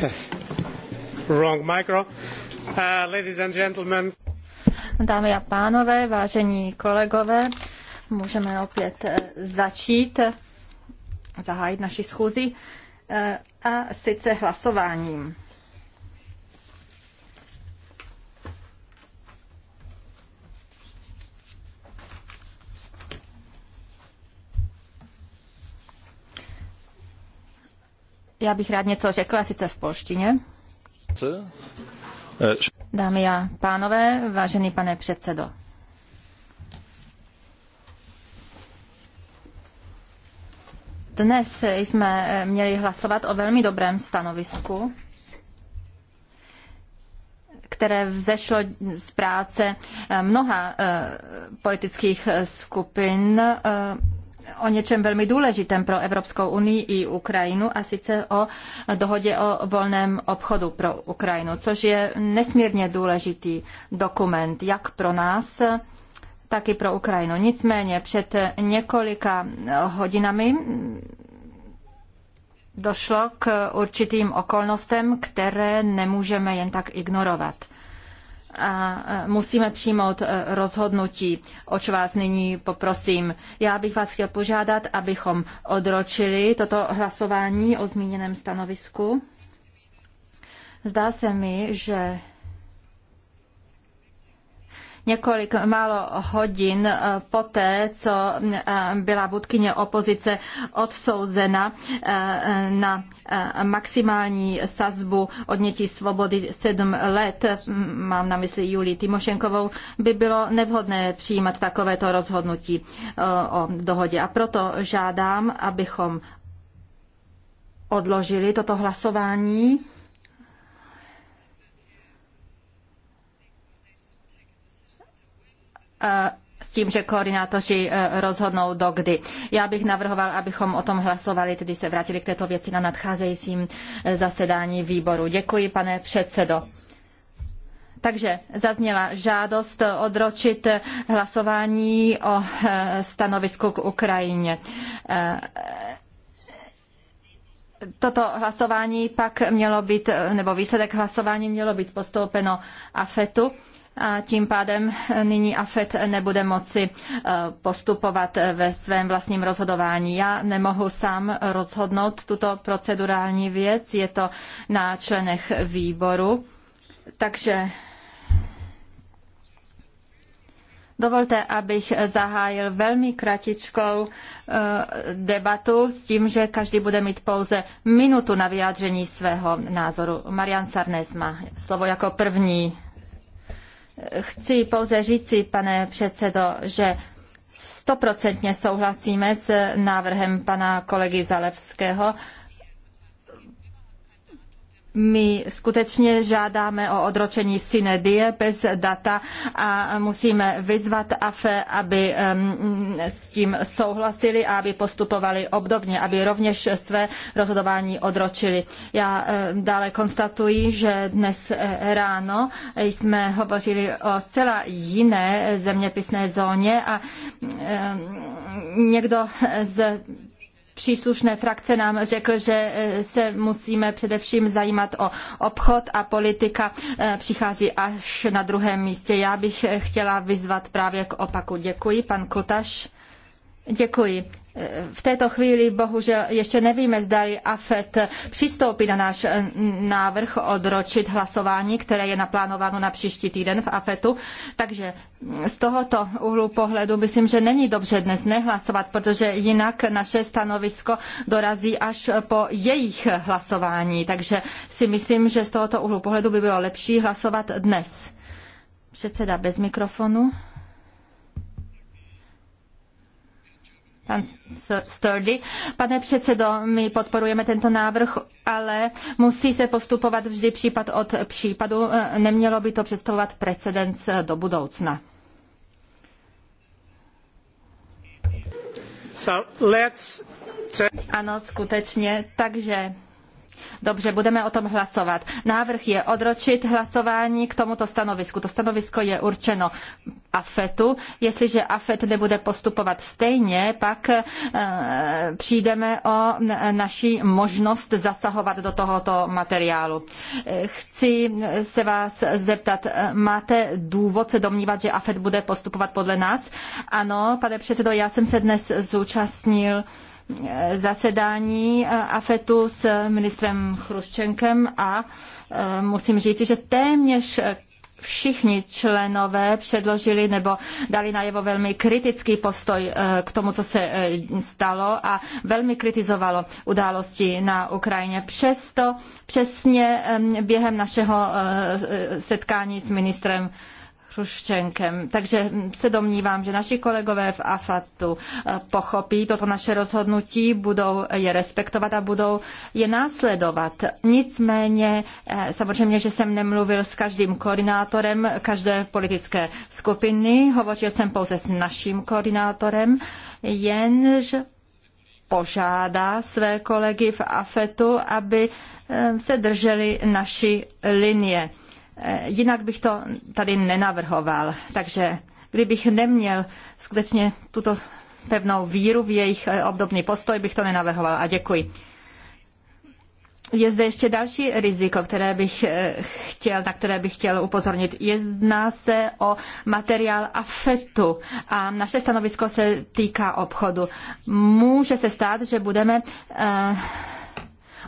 Wrong micro. Uh, ladies and gentlemen. Dámy a pánové, vážení kolegové, můžeme opět eh, začít, zahájit naši schůzi eh, a sice hlasováním. Já bych rád něco řekla, sice v polštině. Dámy a pánové, vážený pane předsedo. Dnes jsme měli hlasovat o velmi dobrém stanovisku, které vzešlo z práce mnoha eh, politických skupin eh, o něčem velmi důležitém pro Evropskou unii i Ukrajinu, a sice o dohodě o volném obchodu pro Ukrajinu, což je nesmírně důležitý dokument jak pro nás, tak i pro Ukrajinu. Nicméně před několika hodinami došlo k určitým okolnostem, které nemůžeme jen tak ignorovat a musíme přijmout e, rozhodnutí, oč vás nyní poprosím. Já bych vás chtěl požádat, abychom odročili toto hlasování o zmíněném stanovisku. Zdá se mi, že několik málo hodin eh, poté, co eh, byla vůdkyně opozice odsouzena eh, na maximální sazbu odnětí svobody sedm let, mám na mysli Julii Timošenkovou, by bylo nevhodné přijímat takovéto rozhodnutí o dohodě. A proto žádám, abychom odložili toto hlasování. s tím, že koordinátoři eh, rozhodnou dokdy. Já bych navrhoval, abychom o tom hlasovali, tedy se vrátili k této věci na nadcházejícím eh, zasedání výboru. Děkuji, pane předsedo. Takže zazněla žádost eh, odročit hlasování o stanovisku k Ukrajině. Toto hlasování pak mělo být, nebo výsledek hlasování mělo být postoupeno AFETu a tím pádem nyní AFET nebude moci e, postupovat e, ve svém vlastním rozhodování. Já nemohu sám rozhodnout tuto procedurální věc, je to na členech výboru. Takže Dovolte, abych zahájil velmi kratičkou e, debatu s tím, že každý bude mít pouze minutu na vyjádření svého názoru. Marian Sarnes má slovo jako první. Chci pouze říci, pane předsedo, že stoprocentně souhlasíme s návrhem pana kolegy Zalevského my skutečně žádáme o odročení sine die bez data a musíme vyzvat AFE, aby s tím souhlasili a aby postupovali obdobně, aby rovněž své rozhodování odročili. Já dále konstatuji, že dnes eh, ráno jsme hovořili o zcela jiné zeměpisné zóně a někdo z příslušné frakce nám řekl, že eh, se musíme především zajímat o obchod a politika eh, přichází až na druhém místě. Já bych eh, chtěla vyzvat právě k opaku. Děkuji, pan Kutaš. Děkuji. V této chvíli bohužel ještě nevíme, zdali AFET přistoupí na náš návrh odročit hlasování, které je naplánováno na příští týden v AFETu. Takže z tohoto úhlu pohledu myslím, že není dobře dnes nehlasovat, protože jinak naše stanovisko dorazí až po jejich hlasování. Takže si myslím, že z tohoto úhlu pohledu by bylo lepší hlasovat dnes. Předseda bez mikrofonu. pan Sturdy. Pane předsedo, my podporujeme tento návrh, ale musí se postupovat vždy případ od případu. E, nemělo by to představovat precedens e, do budoucna. So let's... Ano, skutečně. Takže Dobře, budeme o tom hlasovat. Návrh je odročit hlasování k tomuto stanovisku. To stanovisko je určeno AFETu. Jestliže AFET nebude postupovat stejně, pak eh, přijdeme o naši možnost zasahovat do tohoto materiálu. Eh, chci se vás zeptat, eh, máte důvod se domnívat, že AFET bude postupovat podle nás? Ano, pane předsedo, já jsem se dnes zúčastnil zasedání eh, AFETu s ministrem Chruščenkem a eh, musím říct, že téměř všichni členové předložili nebo dali najevo velmi kritický postoj eh, k tomu, co se stalo a velmi kritizovalo události na Ukrajině. Přesto přesně během našeho setkání s ministrem Hruščenkem. Takže se domnívám, že naši kolegové v AFATu eh, pochopí toto naše rozhodnutí, budou je respektovat a budou je následovat. Nicméně, eh, samozřejmě, že jsem nemluvil s každým koordinátorem každé politické skupiny, hovořil jsem pouze s naším koordinátorem, jenž požádá své kolegy v AFETu, aby eh, se drželi naší linie Eh, jinak bych to tady nenavrhoval. Takže kdybych neměl skutečně tuto pevnou víru v jejich eh, obdobný postoj, bych to nenavrhoval. A děkuji. Je zde ještě další riziko, které bych eh, chtěl, na které bych chtěl upozornit. Jedná se o materiál AFETu a naše stanovisko se týká obchodu. Může se stát, že budeme uh,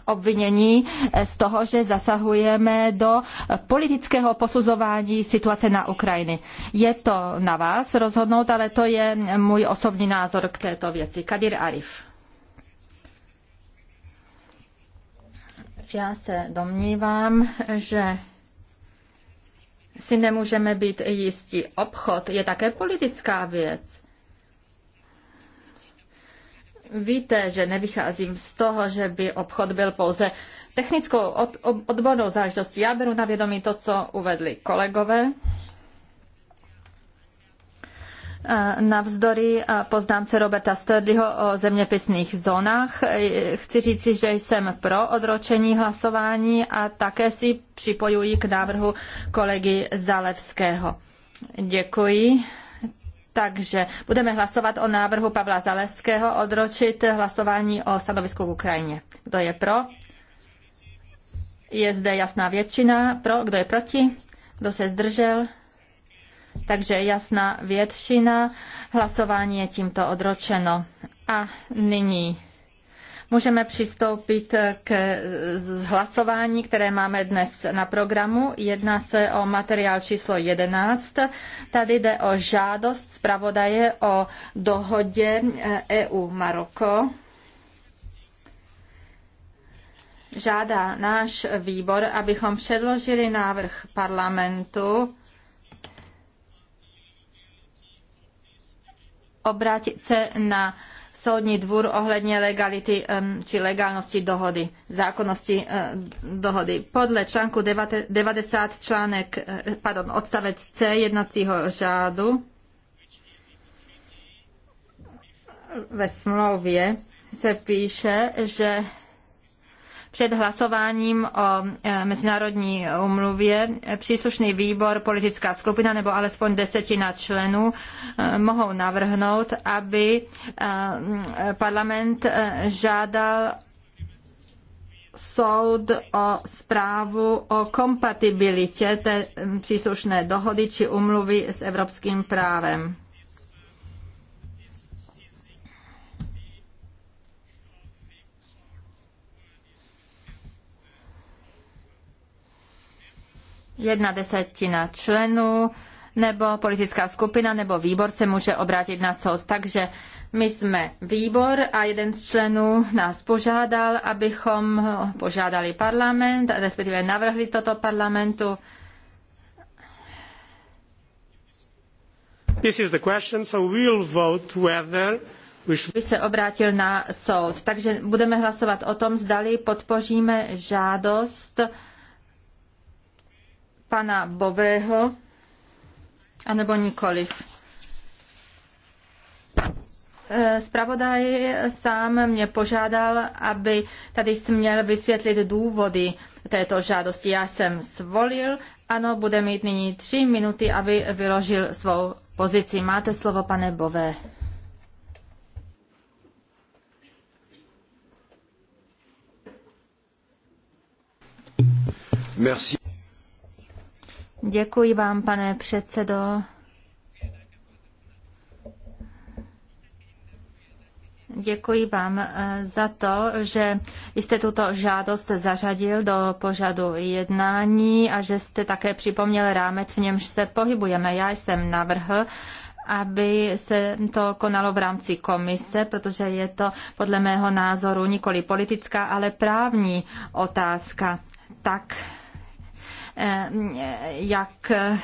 obvinění eh, z toho, že zasahujeme do eh, politického posuzování situace na Ukrajiny. Je to na vás rozhodnout, ale to je mm, můj osobní názor k této věci. Kadir Arif. Já se domnívám, že si nemůžeme být jistí. Obchod je také politická věc Víte, že nevycházím z toho, že by obchod byl pouze technickou od, odbornou záležitostí. Já beru na vědomí to, co uvedli kolegové. Navzdory poznámce Roberta Sturdyho o zeměpisných zónách e, chci říci, že jsem pro odročení hlasování a také si připojuji k návrhu kolegy Zalevského. Děkuji. Takže budeme hlasovat o návrhu Pavla Zaleského odročit hlasování o stanovisku k Ukrajině. Kdo je pro? Je zde jasná většina. Pro? Kdo je proti? Kdo se zdržel? Takže jasná většina. Hlasování je tímto odročeno. A nyní Můžeme přistoupit k hlasování, které máme dnes na programu. Jedná se o materiál číslo 11. Tady jde o žádost zpravodaje o dohodě EU-Maroko. Eh, e Žádá náš výbor, abychom předložili návrh parlamentu obrátit se na soudní dvůr ohledně legality či legálnosti dohody, zákonnosti eh, dohody. Podle článku 90 článek, eh, pardon, odstavec C jednacího řádu eh, ve smlouvě se píše, že před hlasováním o e, mezinárodní umluvě příslušný výbor, politická skupina nebo alespoň desetina členů e, mohou navrhnout, aby e, parlament žádal soud o zprávu o kompatibilitě té příslušné dohody či umluvy s evropským právem. jedna desetina členů nebo politická skupina nebo výbor se může obrátit na soud. Takže my jsme výbor a jeden z členů nás požádal, abychom požádali parlament, respektive navrhli toto parlamentu. This is the question, so we'll vote whether by se obrátil na soud. Takže budeme hlasovat o tom, zdali podpoříme žádost uh, pana Bového, anebo nikoliv. Spravodaj sám mě požádal, aby tady směl vysvětlit důvody této žádosti. Já jsem svolil, ano, bude mít nyní tři minuty, aby vyložil svou pozici. Máte slovo, pane Bové. Merci. Děkuji vám, pane předsedo. Děkuji vám eh, za to, že jste tuto žádost zařadil do pořadu jednání a že jste také připomněl rámec, v němž se pohybujeme. Já jsem navrhl, aby se to konalo v rámci komise, protože je to podle mého názoru nikoli politická, ale právní otázka. Tak Eh, jak eh,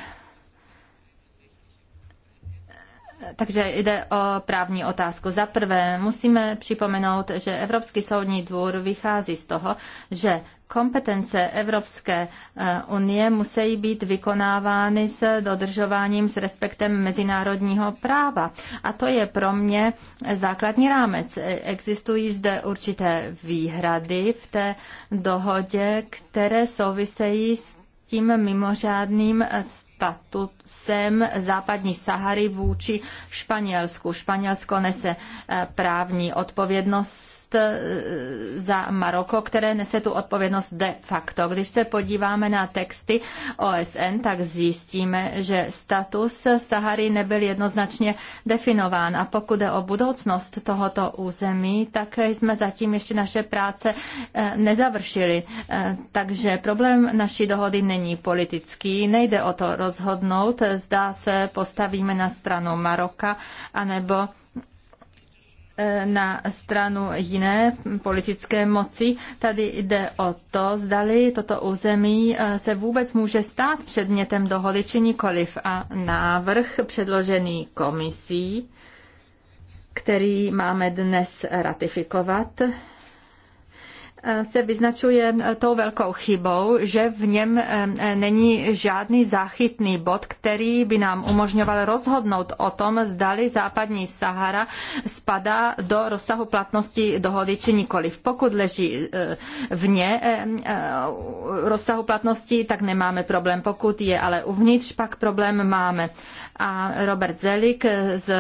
takže jde o právní otázku. Za prvé musíme připomenout, že Evropský soudní dvůr vychází z toho, že kompetence Evropské eh, unie musí být vykonávány s dodržováním s respektem mezinárodního práva. A to je pro mě základní rámec. Existují zde určité výhrady v té dohodě, které souvisejí s tím mimořádným statusem západní Sahary vůči Španělsku. Španělsko nese eh, právní odpovědnost odpovědnost eh, za Maroko, které nese tu odpovědnost de facto. Když se podíváme na texty OSN, tak zjistíme, že status Sahary nebyl jednoznačně definován. A pokud jde o budoucnost tohoto území, tak jsme zatím ještě naše práce eh, nezavršili. Eh, takže problém naší dohody není politický. Nejde o to rozhodnout, zda se postavíme na stranu Maroka, anebo E, na stranu jiné politické moci. Tady jde o to, zdali toto území e, se vůbec může stát předmětem dohody či nikoliv. A návrh předložený komisí, který máme dnes ratifikovat, Eh, se vyznačuje eh, tou velkou chybou, že v něm eh, není žádný záchytný bod, který by nám umožňoval rozhodnout o tom, zdali západní Sahara spadá do rozsahu platnosti dohody či nikoliv. Pokud leží vně rozsahu platnosti, tak nemáme problém. Pokud je ale uvnitř, pak problém máme. A Robert Zelik z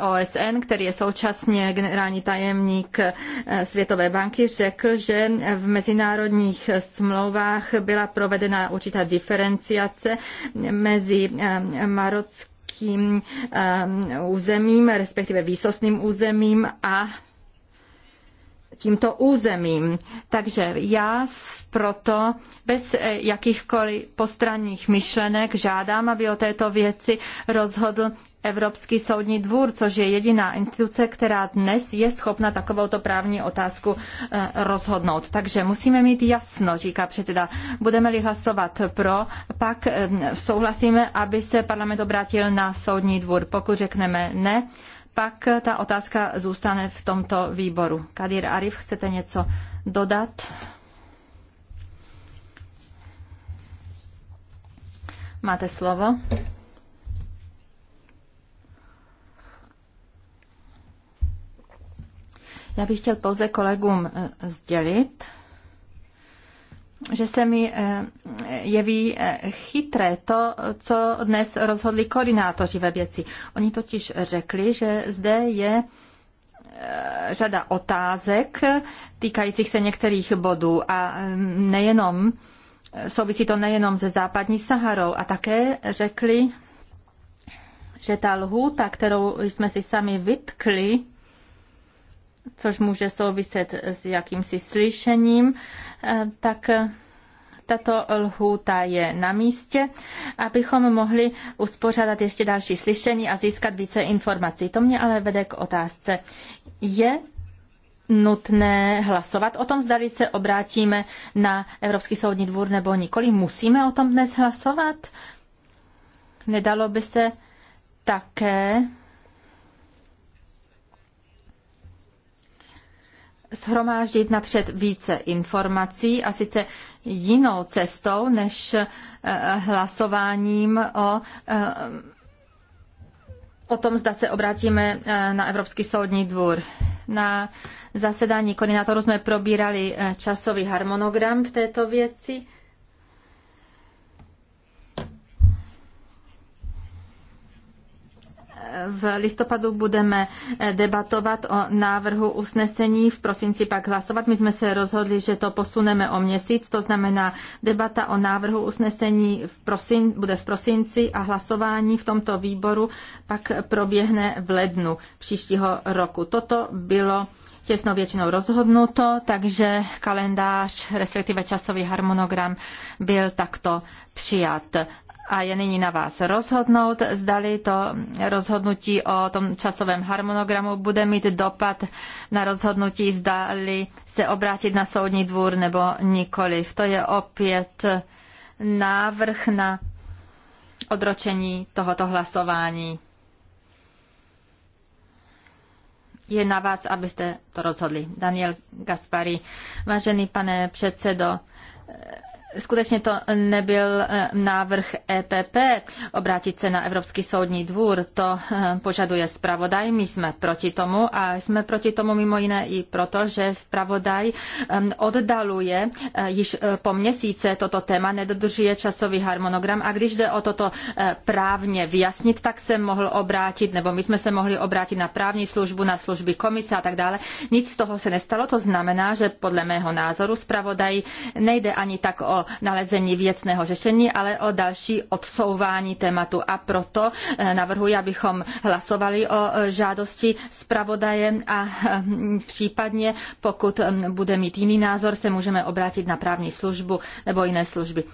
OSN, který je současně generální tajemník Světové banky, řekl, že v mezinárodních smlouvách byla provedena určitá diferenciace mezi eh, marockým eh, územím, respektive výsostným územím a tímto územím. Takže já proto bez eh, jakýchkoliv postranních myšlenek žádám, aby o této věci rozhodl Evropský soudní dvůr, což je jediná instituce, která dnes je schopna takovouto právní otázku eh, rozhodnout. Takže musíme mít jasno, říká předseda. Budeme-li hlasovat pro, pak eh, souhlasíme, aby se parlament obrátil na soudní dvůr. Pokud řekneme ne, pak ta otázka zůstane v tomto výboru. Kadir Arif, chcete něco dodat? Máte slovo. Já bych chtěl pouze kolegům eh, sdělit, že se mi eh, jeví eh, chytré to, co dnes rozhodli koordinátoři ve věci. Oni totiž řekli, že zde je řada otázek týkajících se některých bodů a mm, nejenom, souvisí to nejenom se západní Saharou a také řekli, že ta lhůta, kterou jsme si sami vytkli, což může souviset s jakýmsi slyšením, eh, tak eh, tato lhůta je na místě, abychom mohli uspořádat ještě další slyšení a získat více informací. To mě ale vede k otázce. Je nutné hlasovat o tom, zdali se obrátíme na Evropský soudní dvůr nebo nikoli. Musíme o tom dnes hlasovat? Nedalo by se také shromáždit napřed více informací a sice jinou cestou než eh, hlasováním o eh, o tom, zda se obrátíme eh, na Evropský soudní dvůr. Na zasedání koordinátorů jsme probírali časový harmonogram v této věci V listopadu budeme eh, debatovat o návrhu usnesení, v prosinci pak hlasovat. My jsme se rozhodli, že to posuneme o měsíc, to znamená debata o návrhu usnesení v prosin, bude v prosinci a hlasování v tomto výboru pak proběhne v lednu příštího roku. Toto bylo těsnou většinou rozhodnuto, takže kalendář, respektive časový harmonogram byl takto přijat a je nyní na vás rozhodnout, zdali to rozhodnutí o tom časovém harmonogramu bude mít dopad na rozhodnutí, zdali se obrátit na soudní dvůr nebo nikoliv. To je opět návrh na odročení tohoto hlasování. Je na vás, abyste to rozhodli. Daniel Gaspari, vážený pane předsedo, Skutečně to nebyl eh, návrh EPP obrátit se na Evropský soudní dvůr, to eh, požaduje zpravodaj, my jsme proti tomu a jsme proti tomu mimo jiné i proto, že zpravodaj eh, oddaluje již po měsíce toto téma, nedodržuje časový harmonogram a když jde o toto právně vyjasnit, tak se mohl obrátit, nebo my jsme se mohli obrátit na právní službu, na služby komise a tak dále. Nic z toho se nestalo, to znamená, že podle mého názoru zpravodaj nejde ani tak o nalezení věcného řešení, ale o další odsouvání tématu. A proto eh, navrhuji, abychom hlasovali o eh, žádosti zpravodaje a hm, případně, pokud hm, bude mít jiný názor, se můžeme obrátit na právní službu nebo jiné služby.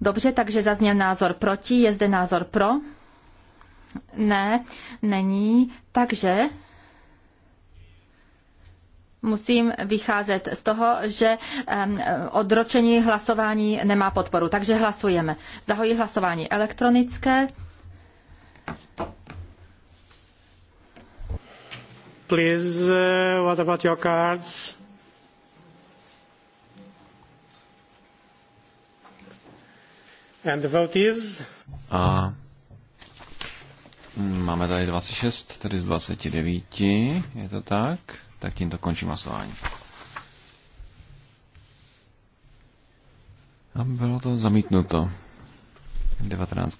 Dobře, takže zazněl názor proti, je zde názor pro. Ne, není. Takže musím vycházet z toho, že odročení hlasování nemá podporu. Takže hlasujeme. Zahoji hlasování elektronické. Please, uh, what about your cards? And the vote is? A máme tady 26, tedy z 29, je to tak? Tak tímto končím hlasování. A bylo to zamítnuto. 19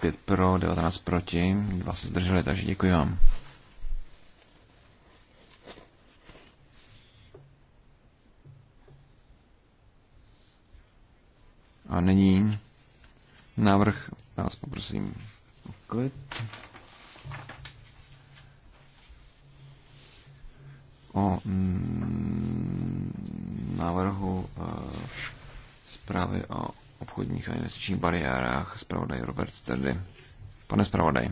5 eh, pro, 19 proti, Dva se zdrželi, takže děkuji vám. A nyní návrh, Já vás poprosím o klid. o mm, návrhu e, zprávy o obchodních a investičních bariérách zpravodaj Robert Sterdy. Pane zpravodaj,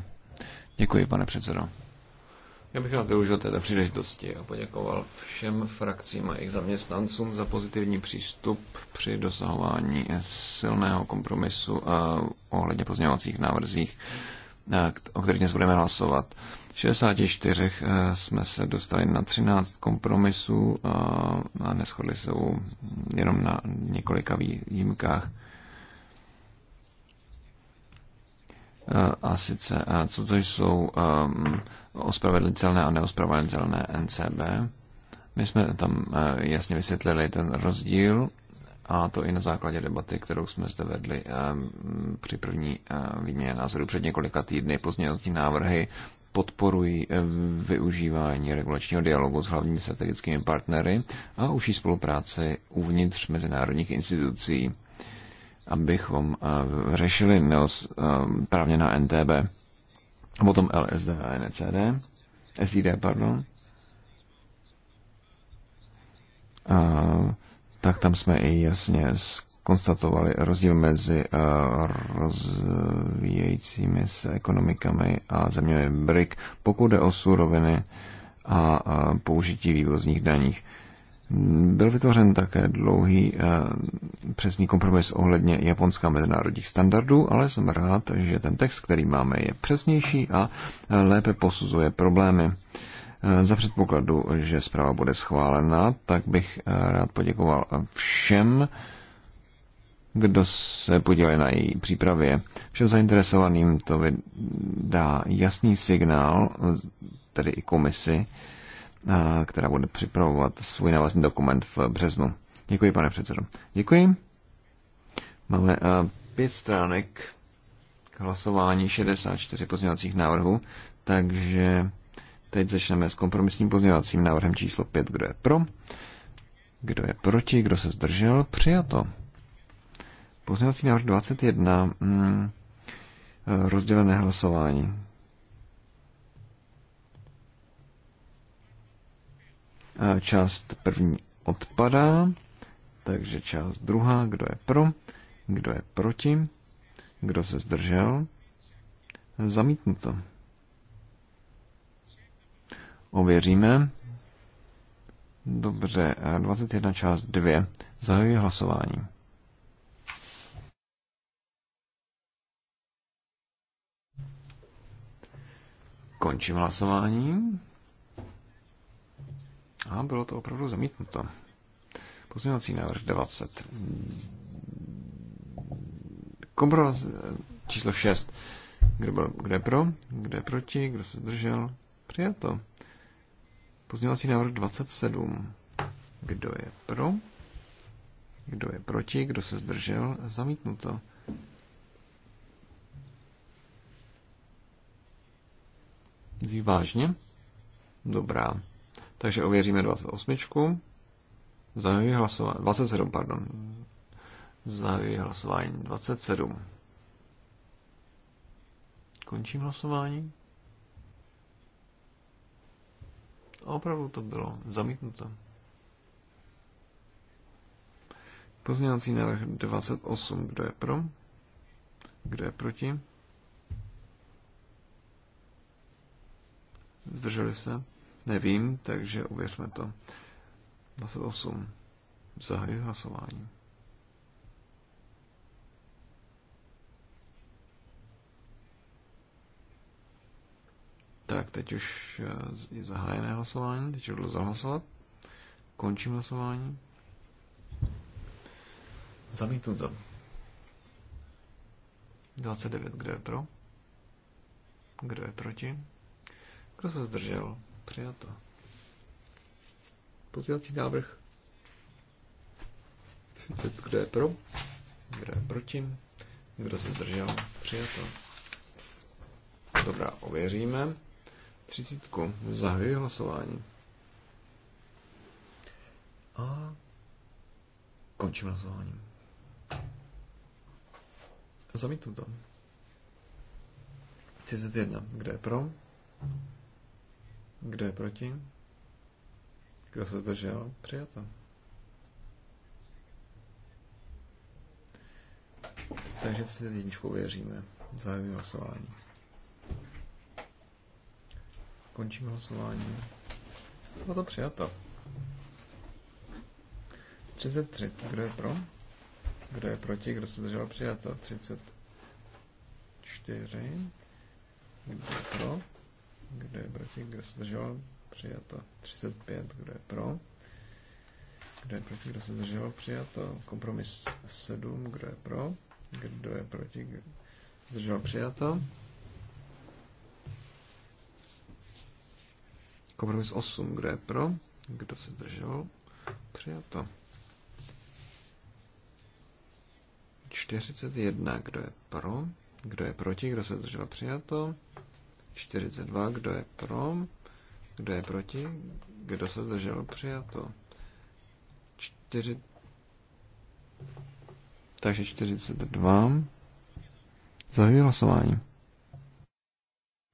děkuji, pane předsedo. Já bych rád využil této příležitosti a poděkoval všem frakcím a jejich zaměstnancům za pozitivní přístup při dosahování silného kompromisu e, ohledně pozměňovacích návrzích, e, o kterých dnes budeme hlasovat. 64 eh, jsme se dostali na 13 kompromisů eh, a neschodli se jenom na několika výjimkách. Eh, a sice, co to jsou ospravedlitelné a neospravedlitelné NCB. My jsme tam jasně vysvětlili ten rozdíl a to i na základě debaty, kterou jsme zde vedli při první výměně názorů před několika týdny. Pozměňovací návrhy podporují eh, využívání regulačního dialogu s hlavními strategickými partnery a užší spolupráce uvnitř mezinárodních institucí, abychom eh, řešili neos, eh, právně na NTB, a potom LSD a NCD, SID, pardon. A, tak tam jsme i jasně s konstatovali rozdíl mezi eh, rozvíjejícími se ekonomikami a zeměmi BRIC, pokud jde o suroviny a eh, použití vývozních daních. Byl vytvořen také dlouhý eh, přesný kompromis ohledně japonská mezinárodních standardů, ale jsem rád, že ten text, který máme, je přesnější a lépe posuzuje problémy. Za předpokladu, že zpráva bude schválena, tak bych rád poděkoval všem, kdo se podílel na její přípravě. Všem zainteresovaným to dá jasný signál, tedy i komisi, která bude připravovat svůj návazný dokument v březnu. Děkuji, pane předsedo. Děkuji. Máme pět stránek k hlasování 64 pozměňovacích návrhů, takže teď začneme s kompromisním pozměňovacím návrhem číslo 5. Kdo je pro? Kdo je proti? Kdo se zdržel? Přijato. Pozměňovací návrh 21. Mm, eh, rozdělené hlasování. Část první odpadá, takže část druhá, kdo je pro, kdo je proti, kdo se zdržel, zamítnuto. Ověříme. Dobře, 21 eh, část 2. Zahajuji hlasování. Končím hlasování. A bylo to opravdu zamítnuto. Pozměňovací návrh 20. Kompromis eh, číslo 6. Kdo, byl, kdo je pro? Kdo je proti? Kdo se zdržel? Přijato. Pozměňovací návrh 27. Kdo je pro? Kdo je proti? Kdo se zdržel? Zamítnuto. Zí vážně? Dobrá. Takže ověříme 28. Zahajuji hlasování. 27, pardon. Zahajuji hlasování 27. Končím hlasování. A opravdu to bylo zamítnuto. Pozměňovací návrh 28. Kdo je pro? Kdo je proti? Zdrželi se? Nevím, takže uvěřme to. 28. Zahajuji hlasování. Tak, teď už eh, je zahájené hlasování, teď už jdu zahlasovat. Končím hlasování. Zamítnu to. 29, kdo je pro? Kdo je proti? Kdo se zdržel? Přijato. Pozdělací návrh 30. Kdo je pro? Kdo je proti? Kdo se zdržel? Přijato. Dobrá, ověříme. 30. Zahajuji hlasování. A končím hlasování. Zamítnu to. 31. Kdo je pro? Kdo je proti? Kdo se zdržel? Přijato. Takže 31 věříme. Zahajujeme hlasování. Končím hlasování. Bylo to přijato. 33. Kdo je pro? Kdo je proti? Kdo se zdržel? Přijato. 34. Kdo je pro? kdo je proti, kdo se zdržel, přijato 35, kdo je pro, kdo je proti, kdo se zdržel, přijato, kompromis 7, kdo je pro, kdo je proti, kdo se zdržel, přijato, kompromis 8, kdo je pro, kdo se zdržel, přijato. 41, kdo je pro, kdo je proti, kdo se zdržel, přijato. 42. Kdo je pro? Kdo je proti? Kdo se zdržel? Přijato. 4... Takže 42. Zahajuji hlasování.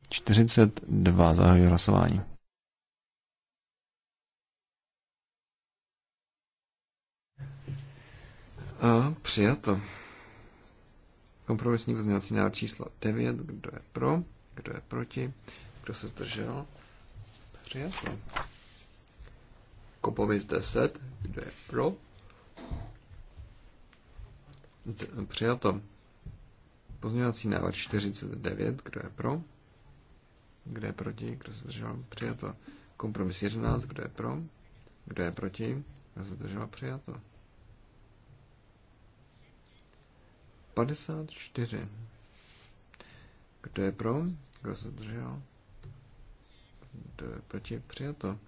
42. Zahajuji hlasování. A přijato. Kompromisní pozměňovací návrh číslo 9. Kdo je pro? Kdo je proti? Kdo se zdržel? Přijato. Kompromis 10. Kdo je pro? Přijato. Pozměňovací návrh 49. Kdo je pro? Kdo je proti? Kdo se zdržel? Přijato. Kompromis 11. Kdo je pro? Kdo je proti? Kdo se zdržel? Přijato. 54. Kdo je pro? Kdo se zdržel? Kdo je proti? Přijato.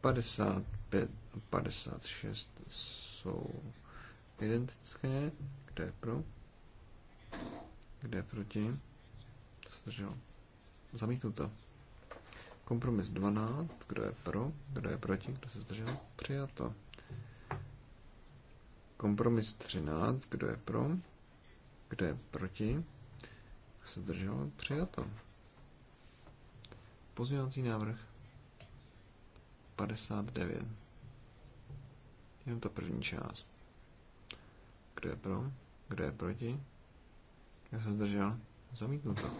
55 a 56 jsou identické. Kdo je pro? Kdo je proti? Zdržel. Zamítnuto. Kompromis 12. Kdo je pro? Kdo je proti? Kdo se zdržel? Přijato. Kompromis 13. Kdo je pro? Kdo je proti? se zdržel, přijato. Pozměňovací návrh 59. Jenom ta první část. Kdo je pro? Kdo je proti? Já se zdržel? Zamítnuto.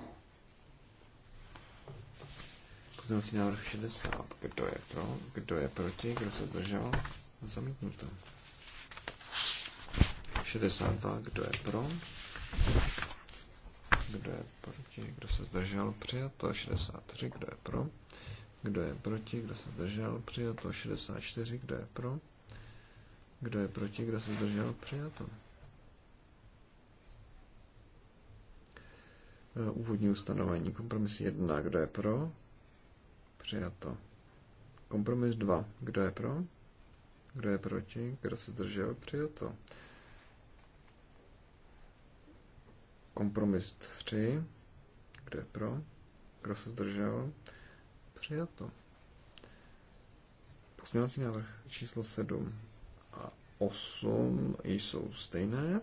Pozměňovací návrh 60. Kdo je pro? Kdo je proti? Kdo se zdržel? Zamítnuto. 62. Kdo je pro? kdo je proti, kdo se zdržel, přijato 63, kdo je pro, kdo je proti, kdo se zdržel, přijato 64, kdo je pro, kdo je proti, kdo se zdržel, přijato. E, úvodní ustanovení, kompromis 1, kdo je pro, přijato. Kompromis 2, kdo je pro, kdo je proti, kdo se zdržel, přijato. Kompromis 3. Kdo je pro? Kdo se zdržel? Přijato. Pozměňovací návrh číslo 7 a 8 jsou stejné.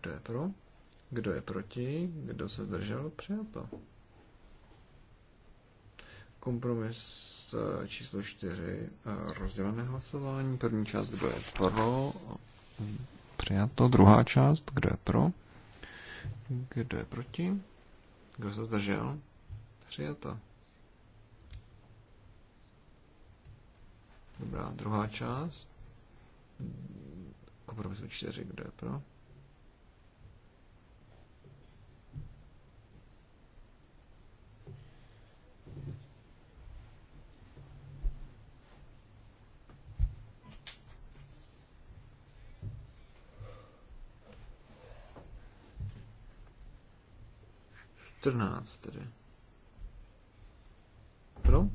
Kdo je pro? Kdo je proti? Kdo se zdržel? Přijato. Kompromis eh, číslo 4 a eh, rozdělené hlasování. První část, kdo je pro? Přijato. Druhá část, kdo je pro? Kdo je proti? Kdo se zdržel? Přijato. Dobrá, druhá část. Kompromisu 4, kdo je pro? 14 tedy. Pro?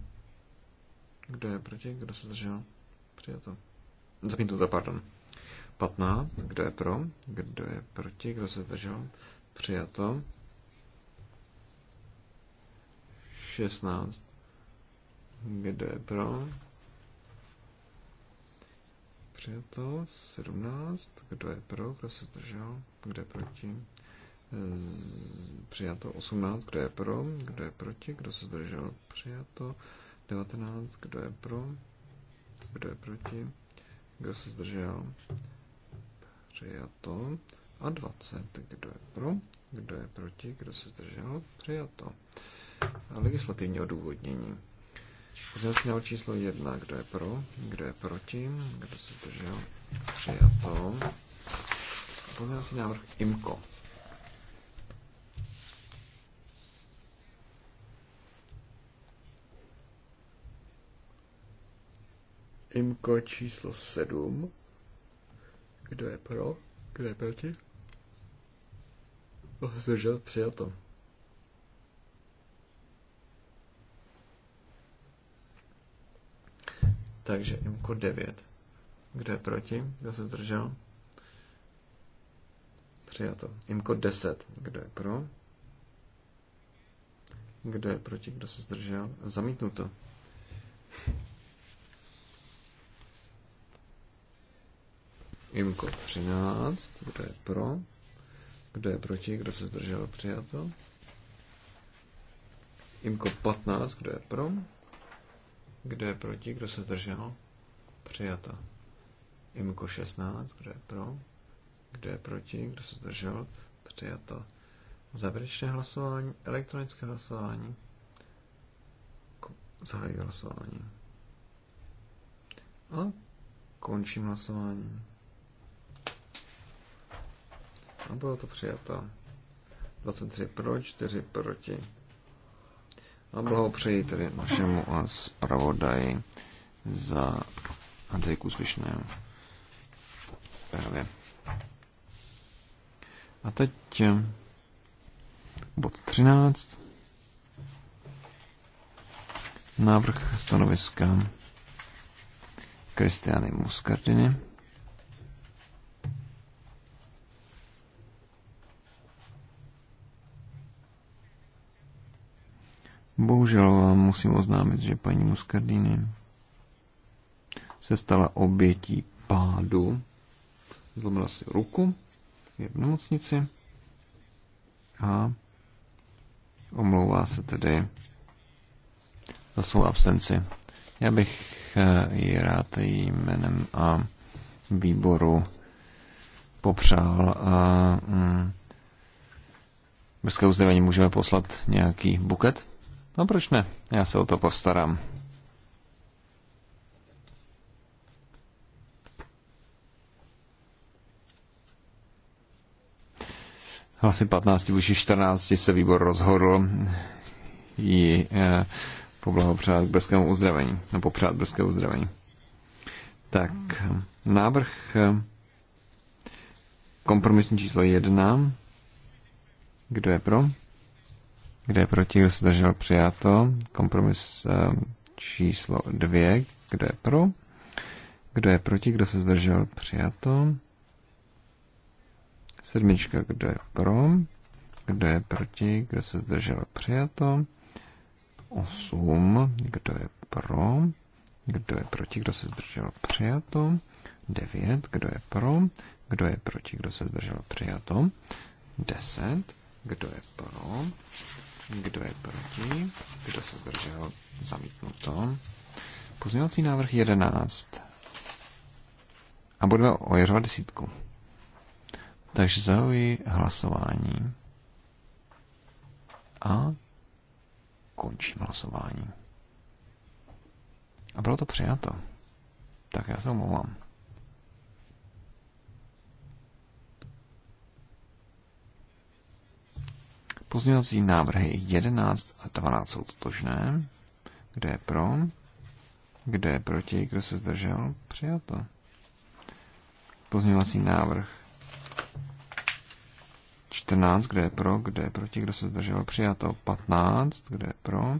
Kdo je proti? Kdo se zdržel? Přijato. to pardon. 15. Kdo je pro? Kdo je proti? Kdo se zdržel? Přijato. 16. Kdo je pro? Přijato. 17. Kdo je pro? Kdo se zdržel? Kdo je proti? Eh, přijato 18, kdo je pro, kdo je proti, kdo se zdržel, přijato 19, kdo je pro, kdo je proti, kdo se zdržel, přijato a 20, kdo je pro, kdo je proti, kdo se zdržel, přijato. A legislativní odůvodnění. Pozměňovací návrh číslo 1, kdo je pro, kdo je proti, kdo se zdržel, přijato. si návrh IMKO. IMKO číslo 7. Kdo je pro? Kdo je proti? Oh, zdržel, přijato. Takže IMKO 9. Kdo je proti? Kdo se zdržel? Přijato. IMKO 10. Kdo je pro? Kdo je proti? Kdo se zdržel? Zamítnuto. Imko 13, kdo je pro, kdo je proti, kdo se zdržel, přijato. Imko 15, kdo je pro, kdo je proti, kdo se zdržel, přijato. Imko 16, kdo je pro, kdo je proti, kdo se zdržel, přijato. Závěrečné hlasování, elektronické hlasování, zahájí hlasování. A končím hlasování. A bylo to přijato. 23 pro, 4 proti. A blahopřeji tedy našemu eh, zpravodaji za Andrej k právě. A teď eh, bod 13. Návrh stanoviska Kristiany Muscardini. Bohužel vám musím oznámit, že paní Muscardini se stala obětí pádu. Zlomila si ruku, je v nemocnici a omlouvá se tedy za svou absenci. Já bych eh, ji rád jménem a výboru popřál a eh, mm, brzké uzdravení můžeme poslat nějaký buket? No proč ne? Já se o to postarám. Hlasy 15 už 14 se výbor rozhodl ji eh, poblahopřát k brzkému uzdravení, No popřát brzké uzdravení. Tak, návrh eh, kompromisní číslo 1. Kdo je pro? Kde je proti, kdo se zdržel přijato. Kompromis číslo 2. Kde je pro? Kdo je proti, kdo se zdržel přijato. Sedmička, kdo je pro? Kdo je proti, kdo se zdržel přijato. Osm, kdo je pro? Kdo je proti, kdo se zdržel přijato. Devět, Kdo je pro? Kdo je proti? Kdo se zdržel? Přijato. Deset, Kdo je pro? Kdo je proti? Kdo se zdržel? Zamítnuto. Pozměňovací návrh 11. A budeme ojeřovat desítku. Takže zahuji hlasování. A končím hlasování. A bylo to přijato. Tak já se omlouvám. Pozměňovací návrhy 11 a 12 jsou totožné. Kdo je pro? Kdo je proti? Kdo se zdržel? Přijato. Pozměňovací návrh 14, kdo je pro, kdo je proti, kdo se zdržel, přijato 15, kdo je pro,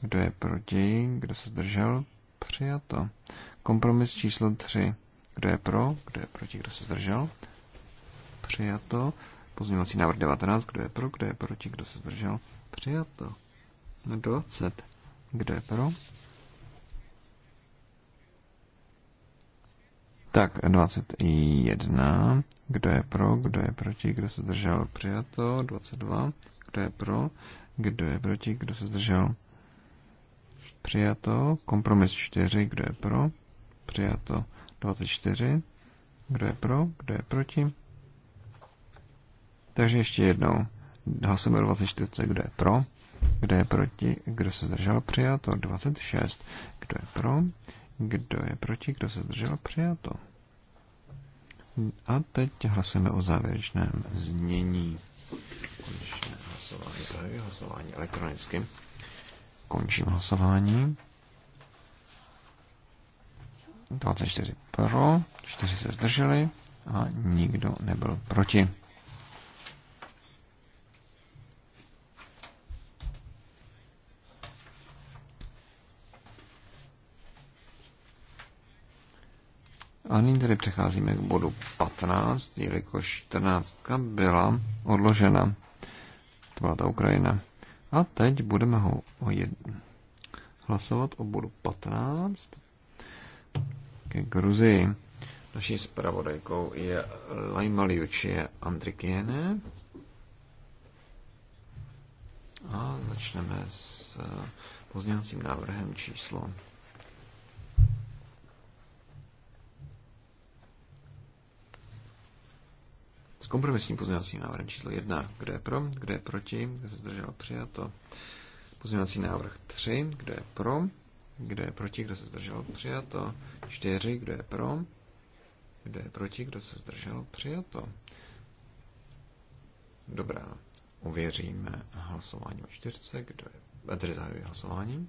kdo je proti, kdo se zdržel, přijato. Kompromis číslo 3, kdo je pro, kdo je proti, kdo se zdržel, přijato. Pozměňovací návrh 19, kdo je pro, kdo je proti, kdo se zdržel. Přijato. 20, kdo je pro? Tak, 21, kdo je pro, kdo je proti, kdo se zdržel. Přijato. 22, kdo je pro, kdo je proti, kdo se zdržel. Přijato. Kompromis 4, kdo je pro? Přijato. 24. Kdo je pro? Kdo je proti? Takže ještě jednou. Hlasujeme 24, kdo je pro, kdo je proti, kdo se zdržel přijato, 26, kdo je pro, kdo je proti, kdo se zdržel přijato. A teď hlasujeme o závěrečném znění. Konečné hlasování, zahajuji hlasování elektronicky. Končím hlasování. 24 pro, 4 se zdrželi a nikdo nebyl proti. A nyní tedy přecházíme k bodu 15, jelikož 14 byla odložena. To byla ta Ukrajina. A teď budeme ho o jed... hlasovat o bodu 15 ke Gruzii. Naší zpravodajkou je Lajma Liučie Andrikiene. A začneme s eh, pozněvacím návrhem číslo s kompromisním pozměňovacím návrhem číslo 1. Kdo je pro? Kdo je proti? Kdo se zdržel? Přijato. Pozměňovací návrh 3. Kdo je pro? Kdo je proti? Kdo se zdržel? Přijato. 4. Kdo je pro? Kdo je proti? Kdo se zdržel? Přijato. Dobrá. Uvěříme hlasování o čtyřce. Kdo je... Tedy zahajuji hlasování.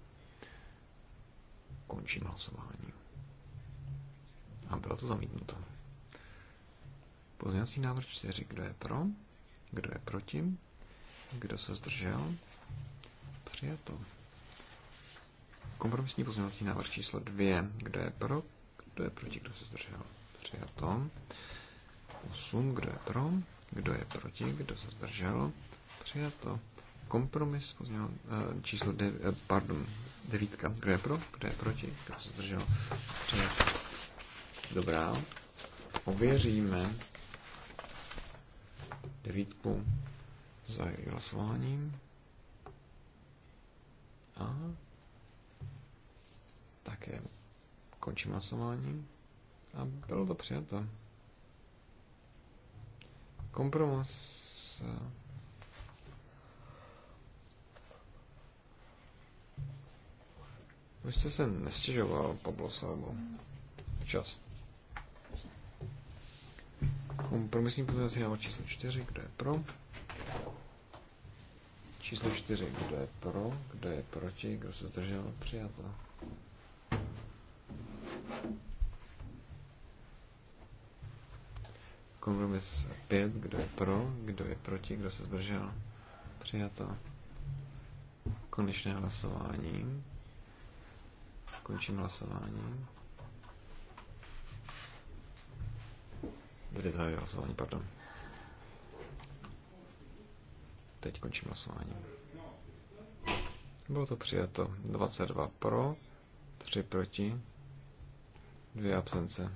Končím hlasování. A bylo to zamítnuto. Pozměňovací návrh 4. Kdo je pro? Kdo je proti? Kdo se zdržel? Přijato. Kompromisní pozměňovací návrh číslo 2. Kdo je pro? Kdo je proti? Kdo se zdržel? Přijato. 8. Kdo je pro? Kdo je proti? Kdo se zdržel? Přijato. Kompromis pozměňovací eh, číslo 9. Eh, pardon. Devítka. Kdo je pro? Kdo je proti? Kdo se zdržel? Přijato. Dobrá. Ověříme devítku za hlasováním. A také končím hlasování. A bylo to přijato. Kompromis eh, Vy jste se nestěžoval, Pablo Salvo. Včas. Kompromisní pozici návrh číslo 4, kdo je pro? Číslo 4, kdo je pro? Kdo je proti? Kdo se zdržel? Přijato. Kompromis 5, kdo je pro? Kdo je proti? Kdo se zdržel? Přijato. Konečné hlasování. Končím hlasování. Kde to je hlasování, pardon. Teď končím hlasování. Bylo to přijato 22 pro, 3 proti, 2 absence.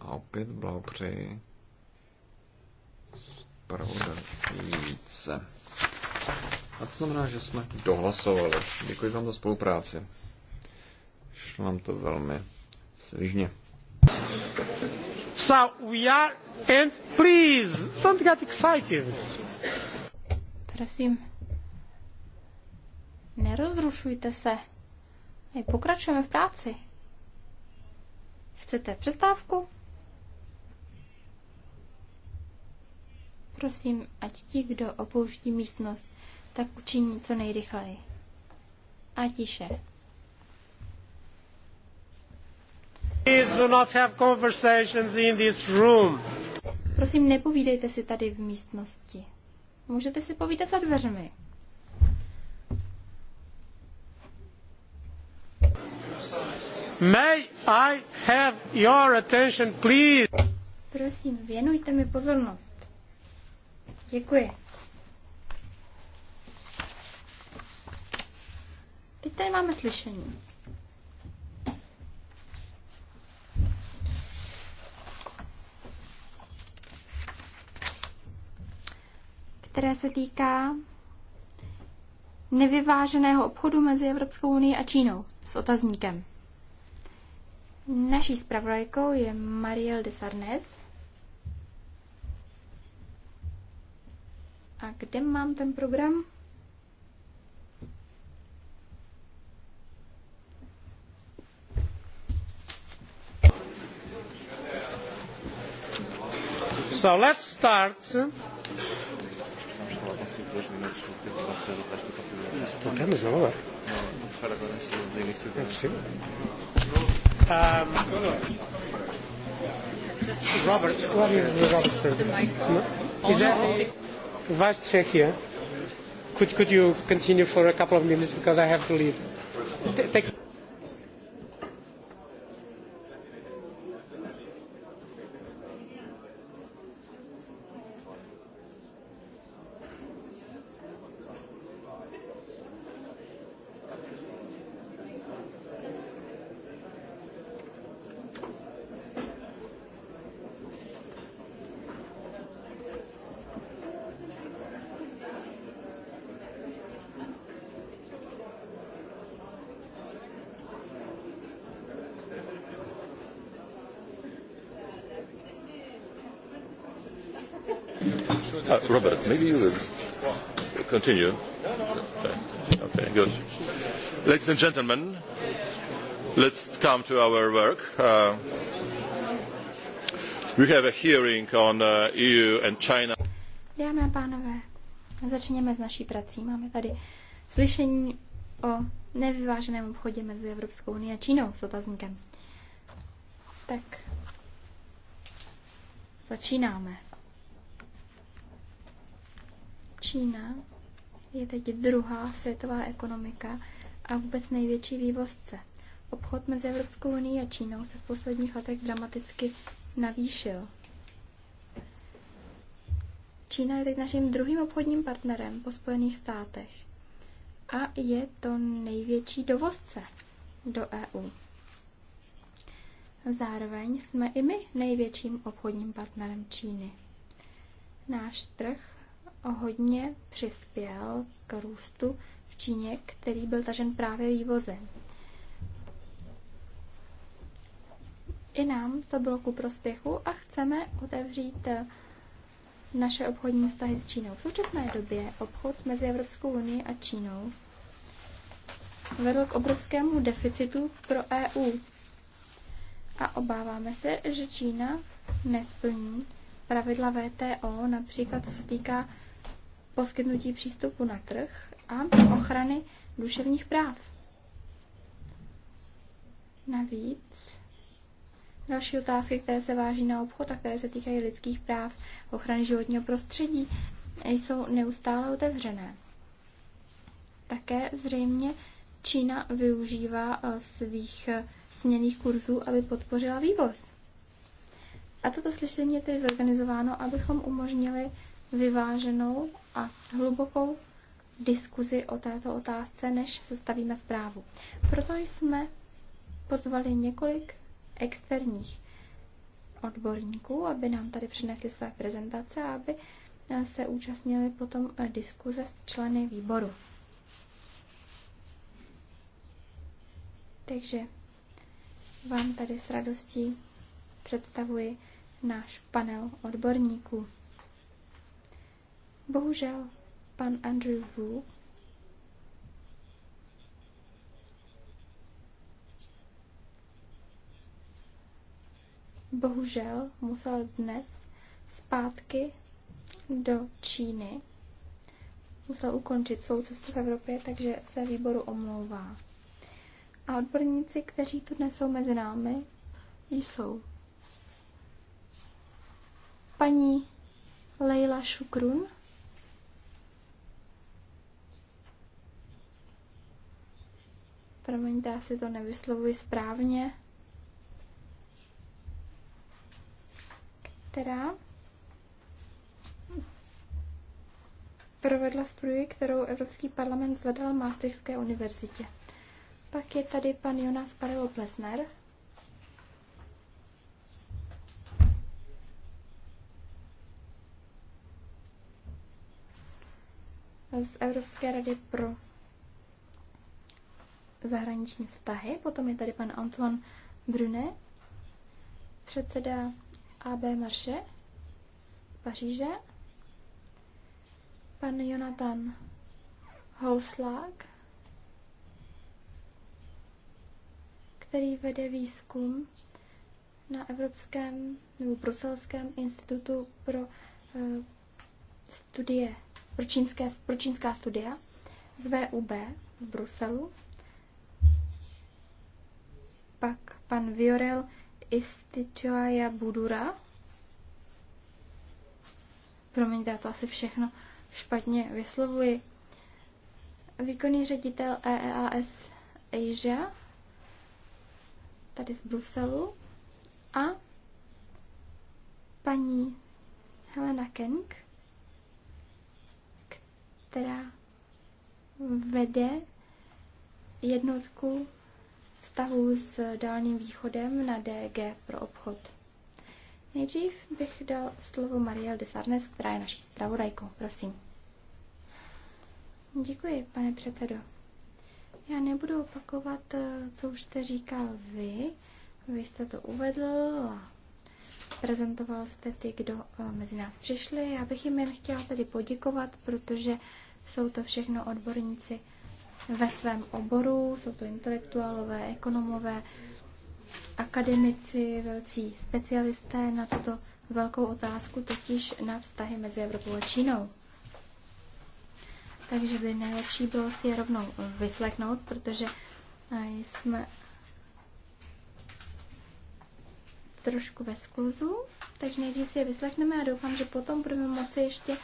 A opět blahopřeji zpravodajce. A to znamená, že jsme dohlasovali. Děkuji vám za spolupráci. Šlo nám to velmi svižně. Thank you. So we are, and please, don't get excited. Prosím, nerozrušujte se. My pokračujeme v práci. Chcete přestávku? Prosím, ať ti, kdo opouští místnost, tak učiní co nejrychleji. A tiše. Please do not have conversations in this room. Prosím, nepovídejte si tady v místnosti. Můžete si povídat za dveřmi. May I have your attention, please? Prosím, věnujte mi pozornost. Děkuji. Teď tady máme slyšení. které se týká nevyváženého obchodu mezi Evropskou unii a Čínou s otazníkem. Naší zpravodajkou je Marielle de Sarnes. A kde mám ten program? So let's start dos minutos o que vão ser o resto da Não temos, não, não agora, antes do início É possível. Um, Robert, what is the Is that... here. Could, could you continue for a couple of minutes because I have to leave. Take... Robert, maybe you will continue. Okay, good. Ladies and gentlemen, let's come to our work. Uh, we have a hearing on uh, EU and China. Dámy a pánové, začněme s naší prací. Máme tady slyšení o nevyváženém obchodě mezi Evropskou unii a Čínou s otazníkem. Tak, začínáme. Čína je teď druhá světová ekonomika a vůbec největší vývozce. Obchod mezi Evropskou unii a Čínou se v posledních letech dramaticky navýšil. Čína je teď naším druhým obchodním partnerem po Spojených státech a je to největší dovozce do EU. Zároveň jsme i my největším obchodním partnerem Číny. Náš trh hodně přispěl k růstu v Číně, který byl tažen právě vývozem. I nám to bylo ku prospěchu a chceme otevřít naše obchodní vztahy s Čínou. V současné době obchod mezi Evropskou unii a Čínou vedl k obrovskému deficitu pro EU. A obáváme se, že Čína nesplní pravidla VTO, například co se týká poskytnutí přístupu na trh a ochrany duševních práv. Navíc další otázky, které se váží na obchod a které se týkají lidských práv, ochrany životního prostředí, jsou neustále otevřené. Také zřejmě Čína využívá eh, svých eh, směných kurzů, aby podpořila vývoz. A toto slyšení je tedy zorganizováno, abychom umožnili vyváženou a hlubokou diskuzi o této otázce, než sestavíme zprávu. Proto jsme pozvali několik externích odborníků, aby nám tady přinesli své prezentace a aby eh, se účastnili potom eh, diskuze s členy výboru. Takže vám tady s radostí představuji náš panel odborníků. Bohužel, pan Andrew Wu bohužel musel dnes zpátky do Číny. Musel ukončit svou cestu v Evropě, takže se výboru omlouvá. A odborníci, kteří tu dnes jsou mezi námi, jsou paní Leila Šukrun, Promiňte, já si to nevyslovuji správně. Která provedla studii, kterou Evropský parlament zvedal Maastrichtské univerzitě. Pak je tady pan Jonas Parelo Plesner. z Evropské rady pro zahraniční vztahy. Potom je tady pan Antoine Brunet, předseda AB Marše z Paříže, pan Jonathan Holslák, který vede výzkum na Evropském nebo Bruselském institutu pro eh, studie, pro, čínské, pro čínská studia z VUB v Bruselu. pan Viorel Istichoya Budura. Promiňte, já to asi všechno špatně vyslovuji. Výkonný ředitel EEAS Asia, tady z Bruselu, a paní Helena Kenk, která vede jednotku vztahu s dálním východem na DG pro obchod. Nejdřív bych dal slovo Mariel Desarnes, která je naší zpravodajkou. Prosím. Děkuji, pane předsedo. Já nebudu opakovat, eh, co už jste říkal vy. Vy jste to uvedl a prezentoval jste ty, kdo eh, mezi nás přišli. Já bych jim jen chtěla tady poděkovat, protože jsou to všechno odborníci ve svém oboru, jsou to intelektuálové, ekonomové, akademici, velcí specialisté na tuto velkou otázku, totiž na vztahy mezi Evropou a Čínou. Takže by nejlepší bylo si je rovnou vyslechnout, protože eh, jsme trošku ve skluzu, takže nejdřív si je vyslechneme a doufám, že potom budeme moci ještě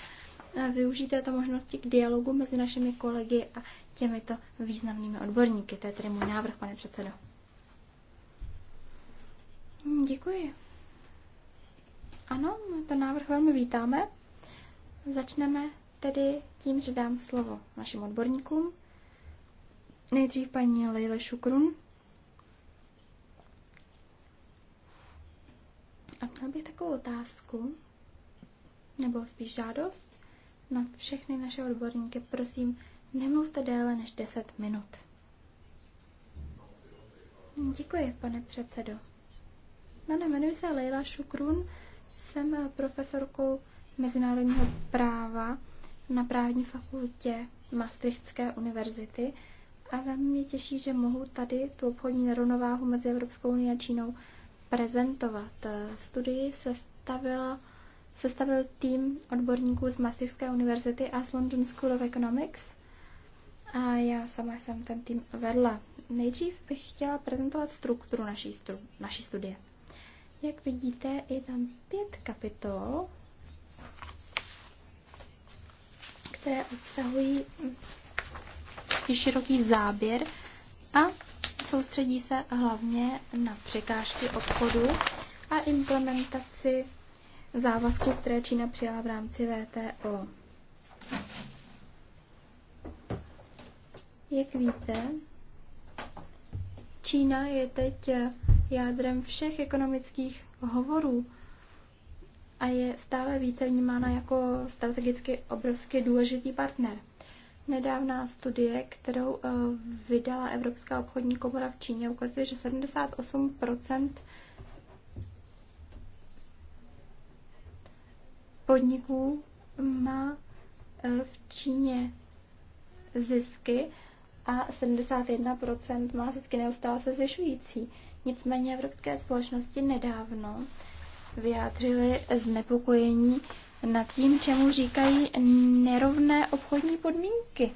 využít této možnosti k dialogu mezi našimi kolegy a těmito významnými odborníky. To je tedy můj návrh, pane předsedo. Děkuji. Ano, ten návrh velmi vítáme. Začneme tedy tím, že dám slovo našim odborníkům. Nejdřív paní Leila Šukrun. A měl bych takovou otázku, nebo spíš žádost na no, všechny naše odborníky, prosím, nemluvte déle než 10 minut. Děkuji, pane předsedo. No, jmenuji se Leila Šukrun, jsem eh, profesorkou mezinárodního práva na právní fakultě Maastrichtské univerzity a velmi mě těší, že mohu tady tu obchodní nerovnováhu mezi Evropskou unii a Čínou prezentovat. Eh, studii se stavila sestavil tým odborníků z Maastrichtské univerzity a z London School of Economics. A já sama jsem ten tým vedla. Nejdřív bych chtěla prezentovat strukturu naší, stru, naší studie. Jak vidíte, je tam pět kapitol, které obsahují široký záběr a soustředí se hlavně na překážky obchodu a implementaci závazků, které Čína přijala v rámci VTO. Jak víte, Čína je teď jádrem všech ekonomických hovorů a je stále více vnímána jako strategicky obrovsky důležitý partner. Nedávná studie, kterou eh, vydala Evropská obchodní komora v Číně, ukazuje, že 78 podniků má e, v Číně zisky a 71% má zisky neustále se zvyšující. Nicméně evropské společnosti nedávno vyjádřily znepokojení nad tím, čemu říkají nerovné obchodní podmínky.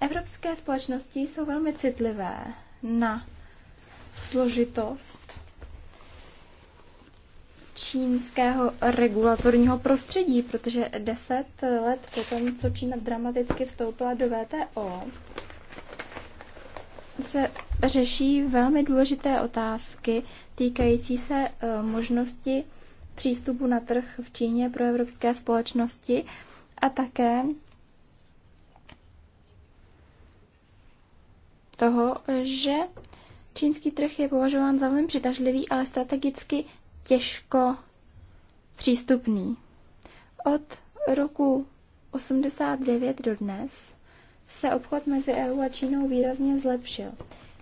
Evropské společnosti jsou velmi citlivé na složitost čínského regulatorního prostředí, protože deset let potom, co Čína dramaticky vstoupila do VTO, se řeší velmi důležité otázky týkající se eh, možnosti přístupu na trh v Číně pro evropské společnosti a také toho, že čínský trh je považován za velmi přitažlivý, ale strategicky těžko přístupný. Od roku 89 do dnes se obchod mezi EU a Čínou výrazně zlepšil.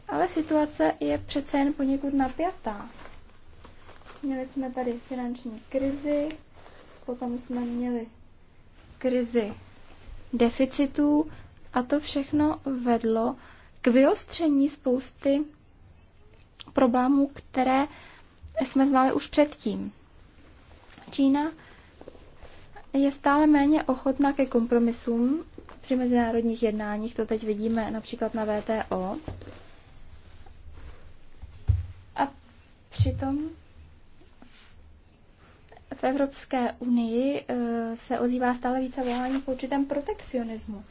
Ale situace je přece jen poněkud napjatá. Měli jsme tady finanční krizi, potom jsme měli krizi deficitů a to všechno vedlo k vyostření spousty problémů, které jsme znali už předtím. Čína je stále méně ochotná ke kompromisům při mezinárodních jednáních, to teď vidíme například na VTO. A přitom v Evropské unii eh, se ozývá stále více volání po určitém protekcionismu.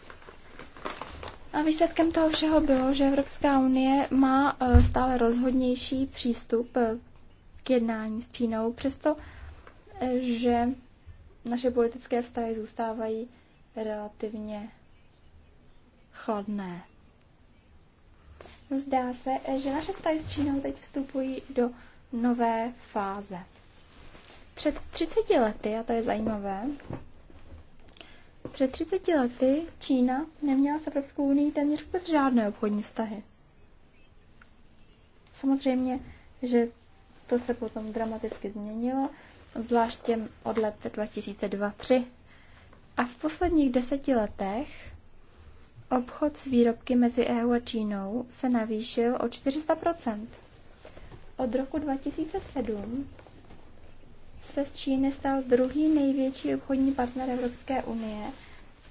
A výsledkem toho všeho bylo, že Evropská unie má eh, stále rozhodnější přístup eh, k jednání s Čínou, přesto, eh, že naše politické vztahy zůstávají relativně chladné. Zdá se, eh, že naše vztahy s Čínou teď vstupují do nové fáze. Před 30 lety, a to je zajímavé, před 30 lety Čína neměla s Evropskou unii téměř vůbec žádné obchodní vztahy. Samozřejmě, že to se potom dramaticky změnilo, zvláště od let 2002-2003. A v posledních deseti letech obchod s výrobky mezi EU a Čínou se navýšil o 400%. Od roku 2007 se z Číny stal druhý největší obchodní partner Evropské unie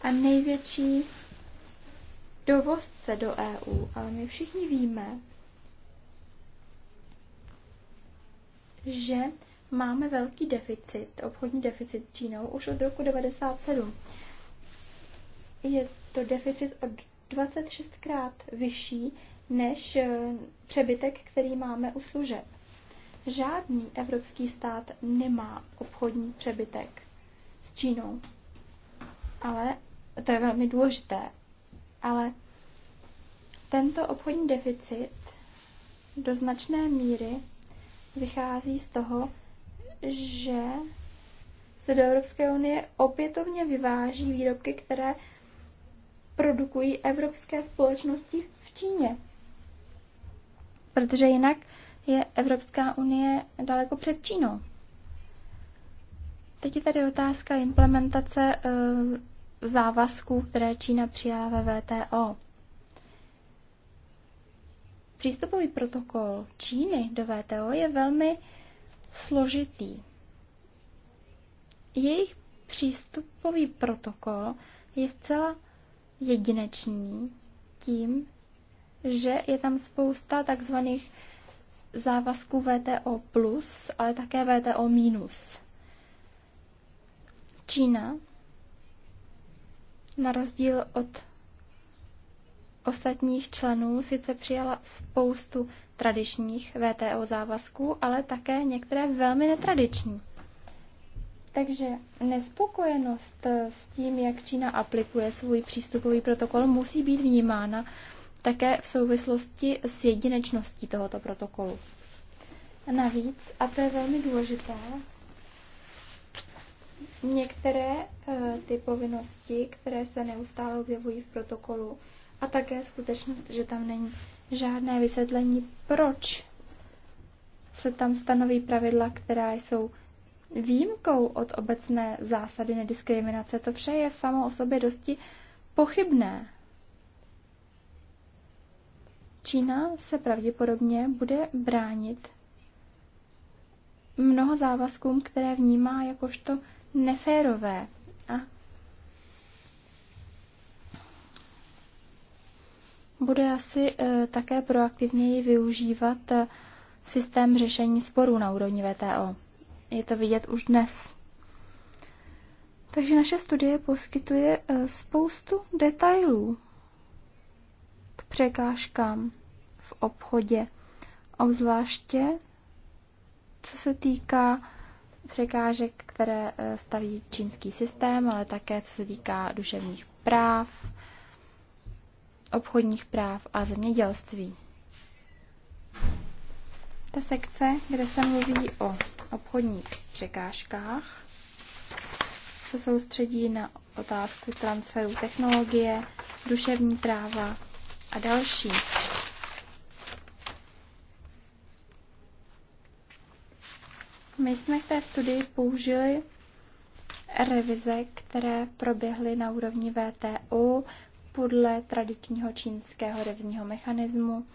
a největší dovozce do EU. Ale my všichni víme, že máme velký deficit, obchodní deficit s Čínou už od roku 1997. Je to deficit od 26 krát vyšší než eh, přebytek, který máme u služeb. Žádný evropský stát nemá obchodní přebytek s Čínou. Ale to je velmi důležité. Ale tento obchodní deficit do značné míry vychází z toho, že se do Evropské unie opětovně vyváží výrobky, které produkují evropské společnosti v Číně. Protože jinak je Evropská unie daleko před Čínou. Teď je tady otázka implementace eh, závazků, které Čína přijala ve VTO. Přístupový protokol Číny do VTO je velmi složitý. Jejich přístupový protokol je zcela jedinečný tím, že je tam spousta takzvaných závazků VTO+, plus, ale také VTO-. minus. Čína, na rozdíl od ostatních členů sice přijala spoustu tradičních VTO závazků, ale také některé velmi netradiční. Takže nespokojenost s tím, jak Čína aplikuje svůj přístupový protokol, musí být vnímána také v souvislosti s jedinečností tohoto protokolu. Navíc, a to je velmi důležité, některé eh, ty povinnosti, které se neustále objevují v protokolu, a také skutečnost, že tam není žádné vysvětlení, proč se tam stanoví pravidla, která jsou výjimkou od obecné zásady nediskriminace. To vše je samo o sobě dosti pochybné. Čína se pravděpodobně bude bránit mnoho závazkům, které vnímá jakožto neférové a bude asi eh, také proaktivněji využívat eh, systém řešení sporů na úrovni VTO. Je to vidět už dnes. Takže naše studie poskytuje eh, spoustu detailů k překážkám v obchodě, obzvláště co se týká překážek, které staví čínský systém, ale také co se týká duševních práv, obchodních práv a zemědělství. Ta sekce, kde se mluví o obchodních překážkách, se soustředí na otázku transferu technologie, duševní práva a další. My jsme v té studii použili revize, které proběhly na úrovni VTO, podle tradičního čínského revzního mechanismu,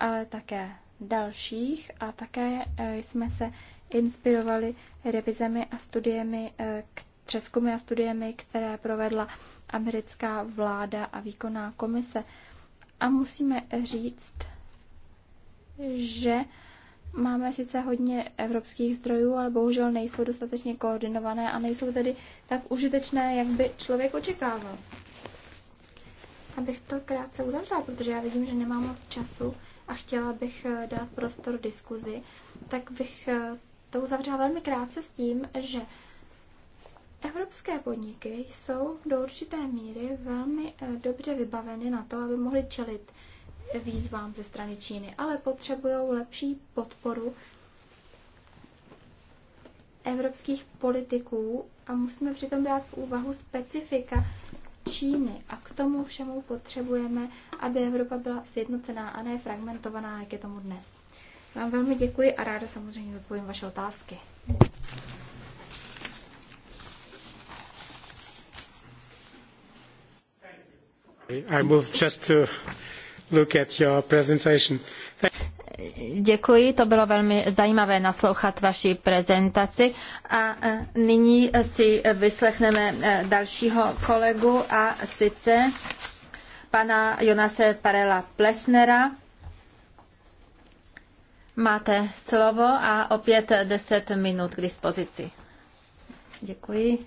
ale také dalších a také eh, jsme se inspirovali revizemi a studiemi, eh, přeskumy a studiemi, které provedla americká vláda a výkonná komise. A musíme říct, že máme sice hodně evropských zdrojů, ale bohužel nejsou dostatečně koordinované a nejsou tedy tak užitečné, jak by člověk očekával abych to krátce uzavřela, protože já vidím, že nemám moc času a chtěla bych eh, dát prostor diskuzi, tak bych eh, to uzavřela velmi krátce s tím, že Evropské podniky jsou do určité míry velmi eh, dobře vybaveny na to, aby mohly čelit výzvám ze strany Číny, ale potřebují lepší podporu evropských politiků a musíme přitom brát v úvahu specifika Číny. A k tomu všemu potřebujeme, aby Evropa byla sjednocená a ne fragmentovaná, jak je tomu dnes. Vám velmi děkuji a ráda samozřejmě odpovím vaše otázky. I moved just to look at your presentation. Děkuji, to bylo velmi zajímavé naslouchat vaší prezentaci a e, nyní si vyslechneme e, dalšího kolegu a sice pana Jonase Parela Plesnera. Máte slovo a opět 10 minut k dispozici. Děkuji.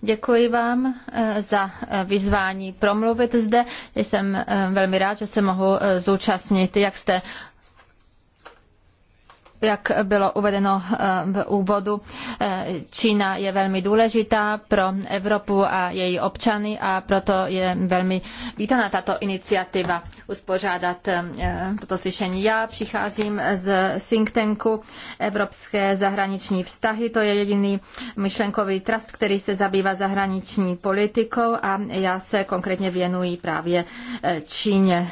Děkuji vám e, za vyzvání promluvit zde. Jsem velmi rád, že se mohu zúčastnit. Jak jste jak bylo uvedeno eh, v úvodu, eh, Čína je velmi důležitá pro Evropu a její občany a proto je velmi vítaná tato iniciativa uspořádat eh, toto slyšení. Já přicházím z think tanku Evropské zahraniční vztahy. To je jediný myšlenkový trust, který se zabývá zahraniční politikou a já se konkrétně věnuji právě Číně.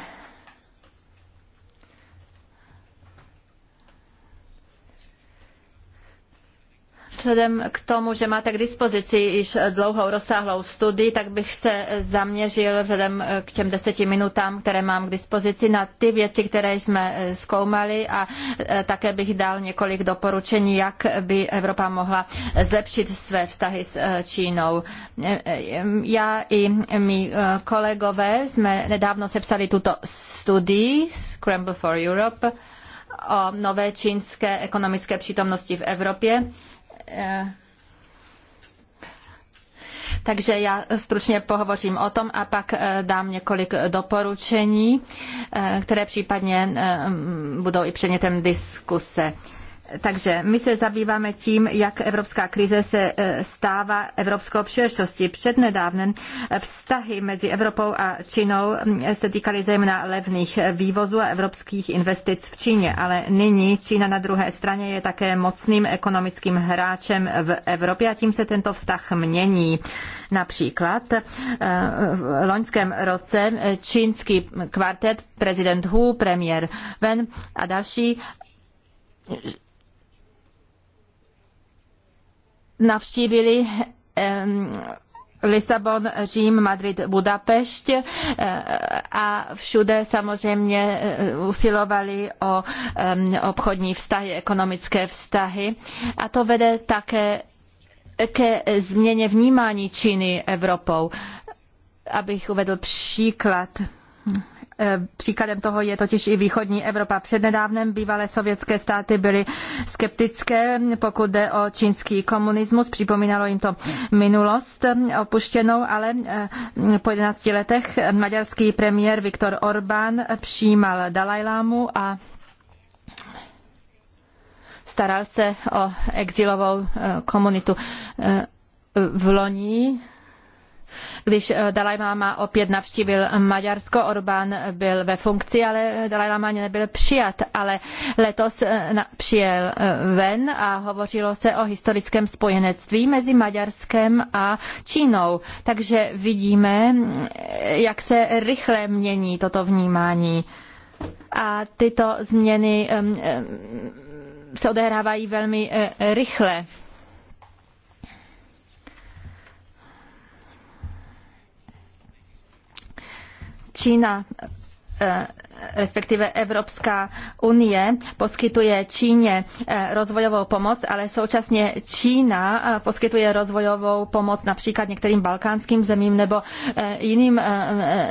Vzhledem k tomu, že máte k dispozici již dlouhou rozsáhlou studii, tak bych se zaměřil vzhledem k těm deseti minutám, které mám k dispozici, na ty věci, které jsme eh, zkoumali a eh, také bych dal několik doporučení, jak by Evropa mohla zlepšit své vztahy s eh, Čínou. Já i mý kolegové jsme nedávno sepsali tuto studii Scramble for Europe o nové čínské ekonomické přítomnosti v Evropě Eh, takže já stručně pohovořím o tom a pak eh, dám několik doporučení, eh, které případně budou i předmětem diskuse. Takže my se zabýváme tím, jak evropská krize se eh, stává evropskou příležitostí. Přednedávnem eh, vztahy mezi Evropou a Čínou hm, se týkaly zejména levných eh, vývozů a evropských investic v Číně, ale nyní Čína na druhé straně je také mocným ekonomickým hráčem v Evropě a tím se tento vztah mění. Například v loňském roce čínský kvartet prezident Hu, premiér Wen a další navštívili Lisabon, Řím, Madrid, Budapešť eh, a všude samozřejmě eh, usilovali o obchodní vztahy, ekonomické vztahy. A to vede také ke změně vnímání Číny Evropou. Abych uvedl příklad Eh, příkladem toho je totiž i východní Evropa. Přednedávnem bývalé sovětské státy byly skeptické, pokud jde o čínský komunismus. Připomínalo jim to minulost opuštěnou, ale eh, po 11 letech maďarský premiér Viktor Orbán přijímal Dalajlámu a staral se o exilovou eh, komunitu. V loni když eh, Dalaj Lama opět navštívil Maďarsko, Orbán byl ve funkci, ale Dalaj Lama nebyl přijat, ale letos eh, přijel eh, ven a hovořilo se o historickém spojenectví mezi Maďarskem a Čínou. Takže vidíme, jak se rychle mění toto vnímání. A tyto změny se odehrávají velmi rychle. Čína eh, respektive Evropská unie poskytuje Číně eh, rozvojovou pomoc, ale současně Čína eh, poskytuje rozvojovou pomoc například některým balkánským zemím nebo eh, jiným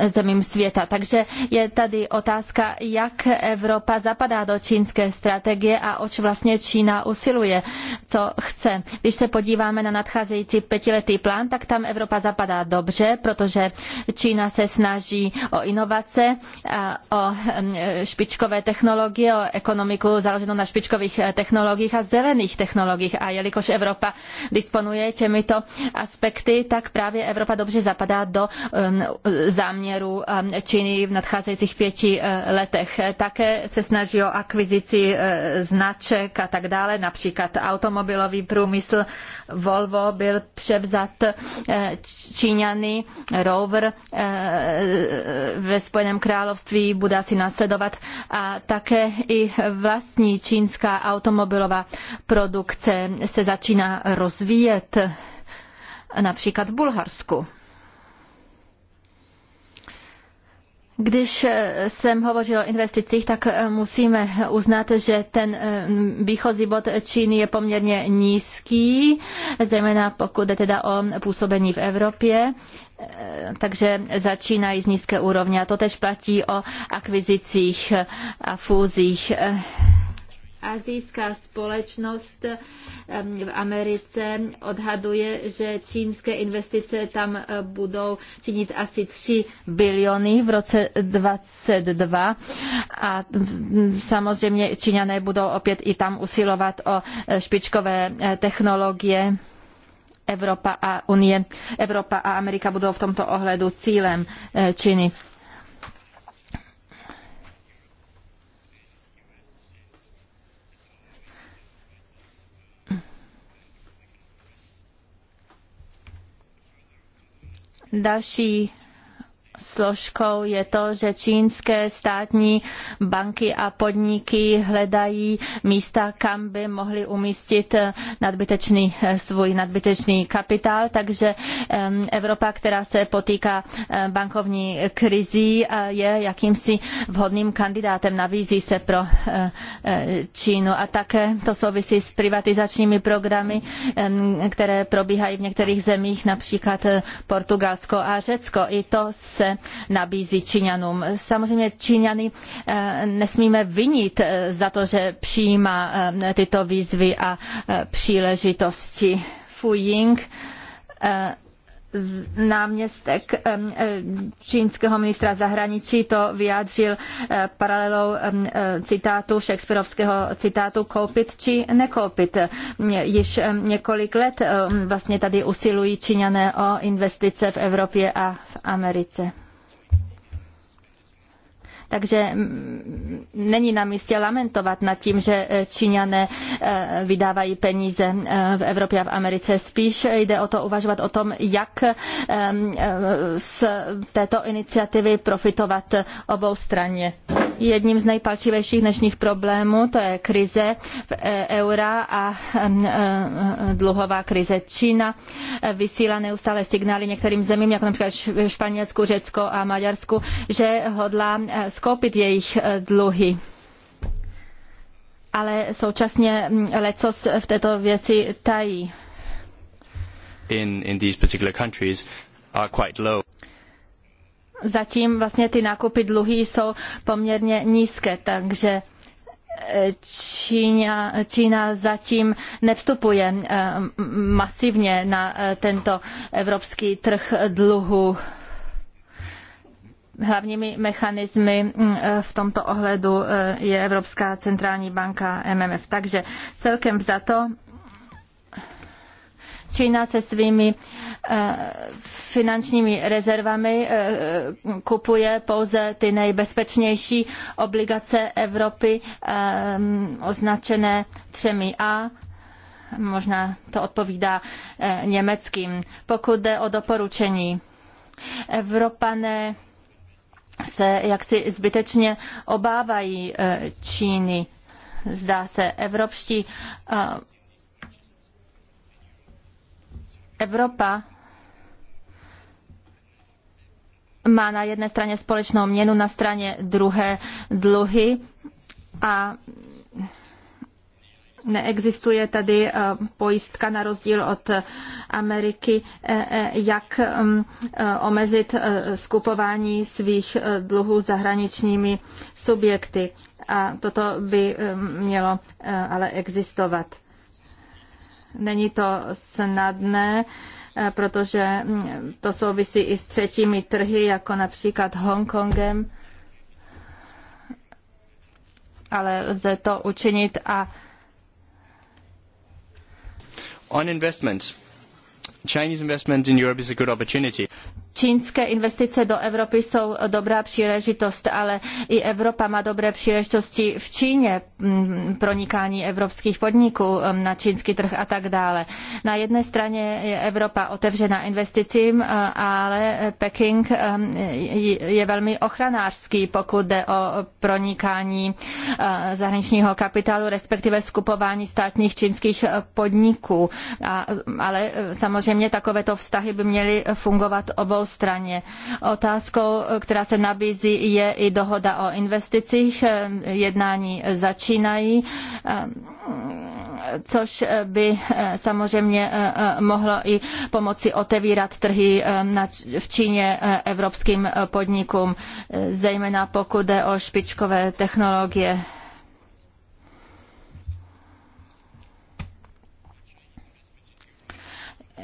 zemím světa. Takže je tady otázka, jak Evropa zapadá do čínské strategie a oč vlastně Čína usiluje, co chce. Když se podíváme na nadcházející pětiletý plán, tak tam Evropa zapadá dobře, protože Čína se snaží o inovace, o špičkové technologie, o ekonomiku založenou na špičkových eh, technologiích a zelených technologiích. A jelikož Evropa disponuje těmito aspekty, tak právě Evropa dobře zapadá do záměru Číny v nadcházejících pěti eh, letech. Také se snaží o akvizici eh, značek a tak dále, například automobilový průmysl Volvo byl převzat Číňany, Rover ve Spojeném království, Budapešť asi nasledovat A také i vlastní čínská automobilová produkce se začíná rozvíjet například v Bulharsku. Když eh, jsem hovořila o investicích, tak eh, musíme uznat, že ten eh, výchozí bod Číny je poměrně nízký, zejména pokud jde teda o působení v Evropě takže začínají z nízké úrovně. A to tež platí o akvizicích a fúzích. Azijská společnost eh, v Americe odhaduje, že čínské investice tam eh, budou činit asi 3 biliony v roce 2022 a mm, samozřejmě Číňané budou opět i tam usilovat o eh, špičkové technologie. Evropa a Unie, Evropa a Amerika budou v tomto ohledu cílem Číny. Další složkou je to, že čínské státní banky a podniky hledají místa, kam by mohly umístit nadbytečný, eh, svůj nadbytečný kapitál, takže Evropa, která se potýká eh, bankovní krizí, eh, je jakýmsi vhodným kandidátem, nabízí se pro Čínu a také to souvisí s privatizačními programy, které probíhají v některých zemích, například Portugalsko a Řecko. I to se nabízí Číňanům. Samozřejmě Číňany eh, nesmíme vinit eh, za to, že přijímá eh, tyto výzvy a příležitosti. Fu Ying náměstek e, čínského ministra zahraničí to vyjádřil e, paralelou e, citátu, Shakespeareovského citátu koupit či nekoupit. Již několik let vlastně tady usilují Číňané o investice v Evropě a v Americe. Takže není na místě lamentovat nad tím, že e, Číňané e, vydávají peníze e, v Evropě a v Americe. Spíš jde o to uvažovat o tom, jak z této iniciativy profitovat oboustranně jedním z nejpalčivějších dnešních problémů, to je krize e, eura a e, e, dluhová krize. Čína vysílá neustále signály některým zemím, jako například Španělsku, Řecko a Maďarsku, že hodlá skoupit jejich dluhy ale současně lecos v této věci tají. In, in these particular countries are quite low zatím vlastně ty nákupy dluhy jsou poměrně nízké, takže eh, Čína, Čína zatím nevstupuje eh, masivně na eh, tento evropský trh dluhu. Hlavními mechanismy mm, v tomto ohledu je Evropská centrální banka MMF. Takže celkem za to Čína se svými eh, finančními rezervami eh, kupuje pouze ty nejbezpečnější obligace Evropy eh, označené třemi A možná to odpovídá německým. Pokud jde o doporučení, Evropané se jaksi zbytečně obávají Číny. Zdá se, evropští Evropa má na jedné straně společnou měnu, na straně druhé dluhy a neexistuje tady eh, pojistka na rozdíl od eh, Ameriky, eh, jak mm, omezit skupování svých dluhů zahraničními subjekty. A toto by mělo ale existovat. Není to snadné, eh, protože mm, to souvisí i s třetími trhy, jako například Hongkongem, ale lze to učinit a On investments. Chinese investment in Europe is a good opportunity čínské investice do Evropy jsou dobrá příležitost, ale i Evropa má dobré příležitosti v Číně, mm, pronikání evropských podniků mm, na čínský trh a tak dále. Na jedné straně je Evropa otevřená investicím, eh, ale Peking eh, je velmi ochranářský, pokud jde o pronikání eh, zahraničního kapitálu, respektive skupování státních čínských podniků. Ale samozřejmě takovéto vztahy by měly fungovat obou straně. Otázkou, která se nabízí, je i dohoda o investicích. Jednání začínají, což by samozřejmě mohlo i pomoci otevírat trhy v Číně evropským podnikům, zejména pokud jde o špičkové technologie.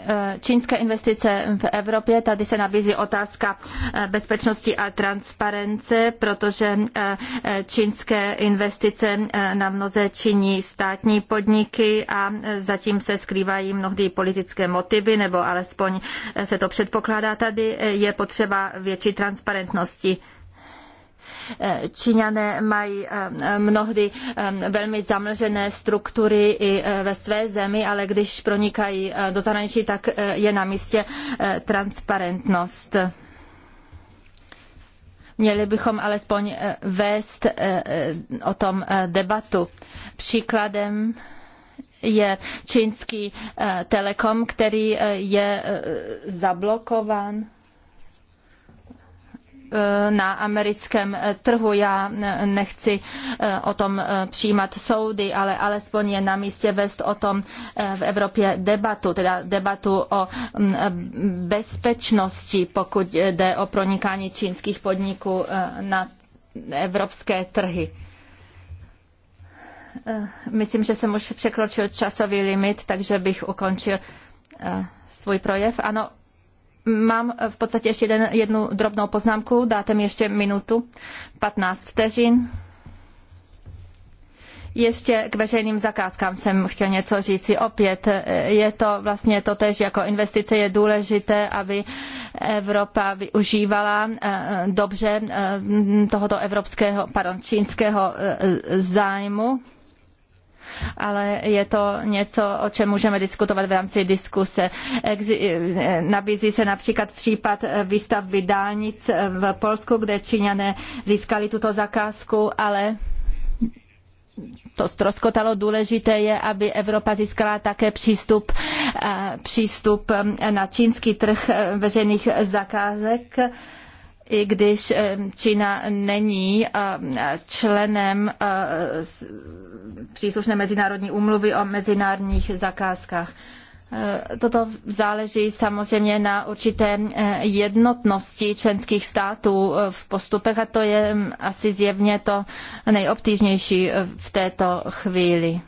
Eh, čínské investice v Evropě. Tady se nabízí otázka eh, bezpečnosti a transparence, protože eh, čínské investice na mnoze činí státní podniky a zatím se skrývají mnohdy politické motivy, nebo alespoň se to předpokládá tady, je potřeba větší transparentnosti. Eh, Číňané mají eh, mnohdy eh, velmi zamlžené struktury i ve své zemi, ale když pronikají do zahraničí, tak je na místě transparentnost měli bychom alespoň vést o tom debatu. Příkladem je čínský telekom, který je zablokován Eh, na americkém eh, trhu. Já eh, nechci o tom přijímat soudy, ale alespoň je na místě vést o tom v Evropě debatu, teda debatu o mm, bezpečnosti, pokud jde o pronikání čínských podniků na evropské trhy. Myslím, že jsem už překročil časový limit, takže bych ukončil svůj projev. Ano, Mám v podstatě ještě jeden, jednu drobnou poznámku, dáte mi ještě minutu, 15 vteřin. Ještě k veřejným zakázkám jsem chtěl něco říct. Opět je to vlastně to totež jako investice je důležité, aby Evropa využívala eh, dobře eh, tohoto evropského, pardon, čínského eh, zájmu ale je to něco, o čem můžeme diskutovat v rámci diskuse. Nabízí se například případ výstavby dálnic v Polsku, kde Číňané získali tuto zakázku, ale to stroskotalo. Důležité je, aby Evropa získala také přístup, eh, přístup na čínský trh eh, veřejných zakázek i když eh, Čína není eh, členem eh, příslušné mezinárodní úmluvy o mezinárodních zakázkách. Toto záleží samozřejmě na určité jednotnosti členských států v postupech a to je mm, asi zjevně to nejobtížnější v této chvíli.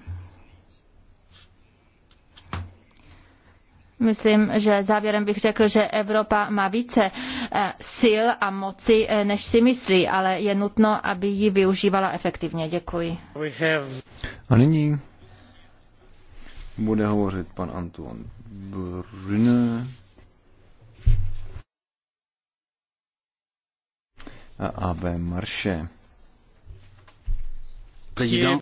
Myslím, že závěrem bych řekl, že Evropa má více eh, sil a moci, eh, než si myslí, ale je nutno, aby ji využívala efektivně. Děkuji. A nyní bude hovořit pan Antoine Brune. A AB Marše. Président.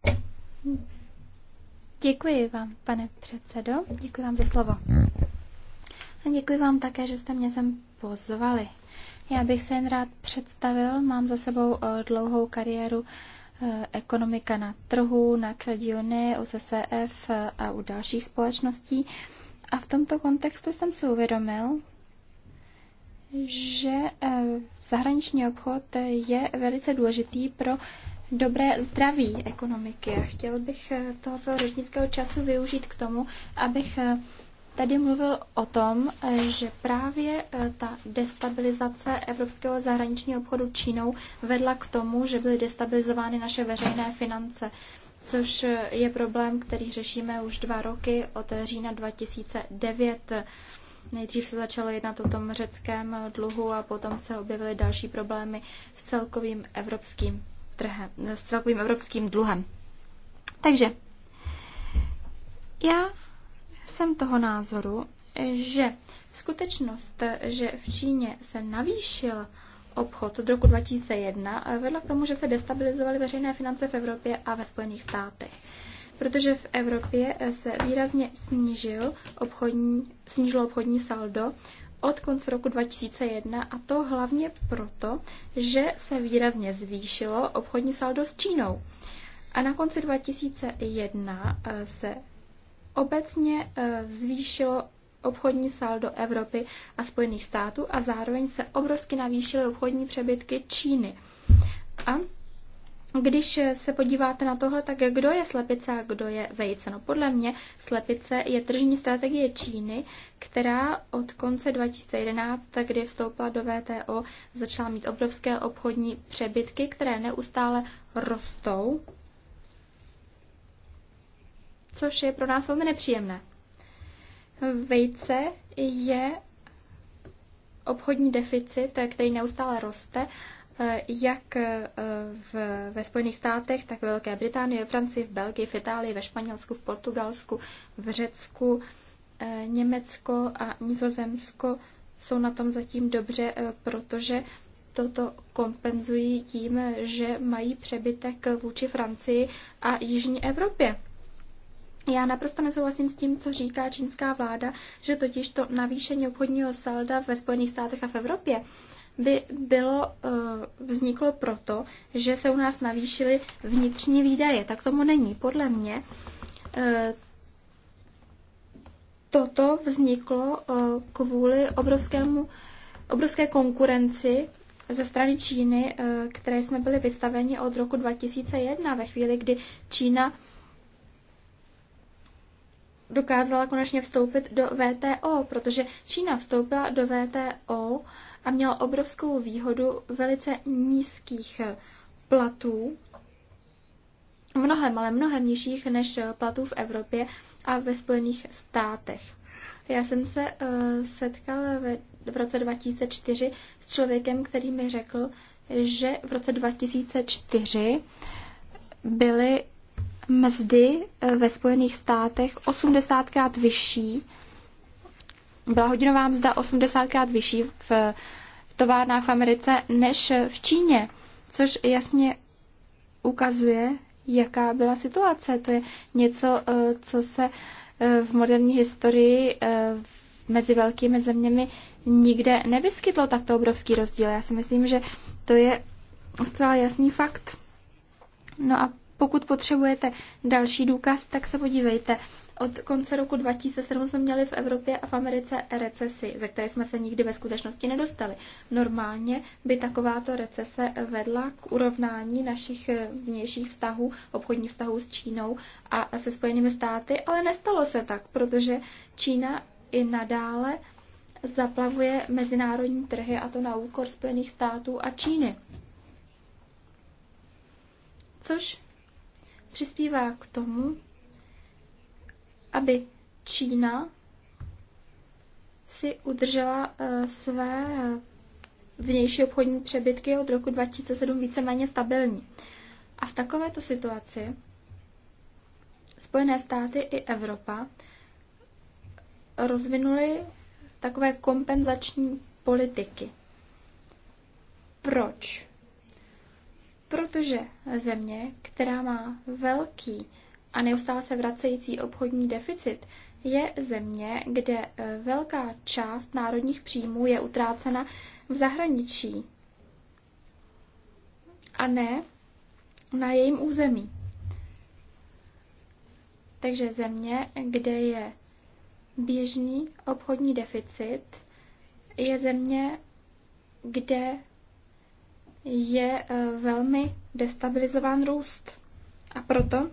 Děkuji vám, pane předsedo. Děkuji vám za slovo. A děkuji vám také, že jste mě sem pozvali. Já bych se jen rád představil. Mám za sebou eh, dlouhou kariéru eh, ekonomika na trhu, na u OCCF eh, a u dalších společností. A v tomto kontextu jsem si uvědomil, že zahraniční obchod je velice důležitý pro dobré zdraví ekonomiky. A chtěl bych eh, toho svého řečnického času využít k tomu, abych eh, tady mluvil o tom, eh, že právě ta destabilizace evropského zahraničního obchodu Čínou vedla k tomu, že byly destabilizovány naše veřejné finance, což je problém, který řešíme už dva roky od října 2009. Nejdřív se začalo jednat o tom řeckém dluhu a potom se objevily další problémy s celkovým evropským trhem, s celkovým evropským dluhem. Takže já jsem toho názoru, že skutečnost, že v Číně se navýšil obchod od roku 2001, vedla k tomu, že se destabilizovaly veřejné finance v Evropě a ve Spojených státech. Protože v Evropě se výrazně snížil obchodní, snížilo obchodní saldo od konce roku 2001 a to hlavně proto, že se výrazně zvýšilo obchodní saldo s Čínou. A na konci 2001 eh, se obecně eh, zvýšilo obchodní saldo Evropy a Spojených států a zároveň se obrovsky navýšily obchodní přebytky Číny. A když se podíváte na tohle, tak kdo je slepice a kdo je vejce? No podle mě slepice je tržní strategie Číny, která od konce 2011, kdy vstoupila do VTO, začala mít obrovské obchodní přebytky, které neustále rostou, což je pro nás velmi nepříjemné. Vejce je obchodní deficit, který neustále roste Eh, jak eh, v, ve Spojených státech, tak ve Velké Británii, ve Francii, v Belgii, v Itálii, ve Španělsku, v Portugalsku, v Řecku, eh, Německo a Nizozemsko jsou na tom zatím dobře, protože toto kompenzují tím, že mají přebytek vůči Francii a Jižní Evropě. Já naprosto nesouhlasím s tím, co říká čínská vláda, že totiž to navýšení obchodního salda ve Spojených státech a v Evropě by bylo, eh, vzniklo proto, že se u nás navýšily vnitřní výdaje. Tak tomu není. Podle mě eh, toto vzniklo eh, kvůli obrovskému, obrovské konkurenci ze strany Číny, které jsme byli vystaveni od roku 2001, ve chvíli, kdy Čína dokázala konečně vstoupit do VTO, protože Čína vstoupila do VTO a měla obrovskou výhodu velice nízkých platů, mnohem, ale mnohem nižších než platů v Evropě a ve Spojených státech. Já jsem se eh, setkal ve, v roce 2004 s člověkem, který mi řekl, že v roce 2004 byly mzdy eh, ve Spojených státech 80krát vyšší byla hodinová mzda 80krát vyšší v, v továrnách v Americe než v Číně, což jasně ukazuje, jaká byla situace. To je něco, eh, co se eh, v moderní historii eh, mezi velkými zeměmi nikde nevyskytlo takto obrovský rozdíl. Já si myslím, že to je zcela jasný fakt. No a pokud potřebujete další důkaz, tak se podívejte od konce roku 2007 jsme měli v Evropě a v Americe recesi, ze které jsme se nikdy ve skutečnosti nedostali. Normálně by takováto recese vedla k urovnání našich eh, vnějších vztahů, obchodních vztahů s Čínou a se Spojenými státy, ale nestalo se tak, protože Čína i nadále zaplavuje mezinárodní trhy, a to na úkor Spojených států a Číny. Což přispívá k tomu, aby Čína si udržela eh, své vnější obchodní přebytky od roku 2007 víceméně stabilní. A v takovéto situaci Spojené státy i Evropa rozvinuly takové kompenzační politiky. Proč? Protože země, která má velký a neustále se vracející obchodní deficit je země, kde eh, velká část národních příjmů je utrácena v zahraničí a ne na jejím území. Takže země, kde je běžný obchodní deficit, je země, kde je eh, velmi destabilizován růst. A proto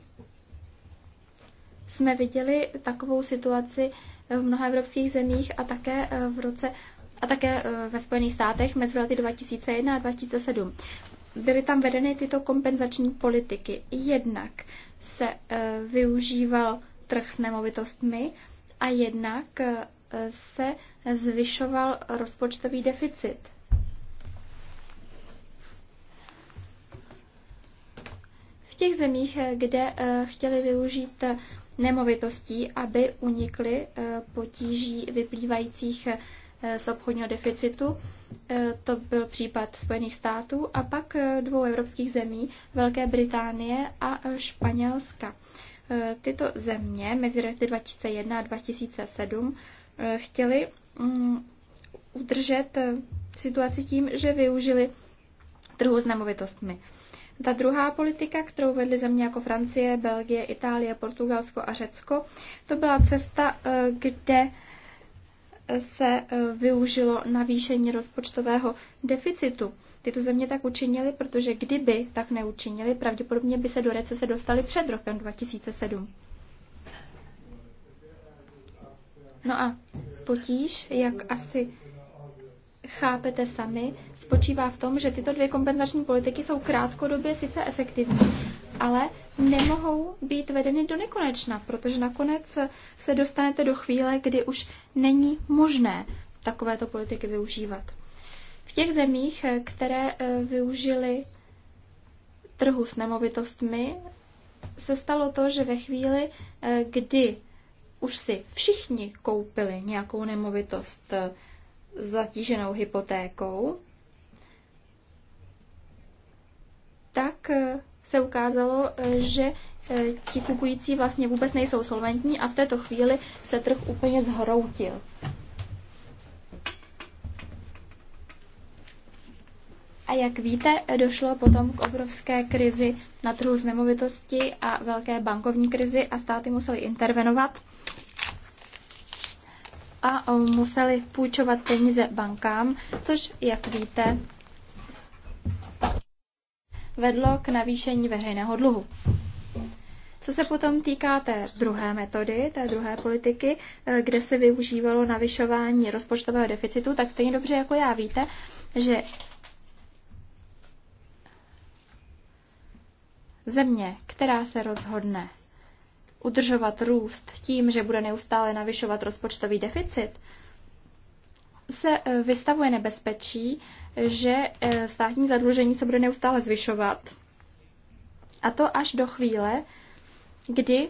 jsme viděli takovou situaci v mnoha evropských zemích a také eh, v roce a také eh, ve Spojených státech mezi lety 2001 a 2007. Byly tam vedeny tyto kompenzační politiky. Jednak se eh, využíval trh s nemovitostmi a jednak se zvyšoval rozpočtový deficit. V těch zemích, kde chtěli využít nemovitostí, aby unikly eh, potíží vyplývajících eh, z obchodního deficitu. Eh, to byl případ Spojených států a pak dvou evropských zemí, Velké Británie a Španělska. Tyto země mezi lety 2001 a 2007 chtěly mm, udržet situaci tím, že využili trhu s nemovitostmi. Ta druhá politika, kterou vedly země jako Francie, Belgie, Itálie, Portugalsko a Řecko, to byla cesta, eh, kde se eh, využilo navýšení rozpočtového deficitu. Tyto země tak učinily, protože kdyby tak neučinili, pravděpodobně by se do recese dostali před rokem 2007. No a potíž, jak asi chápete sami, spočívá v tom, že tyto dvě kompenzační politiky jsou krátkodobě sice efektivní, ale nemohou být vedeny do nekonečna, protože nakonec se dostanete do chvíle, kdy už není možné takovéto politiky využívat. V těch zemích, které eh, využili trhu s nemovitostmi, se stalo to, že ve chvíli, eh, kdy už si všichni koupili nějakou nemovitost, eh, zatíženou hypotékou, tak eh, se ukázalo, eh, že eh, ti kupující vlastně vůbec nejsou solventní a v této chvíli se trh úplně zhroutil. A jak víte, došlo potom k obrovské krizi na trhu s nemovitosti a velké bankovní krizi a státy musely intervenovat a museli půjčovat peníze bankám, což, jak víte, vedlo k navýšení veřejného dluhu. Co se potom týká té druhé metody, té druhé politiky, eh, kde se využívalo navyšování rozpočtového deficitu, tak stejně dobře jako já víte, že země, která se rozhodne udržovat růst tím, že bude neustále navyšovat rozpočtový deficit, se eh, vystavuje nebezpečí, že eh, státní zadlužení se bude neustále zvyšovat. A to až do chvíle, kdy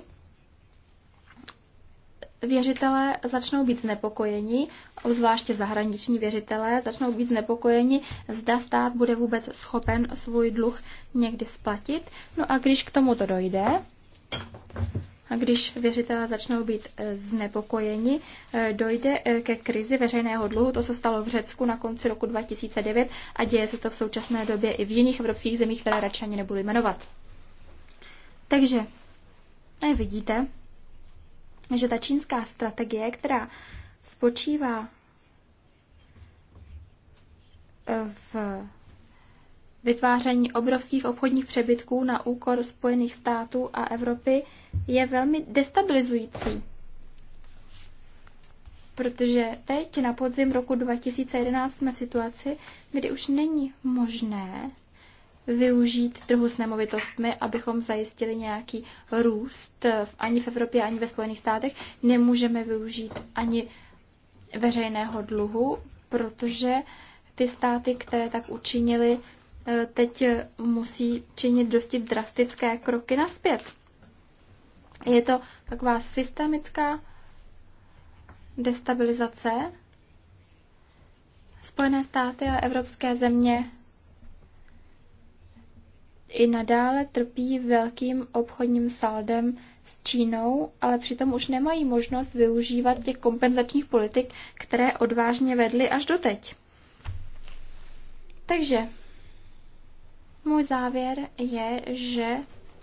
věřitelé začnou být znepokojeni, zvláště zahraniční věřitelé začnou být znepokojeni, zda stát bude vůbec schopen svůj dluh někdy splatit. No a když k tomu to dojde, a když věřitelé začnou být eh, znepokojeni, eh, dojde eh, ke krizi veřejného dluhu. To se stalo v Řecku na konci roku 2009 a děje se to v současné době i v jiných evropských zemích, které radši ani nebudu jmenovat. Takže vidíte, že ta čínská strategie, která spočívá v Vytváření obrovských obchodních přebytků na úkor Spojených států a Evropy je velmi destabilizující. Protože teď na podzim roku 2011 jsme v situaci, kdy už není možné využít trhu s nemovitostmi, abychom zajistili nějaký růst ani v Evropě, ani ve Spojených státech. Nemůžeme využít ani veřejného dluhu, protože ty státy, které tak učinili, Eh, teď eh, musí činit dosti drastické kroky naspět. Je to taková systemická destabilizace. Spojené státy a evropské země i nadále trpí velkým obchodním saldem s Čínou, ale přitom už nemají možnost využívat těch kompenzačních politik, které odvážně vedly až doteď. Takže můj závěr je, že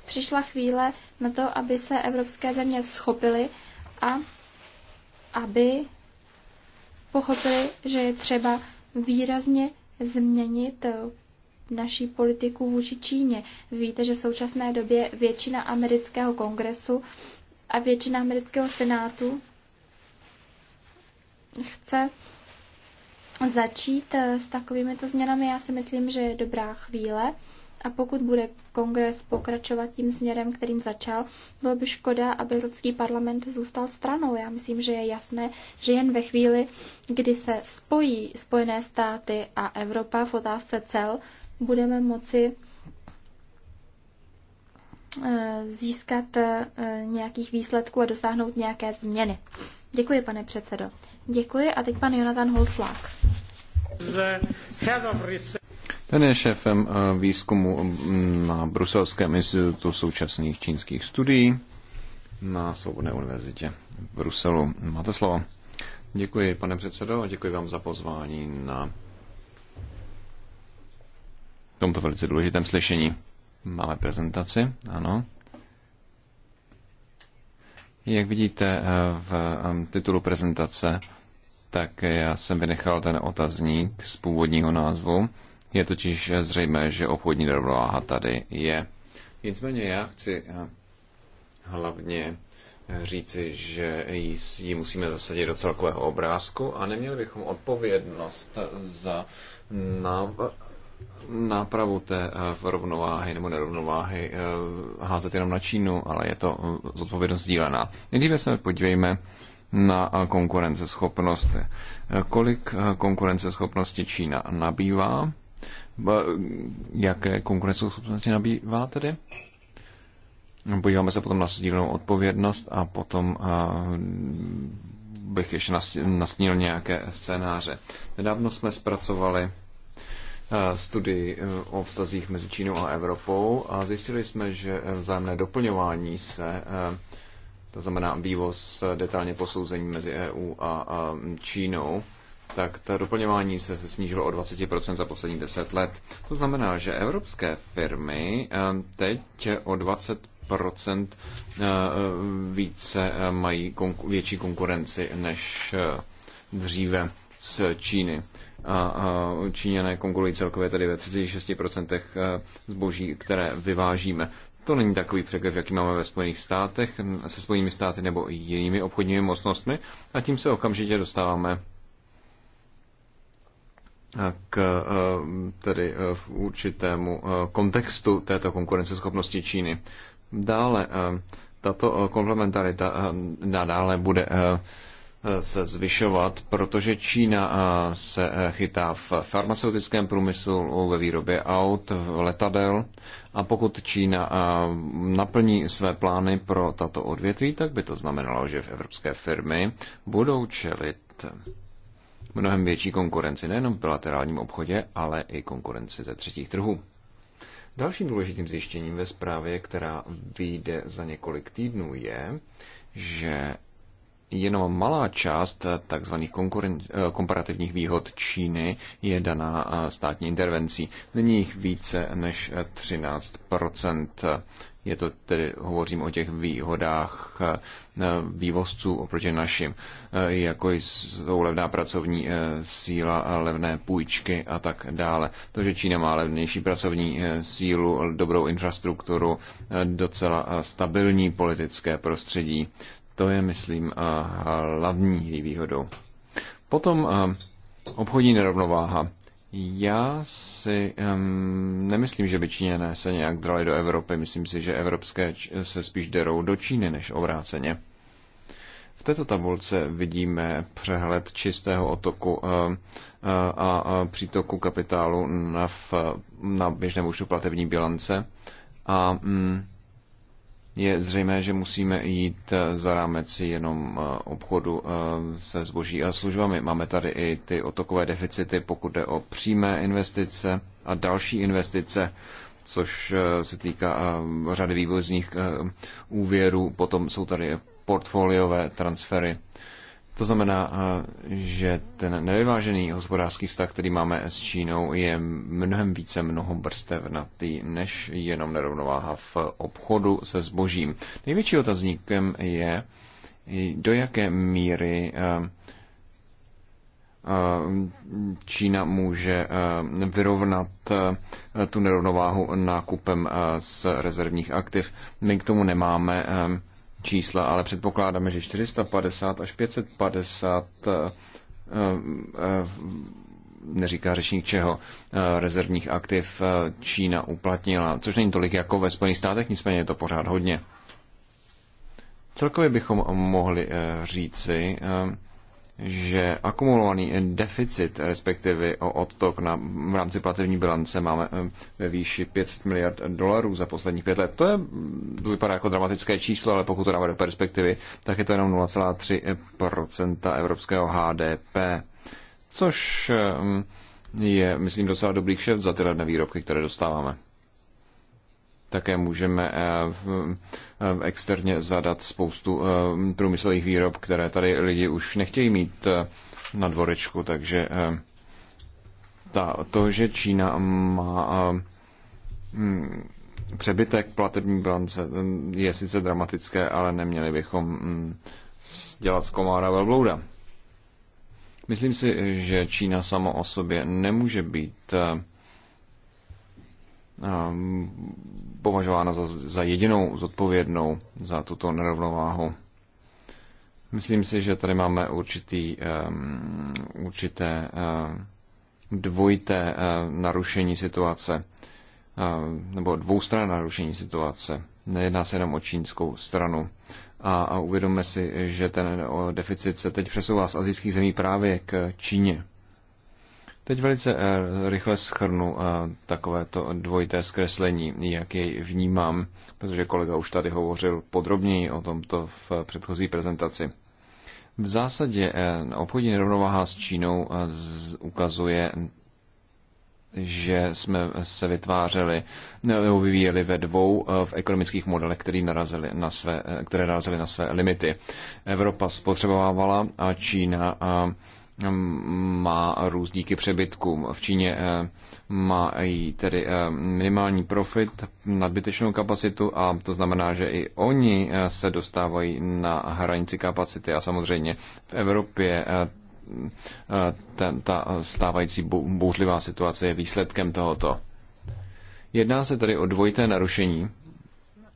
přišla chvíle na to, aby se evropské země schopily a aby pochopili, že je třeba výrazně změnit naší politiku vůči Číně. Víte, že v současné době většina amerického kongresu a většina amerického senátu chce začít eh, s takovými to změnami, já si myslím, že je dobrá chvíle. A pokud bude kongres pokračovat tím směrem, kterým začal, bylo by škoda, aby Evropský parlament zůstal stranou. Já myslím, že je jasné, že jen ve chvíli, kdy se spojí Spojené státy a Evropa v otázce cel, budeme moci eh, získat eh, nějakých výsledků a dosáhnout nějaké změny. Děkuji, pane předsedo. Děkuji a teď pan Jonathan Holslák. Ten je šéfem eh, výzkumu mm, na Bruselském institutu současných čínských studií na Svobodné univerzitě v Bruselu. Máte slovo. Děkuji, pane předsedo, a děkuji vám za pozvání na tomto velice důležitém slyšení. Máme prezentaci, ano. Jak vidíte eh, v titulu prezentace, tak já jsem vynechal ten otazník z původního názvu. Je totiž eh, zřejmé, že obchodní rovnováha tady je. Nicméně já chci eh, hlavně říci, že ji musíme zasadit do celkového obrázku a neměli bychom odpovědnost za, nav- nápravu té eh, rovnováhy nebo nerovnováhy eh, házet jenom na Čínu, ale je to eh, zodpovědnost dílená. Nejdříve se podívejme na konkurenceschopnost. Kolik konkurenceschopnosti Čína nabývá? Jaké konkurenceschopnosti nabývá tedy? Podíváme se potom na sdílenou odpovědnost a potom bych ještě nastínil nějaké scénáře. Nedávno jsme zpracovali Eh, studii eh, o vztazích mezi Čínou a Evropou a zjistili jsme, že eh, vzájemné doplňování se, to znamená vývoz detailně posouzení mezi EU a Čínou, tak to doplňování se, snížilo o 20% za poslední 10 let. To znamená, že evropské firmy teď o 20% více mají větší konkurenci než dříve z Číny. A Číňané kongolují celkově tedy ve 36% eh, zboží, které vyvážíme. To není takový překvěv, jaký máme ve Spojených státech, hm, se Spojenými státy nebo i jinými obchodními mocnostmi. A tím se okamžitě dostáváme eh, k eh, tedy v určitému kontextu této konkurenceschopnosti Číny. Dále tato komplementarita nadále bude se zvyšovat, protože Čína se e, chytá v farmaceutickém průmyslu, ve výrobě aut, v letadel a pokud Čína naplní své plány pro tato odvětví, tak by to znamenalo, že v evropské firmy budou čelit mnohem větší konkurenci nejenom v bilaterálním obchodě, ale i konkurenci ze třetích trhů. Dalším důležitým zjištěním ve zprávě, která vyjde za několik týdnů, je, že jenom malá část tzv. Eh, komparativních výhod Číny je daná eh, státní intervencí. Není jich více než 13 eh, je to tedy, hovořím o těch výhodách vývozců oproti našim, jako jsou levná pracovní síla, levné půjčky a tak dále. To, že Čína má levnější pracovní sílu, dobrou infrastrukturu, docela stabilní politické prostředí, to je, myslím, hlavní výhodou. Potom obchodní nerovnováha. Já si um, nemyslím, že by Číňané se nějak drali do Evropy. Myslím si, že evropské se spíš derou do Číny než obráceně. V této tabulce vidíme přehled čistého otoku a přítoku kapitálu na, v, na běžném účtu platební bilance. A um, je zřejmé, že musíme jít eh, za rámec jenom eh, obchodu eh, se zboží a službami. Máme tady i ty otokové deficity, pokud jde o přímé investice a další investice, což se týká řady vývozních úvěrů. Potom jsou tady portfoliové transfery to znamená, eh, že ten nevyvážený hospodářský vztah, který máme s Čínou, je mnohem více mnohobrstevnatý než jenom nerovnováha v obchodu se zbožím. Největší otazníkem je, do jaké míry eh, eh, Čína může vyrovnat tu nerovnováhu nákupem z rezervních aktiv. My k tomu nemáme čísla, ale předpokládáme, že 450 až 550 eh, eh, neříká řečník čeho, eh, rezervních aktiv Čína uplatnila, což není tolik jako ve Spojených státech, nicméně je to pořád hodně. Celkově bychom mohli říci, že akumulovaný deficit, respektive o odtok na, v rámci platební bilance máme ve výši 500 miliard dolarů za posledních pět let. To, je, to vypadá jako dramatické číslo, ale pokud to dáme do perspektivy, tak je to jenom 0,3 evropského HDP, což je, myslím, docela dobrý kšeft za tyhle výrobky, které dostáváme. Také můžeme eh, eh, externě zadat spoustu eh, průmyslových výrob, které tady lidi už nechtějí mít na dvorečku, takže ta, to, že Čína má mm, přebytek platební bilance, je sice dramatické, ale neměli bychom mm, dělat z komára velblouda. Myslím si, že Čína samo o sobě nemůže být Ehm, považována za, za jedinou zodpovědnou za tuto nerovnováhu. Myslím si, že tady máme určitý, um, určité um, dvojité um, narušení situace, um, nebo dvoustranné narušení situace. Nejedná se jenom o čínskou stranu. A, a uvědomme si, že ten deficit se teď přesouvá z azijských zemí právě k Číně. Teď velice eh, rychle schrnu eh, takovéto dvojité zkreslení, jak jej vnímám, protože kolega už tady hovořil podrobněji o tomto v předchozí prezentaci. V zásadě eh, obchodní nerovnováha s Čínou ukazuje, že jsme se vytvářeli nebo vyvíjeli ve dvou v ekonomických modelech, které narazili na své, které narazili na své limity. Evropa spotřebovávala a Čína a má růst díky přebytkům. V Číně eh, má i tedy eh, minimální profit, nadbytečnou kapacitu a to znamená, že i oni eh, se dostávají na hranici kapacity a samozřejmě v Evropě ta stávající bouřlivá situace je výsledkem tohoto. Jedná se tedy o dvojité narušení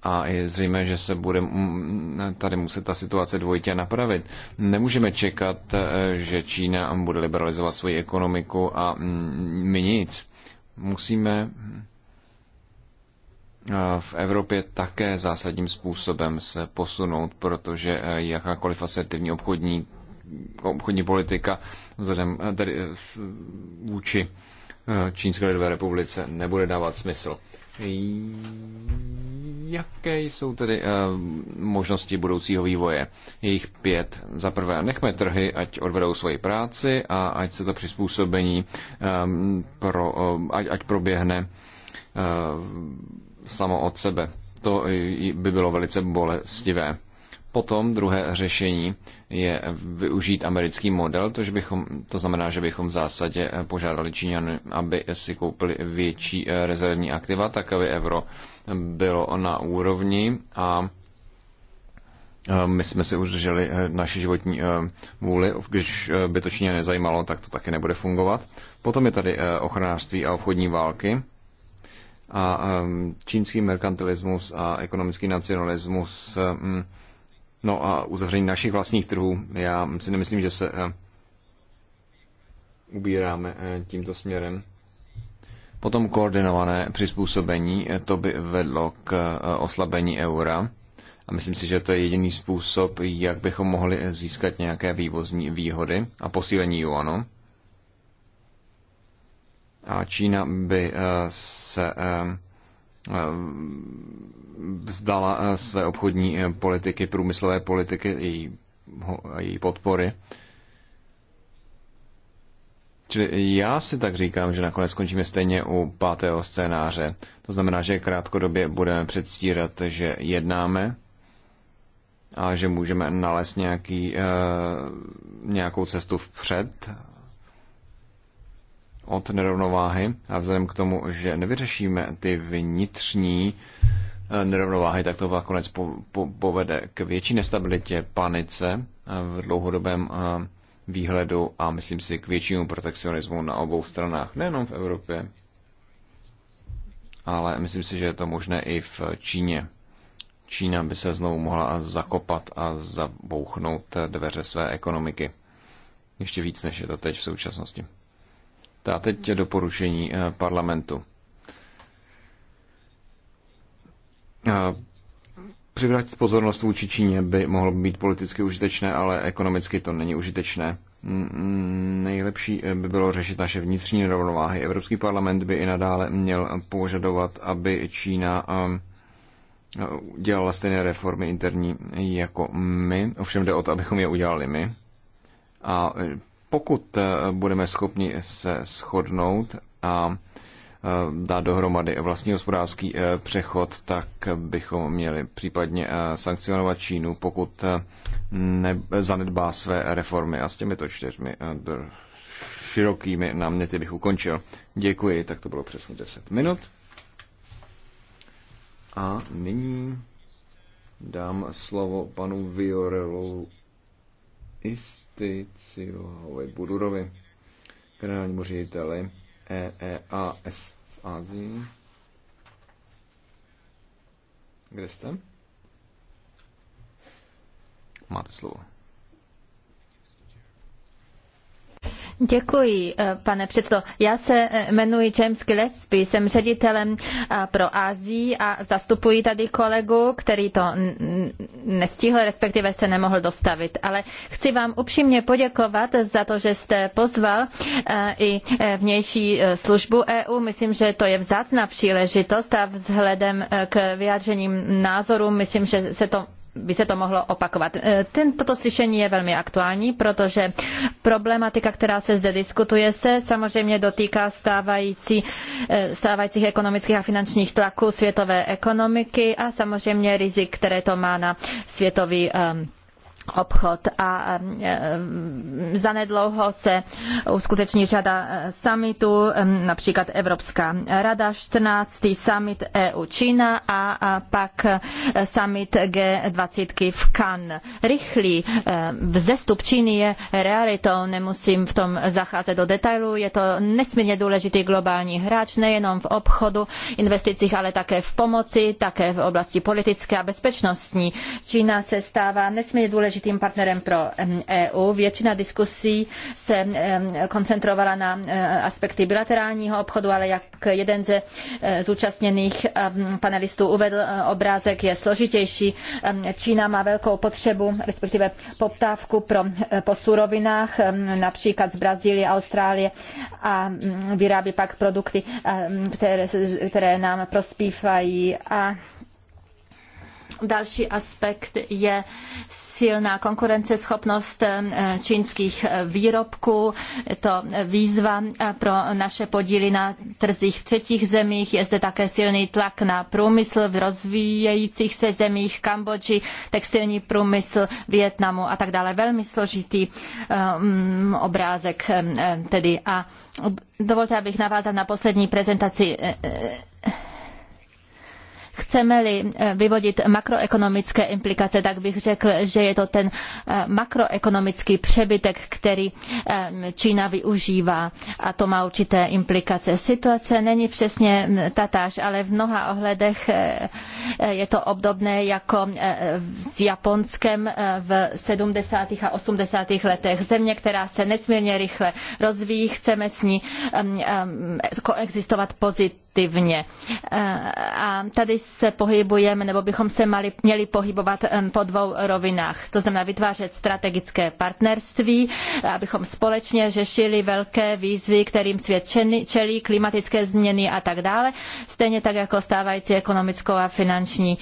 a je zřejmé, že se bude tady muset ta situace dvojitě napravit. Nemůžeme čekat, eh, že Čína bude liberalizovat svoji ekonomiku a mm, my nic. Musíme eh, v Evropě také zásadním způsobem se posunout, protože eh, jakákoliv asertivní obchodní, obchodní politika vzhledem tedy vůči Čínské lidové republice nebude dávat smysl. Jaké jsou tedy eh, možnosti budoucího vývoje? Jejich pět. Za prvé, nechme trhy, ať odvedou svoji práci a ať se to přizpůsobení ehm, pro, eh, ať, ať proběhne eh, samo od sebe. To by bylo velice bolestivé. Potom druhé řešení je využít americký model, tož bychom, to znamená, že bychom v zásadě požádali Číňany, aby si koupili větší eh, rezervní aktiva, tak aby euro bylo na úrovni a eh, my jsme si udrželi eh, naši životní vůli, když by to Číně nezajímalo, tak to taky nebude fungovat. Potom je tady ochranářství a obchodní války a čínský merkantilismus a ekonomický nacionalismus mm, No a uzavření našich vlastních trhů, já si nemyslím, že se eh, ubíráme eh, tímto směrem. Potom koordinované přizpůsobení, eh, to by vedlo k oslabení eura. A myslím si, že to je jediný způsob, jak bychom mohli získat nějaké vývozní výhody a posílení juanu. A Čína by se Eh, vzdala eh, své obchodní eh, politiky, průmyslové politiky její, její podpory. Čili já si tak říkám, že nakonec skončíme stejně u pátého scénáře. To znamená, že krátkodobě budeme předstírat, že jednáme a že můžeme nalézt nějaký, nějakou cestu vpřed od nerovnováhy a vzhledem k tomu, že nevyřešíme ty vnitřní eh, nerovnováhy, tak to nakonec po, po, povede k větší nestabilitě, panice eh, v dlouhodobém eh, výhledu a myslím si k většímu protekcionismu na obou stranách, nejenom v Evropě, ale myslím si, že je to možné i v Číně. Čína by se znovu mohla zakopat a zabouchnout dveře své ekonomiky. Ještě víc, než je to teď v současnosti. A teď doporučení eh, parlamentu. Eh, přivrátit pozornost vůči Číně by mohlo být politicky užitečné, ale ekonomicky to není užitečné. Nejlepší eh, by bylo řešit naše vnitřní nerovnováhy. Evropský parlament by i nadále měl požadovat, aby Čína dělala stejné reformy interní jako my. Ovšem jde o to, abychom je udělali my. A pokud eh, budeme schopni se shodnout a eh, dát dohromady vlastní hospodářský eh, přechod, tak bychom měli případně sankcionovat Čínu, pokud ne, zanedbá své reformy. A s těmito čtyřmi širokými náměty bych ukončil. Děkuji, tak to bylo přesně 10 minut. A nyní dám slovo panu Viorelu Ist Leticionovi Budurovi, generálnímu řediteli EEAS v Ázii. Kde jste? Máte slovo. Děkuji, eh, pane předsedo. Já se eh, jmenuji James Gillespie, jsem ředitelem eh, pro Asii a zastupuji tady kolegu, který to nestihl, respektive se nemohl dostavit. Ale chci vám upřímně poděkovat za to, že jste pozval i vnější službu EU. Myslím, že to je vzácná příležitost a vzhledem k vyjádřením názorům myslím, že se to by se to mohlo opakovat. E, toto slyšení je velmi aktuální, protože problematika, která se zde diskutuje, se samozřejmě dotýká stávající, e, stávajících ekonomických a finančních tlaků světové ekonomiky a samozřejmě rizik, které to má na světový um, obchod a e, e, zanedlouho se uskuteční řada e, summitů, například Evropská rada 14. summit EU Čína a pak summit G20 v Cannes. Rychlý vzestup Číny je realitou, nemusím v tom zacházet do detailu, je to nesmírně důležitý globální hráč, nejenom v obchodu, investicích, ale také v pomoci, také v oblasti politické a bezpečnostní. Čína se stává nesmírně důležitým důležitým partnerem pro EU. E Většina diskusí se koncentrovala na aspekty bilaterálního obchodu, ale jak jeden ze e, zúčastněných panelistů uvedl, e, obrázek je složitější. Čína má velkou potřebu, respektive poptávku pro, po surovinách, například z Brazílie, Austrálie a vyrábí pak produkty, které, které nám prospívají a Další aspekt je silná konkurenceschopnost eh, čínských eh, výrobků, je to výzva eh, pro naše podíly na trzích v třetích zemích, je zde také silný tlak na průmysl v rozvíjejících se zemích Kambodži, textilní průmysl Vietnamu a tak dále. Velmi složitý um, obrázek tedy. A dovolte, abych navázal na poslední prezentaci Chceme-li eh, vyvodit makroekonomické implikace, tak bych řekl, že je to ten eh, makroekonomický přebytek, který eh, Čína využívá a to má určité implikace. Situace není přesně mm, tatáž, ale v mnoha ohledech je to obdobné jako s Japonskem v 70. a 80. letech. Země, která se nesmírně rychle rozvíjí, chceme s ní mm, mm, koexistovat pozitivně. A tady se pohybujeme, nebo bychom se mali, měli pohybovat po dvou rovinách. To znamená vytvářet strategické partnerství, abychom společně řešili velké výzvy, kterým svět čelí, klimatické změny a tak dále, stejně tak jako stávající ekonomickou a finanční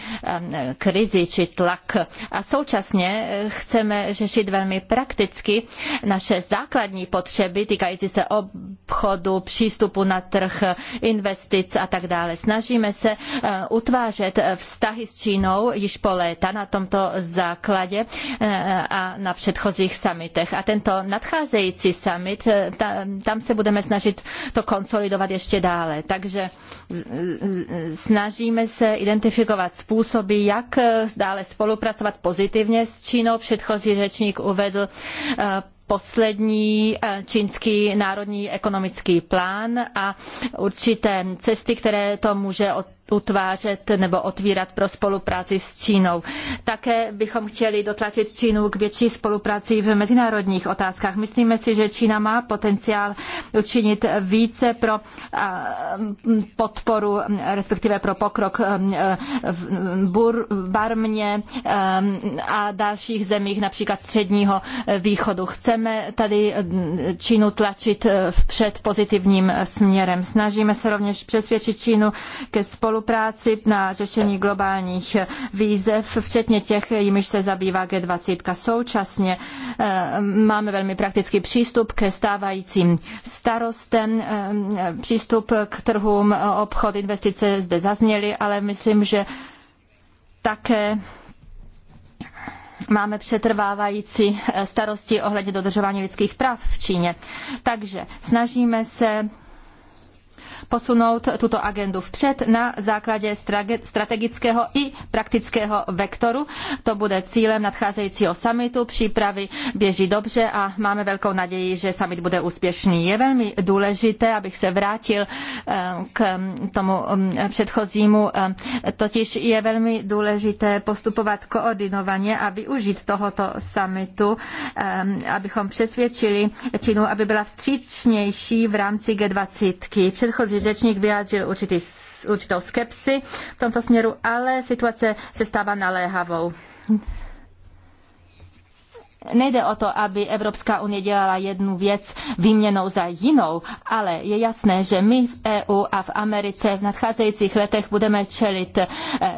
krizi či tlak. A současně eh, chceme řešit velmi prakticky naše základní potřeby týkající se obchodu, přístupu na trh, investic a tak dále. Snažíme se eh, utvářet utvářet eh, vztahy s Čínou již po léta na tomto základě eh, a na předchozích summitech. A tento nadcházející summit, eh, tam se budeme snažit to konsolidovat ještě dále. Takže snažíme se identifikovat způsoby, jak dále spolupracovat pozitivně s Čínou. Předchozí řečník uvedl poslední čínský národní ekonomický plán a určité cesty, které to může utvářet nebo otvírat pro spolupráci s Čínou. Také bychom chtěli dotlačit Čínu k větší spolupráci v mezinárodních otázkách. Myslíme si, že Čína má potenciál učinit více pro podporu, respektive pro pokrok v Barmě a dalších zemích, například Středního východu. Chceme tady Čínu tlačit e, vpřed pozitivním směrem. Snažíme se rovněž přesvědčit Čínu ke spolupráci spolupráci na řešení globálních výzev, včetně těch, jimiž se zabývá G20. Současně eh, máme velmi praktický přístup ke stávajícím starostem, eh, přístup k trhům, obchod, investice zde zazněly, ale myslím, že také máme přetrvávající eh, starosti ohledně dodržování lidských práv v Číně. Takže snažíme se posunout tuto agendu vpřed na základě strategického i praktického vektoru. To bude cílem nadcházejícího summitu. Přípravy běží dobře a máme velkou naději, že summit bude úspěšný. Je velmi důležité, abych se vrátil eh, k tomu mm, předchozímu, eh, totiž je velmi důležité postupovat koordinovaně a využít tohoto summitu, eh, abychom přesvědčili Čínu, aby byla vstřícnější v rámci G20. Předchozí předchozí řečník vyjádřil určitý, určitou skepsi v tomto směru, ale situace se stává naléhavou nejde o to, aby Evropská unie dělala jednu věc výměnou za jinou, ale je jasné, že my v EU a v Americe v nadcházejících letech budeme čelit eh,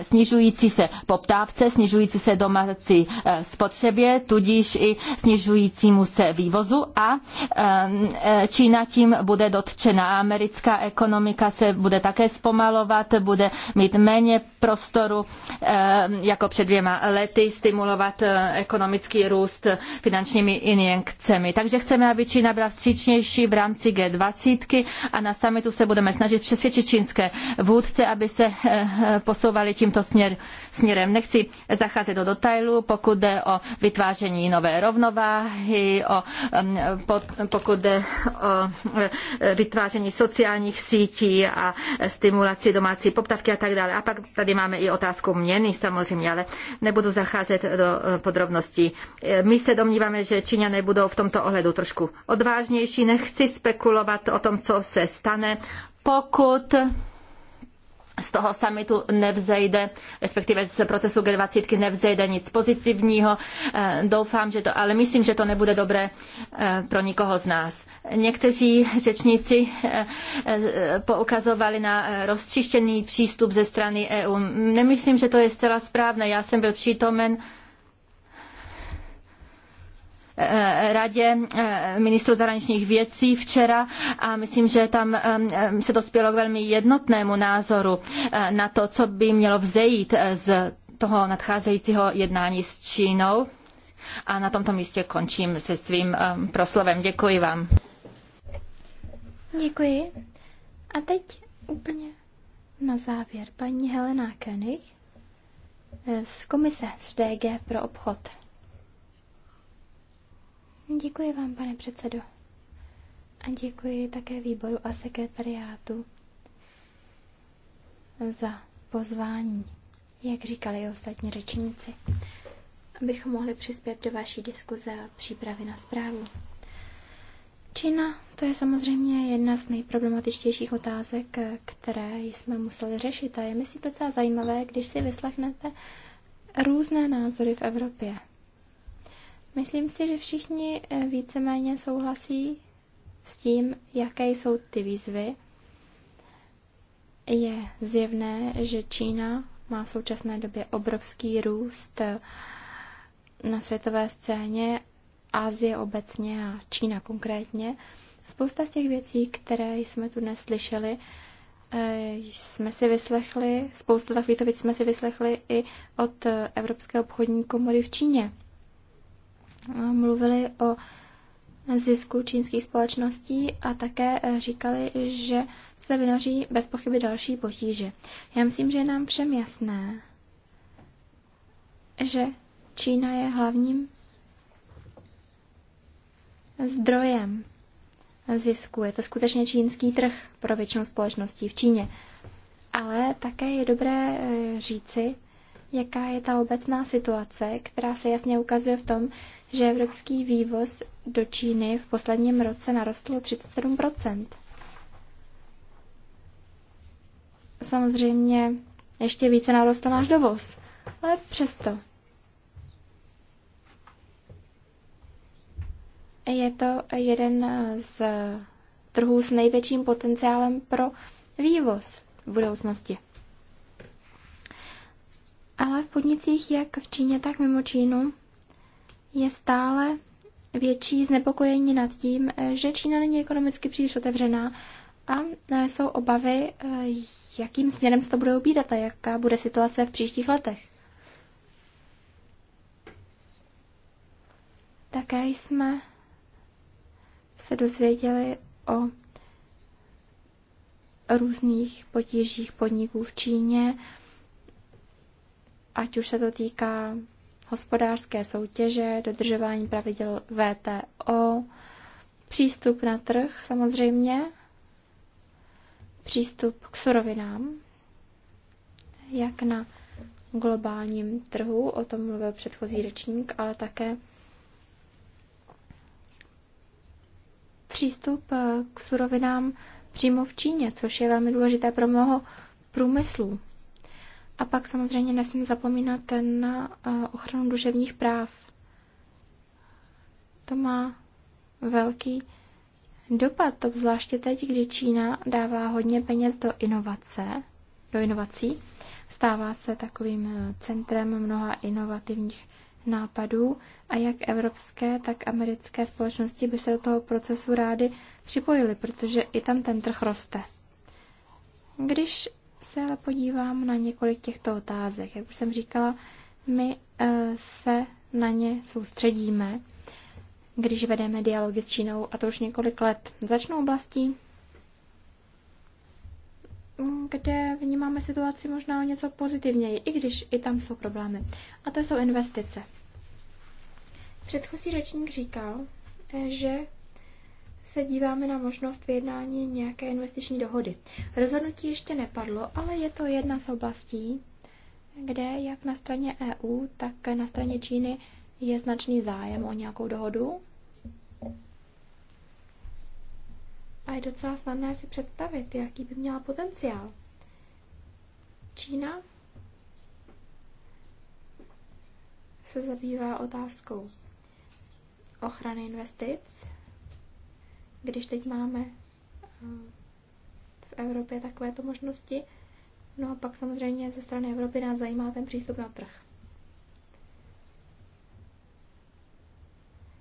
snižující se poptávce, snižující se domácí eh, spotřebě, tudíž i snižujícímu se vývozu a eh, Čína tím bude dotčena. Americká ekonomika se bude také zpomalovat, bude mít méně prostoru jako před dvěma lety stimulovat ekonomický růst finančními injekcemi. Takže chceme, aby Čína byla vstřícnější v rámci G20 a na summitu se budeme snažit přesvědčit čínské vůdce, aby se eh, posouvali tímto směr, směrem. Nechci zacházet do detailu, pokud jde o vytváření nové rovnováhy, o, pokud jde o eh, vytváření sociálních sítí a stimulaci domácí poptavky a tak dále. A pak tady máme i otázku měny samozřejmě, ale nebudu zacházet do eh, podrobností. My se domníváme, že Číňané budou v tomto ohledu trošku odvážnější. Nechci spekulovat o tom, co se stane, pokud z toho samitu nevzejde, respektive z procesu G20 nevzejde nic pozitivního. Eh, doufám, že to, ale myslím, že to nebude dobré eh, pro nikoho z nás. Někteří řečníci eh, poukazovali na rozčištěný přístup ze strany EU. Nemyslím, že to je zcela správné. Já jsem byl přítomen Eh, radě eh, ministrů zahraničních věcí včera a myslím, že tam eh, se dospělo k velmi jednotnému názoru na to, co by mělo vzejít z toho nadcházejícího jednání s Čínou. A na tomto místě končím se svým proslovem. Děkuji vám. Děkuji. A teď úplně na závěr paní Helena z komise z DG pro obchod. Děkuji vám, pane předsedo. A děkuji také výboru a sekretariátu za pozvání, jak říkali ostatní řečníci, abychom mohli přispět do vaší diskuze a přípravy na zprávu. Čína, to je samozřejmě jedna z nejproblematičtějších otázek, které jsme museli řešit. A je myslím docela zajímavé, když si vyslechnete různé názory v Evropě. Myslím si, že všichni eh, víceméně souhlasí s tím, jaké jsou ty výzvy. Je zjevné, že Čína má v současné době obrovský růst eh, na světové scéně, Asie obecně a Čína konkrétně. Spousta z těch věcí, které jsme tu dnes slyšeli, eh, jsme si vyslechli, Spousta takových věcí jsme si vyslechli i od Evropské obchodní komory v Číně mluvili o zisku čínských společností a také eh, říkali, že se vynoří bez pochyby další potíže. Já myslím, že je nám všem jasné, že Čína je hlavním zdrojem zisku. Je to skutečně čínský trh pro většinu společností v Číně. Ale také je dobré eh, říci, jaká je ta obecná situace, která se jasně ukazuje v tom, že evropský vývoz do Číny v posledním roce narostl 37 Samozřejmě ještě více narostl náš dovoz, ale přesto. Je to jeden z trhů s největším potenciálem pro vývoz v budoucnosti ale v podnicích jak v Číně, tak mimo Čínu je stále větší znepokojení nad tím, že Čína není ekonomicky příliš otevřená a e, jsou obavy, e, jakým směrem se to bude ubírat a jaká bude situace v příštích letech. Také jsme se dozvěděli o různých potížích podniků v Číně, ať už se to týká hospodářské soutěže, dodržování pravidel VTO, přístup na trh samozřejmě, přístup k surovinám, jak na globálním trhu, o tom mluvil předchozí řečník, ale také přístup eh, k surovinám přímo v Číně, což je velmi důležité pro mnoho průmyslů a pak samozřejmě nesmím zapomínat na eh, ochranu duševních práv. To má velký dopad, to zvláště teď, kdy Čína dává hodně peněz do inovace, do inovací, stává se takovým eh, centrem mnoha inovativních nápadů a jak evropské, tak americké společnosti by se do toho procesu rády připojily, protože i tam ten trh roste. Když se ale podívám na několik těchto otázek. Jak už jsem říkala, my eh, se na ně soustředíme, když vedeme dialogy s Čínou, a to už několik let. Začnu oblastí, kde vnímáme situaci možná něco pozitivněji, i když i tam jsou problémy. A to jsou investice. Předchozí řečník říkal, eh, že se díváme na možnost vyjednání nějaké investiční dohody. Rozhodnutí ještě nepadlo, ale je to jedna z oblastí, kde jak na straně EU, tak na straně Číny je značný zájem o nějakou dohodu. A je docela snadné si představit, jaký by měla potenciál. Čína se zabývá otázkou ochrany investic když teď máme eh, v Evropě takovéto možnosti. No a pak samozřejmě ze strany Evropy nás zajímá ten přístup na trh.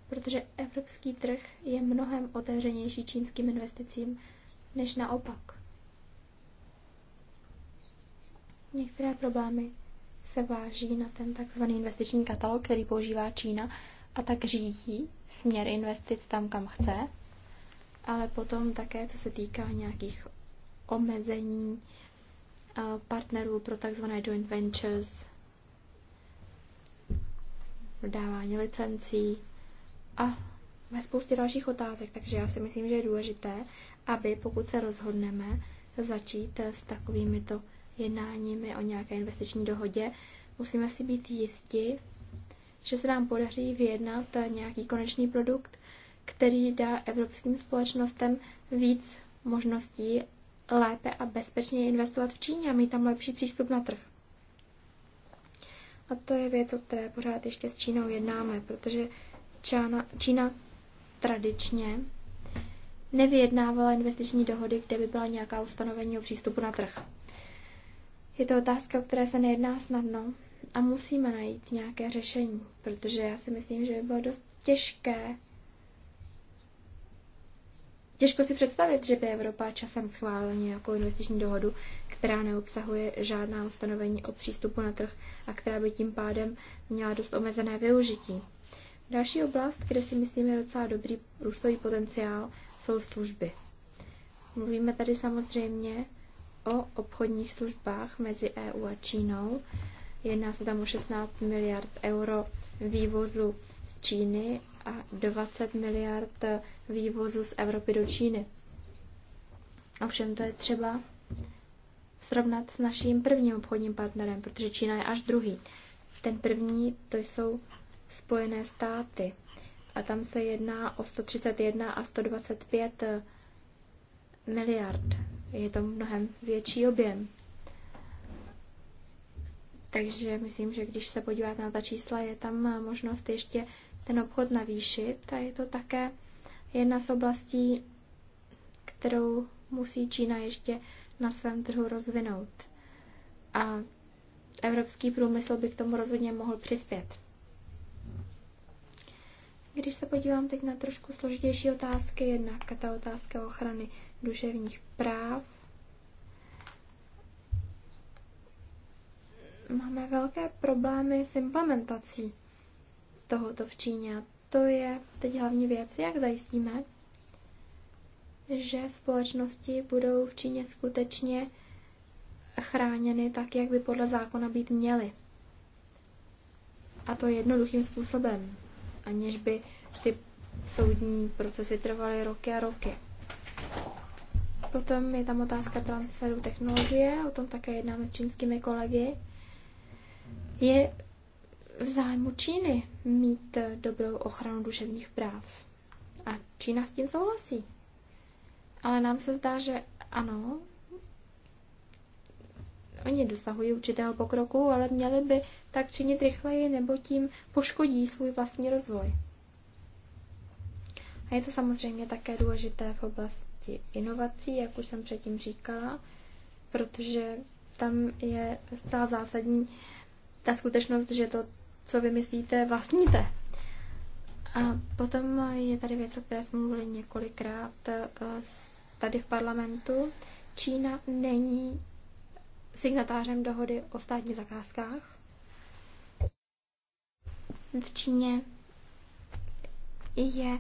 Protože evropský trh je mnohem otevřenější čínským investicím než naopak. Některé problémy se váží na ten takzvaný investiční katalog, který používá Čína a tak řídí směr investic tam, kam chce, ale potom také, co se týká nějakých omezení eh, partnerů pro takzvané joint ventures, dodávání licencí a ve spoustě dalších otázek. Takže já si myslím, že je důležité, aby pokud se rozhodneme začít s takovými to jednáními o nějaké investiční dohodě, musíme si být jisti, že se nám podaří vyjednat nějaký konečný produkt, který dá evropským společnostem víc možností lépe a bezpečně investovat v Číně a mít tam lepší přístup na trh. A to je věc, o které pořád ještě s Čínou jednáme, protože Čána, Čína tradičně nevyjednávala investiční dohody, kde by byla nějaká ustanovení o přístupu na trh. Je to otázka, o které se nejedná snadno a musíme najít nějaké řešení, protože já si myslím, že by bylo dost těžké Těžko si představit, že by Evropa časem schválila nějakou investiční dohodu, která neobsahuje žádná ustanovení o přístupu na trh a která by tím pádem měla dost omezené využití. Další oblast, kde si myslím je docela dobrý růstový potenciál, jsou služby. Mluvíme tady samozřejmě o obchodních službách mezi EU a Čínou. Jedná se tam o 16 miliard euro vývozu z Číny a 20 miliard vývozu z Evropy do Číny. Ovšem to je třeba srovnat s naším prvním obchodním partnerem, protože Čína je až druhý. Ten první to jsou Spojené státy a tam se jedná o 131 a 125 miliard. Je to mnohem větší objem. Takže myslím, že když se podíváte na ta čísla, je tam možnost ještě ten obchod navýšit a je to také jedna z oblastí, kterou musí Čína ještě na svém trhu rozvinout. A evropský průmysl by k tomu rozhodně mohl přispět. Když se podívám teď na trošku složitější otázky, jednak ta otázka ochrany duševních práv. Máme velké problémy s implementací tohoto v Číně. to je teď hlavní věc, jak zajistíme, že společnosti budou v Číně skutečně chráněny tak, jak by podle zákona být měly. A to jednoduchým způsobem, aniž by ty soudní procesy trvaly roky a roky. Potom je tam otázka transferu technologie, o tom také jednáme s čínskými kolegy. Je v zájmu Číny mít eh, dobrou ochranu duševních práv. A Čína s tím souhlasí. Ale nám se zdá, že ano, oni dosahují určitého pokroku, ale měli by tak činit rychleji, nebo tím poškodí svůj vlastní rozvoj. A je to samozřejmě také důležité v oblasti inovací, jak už jsem předtím říkala, protože tam je zcela zásadní ta skutečnost, že to co vymyslíte, vlastníte. A potom je tady věc, o které jsme mluvili několikrát eh, tady v parlamentu. Čína není signatářem dohody o státních zakázkách. V Číně je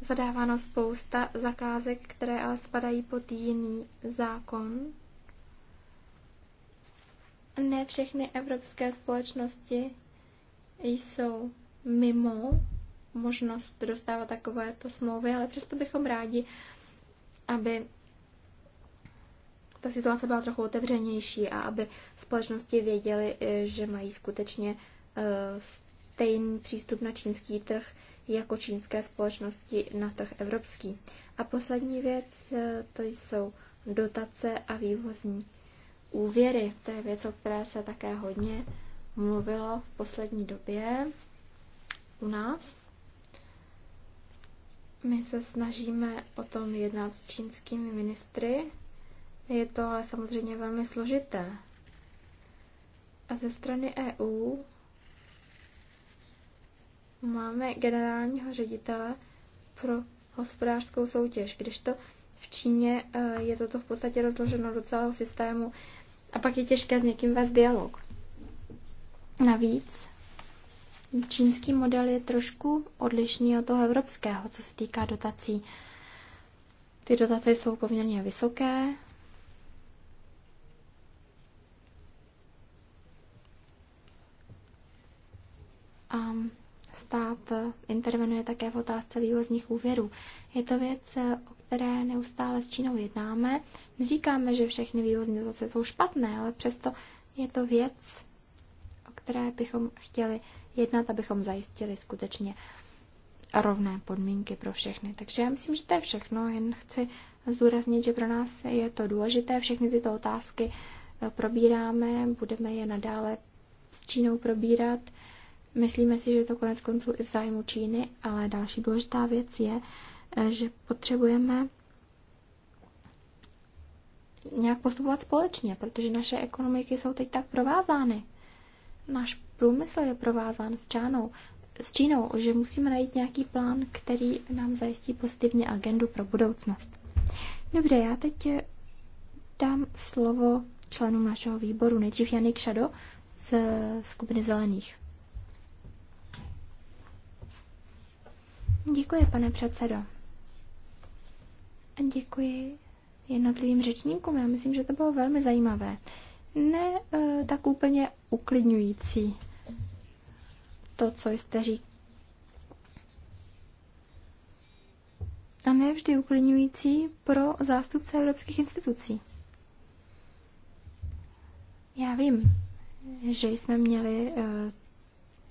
zadáváno spousta zakázek, které ale spadají pod jiný zákon. Ne všechny evropské společnosti jsou mimo možnost dostávat takovéto smlouvy, ale přesto bychom rádi, aby ta situace byla trochu otevřenější a aby společnosti věděly, eh, že mají skutečně eh, stejný přístup na čínský trh jako čínské společnosti na trh evropský. A poslední věc, eh, to jsou dotace a vývozní úvěry. To je věc, o které se také hodně mluvilo v poslední době u nás. My se snažíme o tom jednat s čínskými ministry. Je to ale samozřejmě velmi složité. A ze strany EU máme generálního ředitele pro hospodářskou soutěž, když to v Číně eh, je toto v podstatě rozloženo do celého systému a pak je těžké s někým vést dialog. Navíc čínský model je trošku odlišný od toho evropského, co se týká dotací. Ty dotace jsou poměrně vysoké. A stát intervenuje také v otázce vývozních úvěrů. Je to věc, o které neustále s Čínou jednáme. Neříkáme, že všechny vývozní dotace jsou špatné, ale přesto je to věc, které bychom chtěli jednat, abychom zajistili skutečně rovné podmínky pro všechny. Takže já myslím, že to je všechno, jen chci zdůraznit, že pro nás je to důležité. Všechny tyto otázky eh, probíráme, budeme je nadále s Čínou probírat. Myslíme si, že to konec konců i v zájmu Číny, ale další důležitá věc je, eh, že potřebujeme nějak postupovat společně, protože naše ekonomiky jsou teď tak provázány náš průmysl je provázán s Čánou, s Čínou, že musíme najít nějaký plán, který nám zajistí pozitivní agendu pro budoucnost. Dobře, já teď dám slovo členům našeho výboru, nejdřív Janik Šado z skupiny Zelených. Děkuji, pane předsedo. děkuji jednotlivým řečníkům. Já myslím, že to bylo velmi zajímavé ne eh, tak úplně uklidňující. To, co jste říkali. A ne vždy uklidňující pro zástupce evropských institucí. Já vím, že jsme měli eh,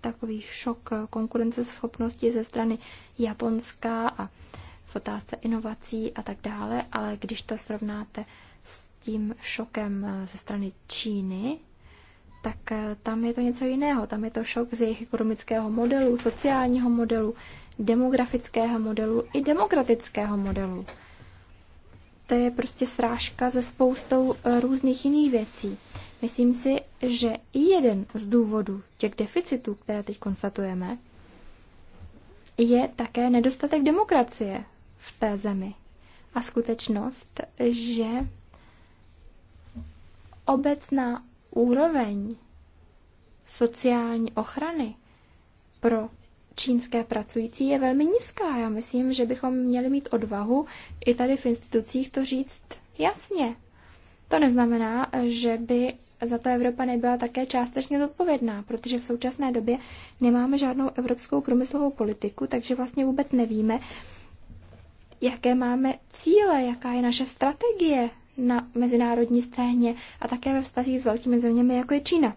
takový šok konkurenceschopnosti ze strany Japonska a v otázce inovací a tak dále, ale když to srovnáte tím šokem eh, ze strany Číny, tak eh, tam je to něco jiného. Tam je to šok z jejich ekonomického modelu, sociálního modelu, demografického modelu i demokratického modelu. To je prostě srážka se spoustou eh, různých jiných věcí. Myslím si, že jeden z důvodů těch deficitů, které teď konstatujeme, je také nedostatek demokracie v té zemi. A skutečnost, že obecná úroveň sociální ochrany pro čínské pracující je velmi nízká. Já myslím, že bychom měli mít odvahu i tady v institucích to říct jasně. To neznamená, že by za to Evropa nebyla také částečně zodpovědná, protože v současné době nemáme žádnou evropskou průmyslovou politiku, takže vlastně vůbec nevíme, jaké máme cíle, jaká je naše strategie na mezinárodní scéně a také ve vztazích s velkými zeměmi, jako je Čína.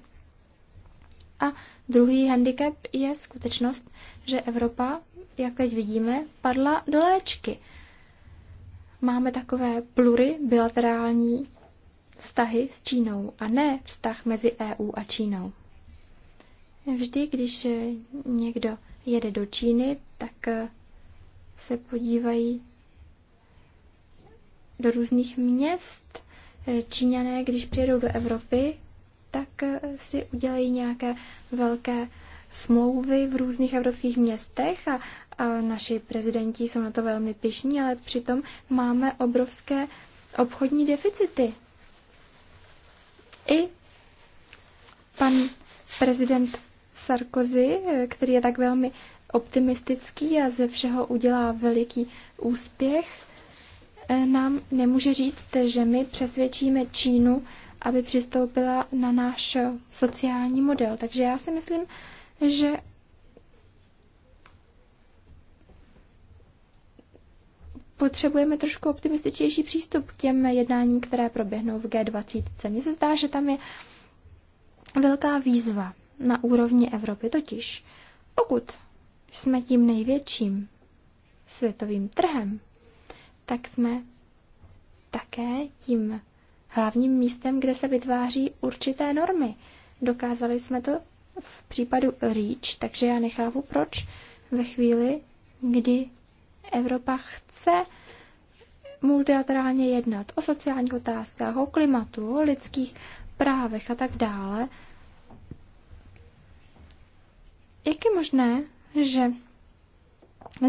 A druhý handicap je skutečnost, že Evropa, jak teď vidíme, padla do léčky. Máme takové plury bilaterální vztahy s Čínou a ne vztah mezi EU a Čínou. Vždy, když někdo jede do Číny, tak se podívají do různých měst. Číňané, když přijedou do Evropy, tak eh, si udělají nějaké velké smlouvy v různých evropských městech a, a naši prezidenti jsou na to velmi pišní, ale přitom máme obrovské obchodní deficity. I pan prezident Sarkozy, eh, který je tak velmi optimistický a ze všeho udělá veliký úspěch, Eh, nám nemůže říct, že my přesvědčíme Čínu, aby přistoupila na náš sociální model. Takže já si myslím, že potřebujeme trošku optimističtější přístup k těm jednáním, které proběhnou v G20. Mně se zdá, že tam je velká výzva na úrovni Evropy. Totiž, pokud jsme tím největším světovým trhem, tak jsme také tím hlavním místem, kde se vytváří určité normy. Dokázali jsme to v případu REACH, takže já nechápu, proč ve chvíli, kdy Evropa chce multilaterálně jednat o sociálních otázkách, o klimatu, o lidských právech a tak dále. Jak je možné, že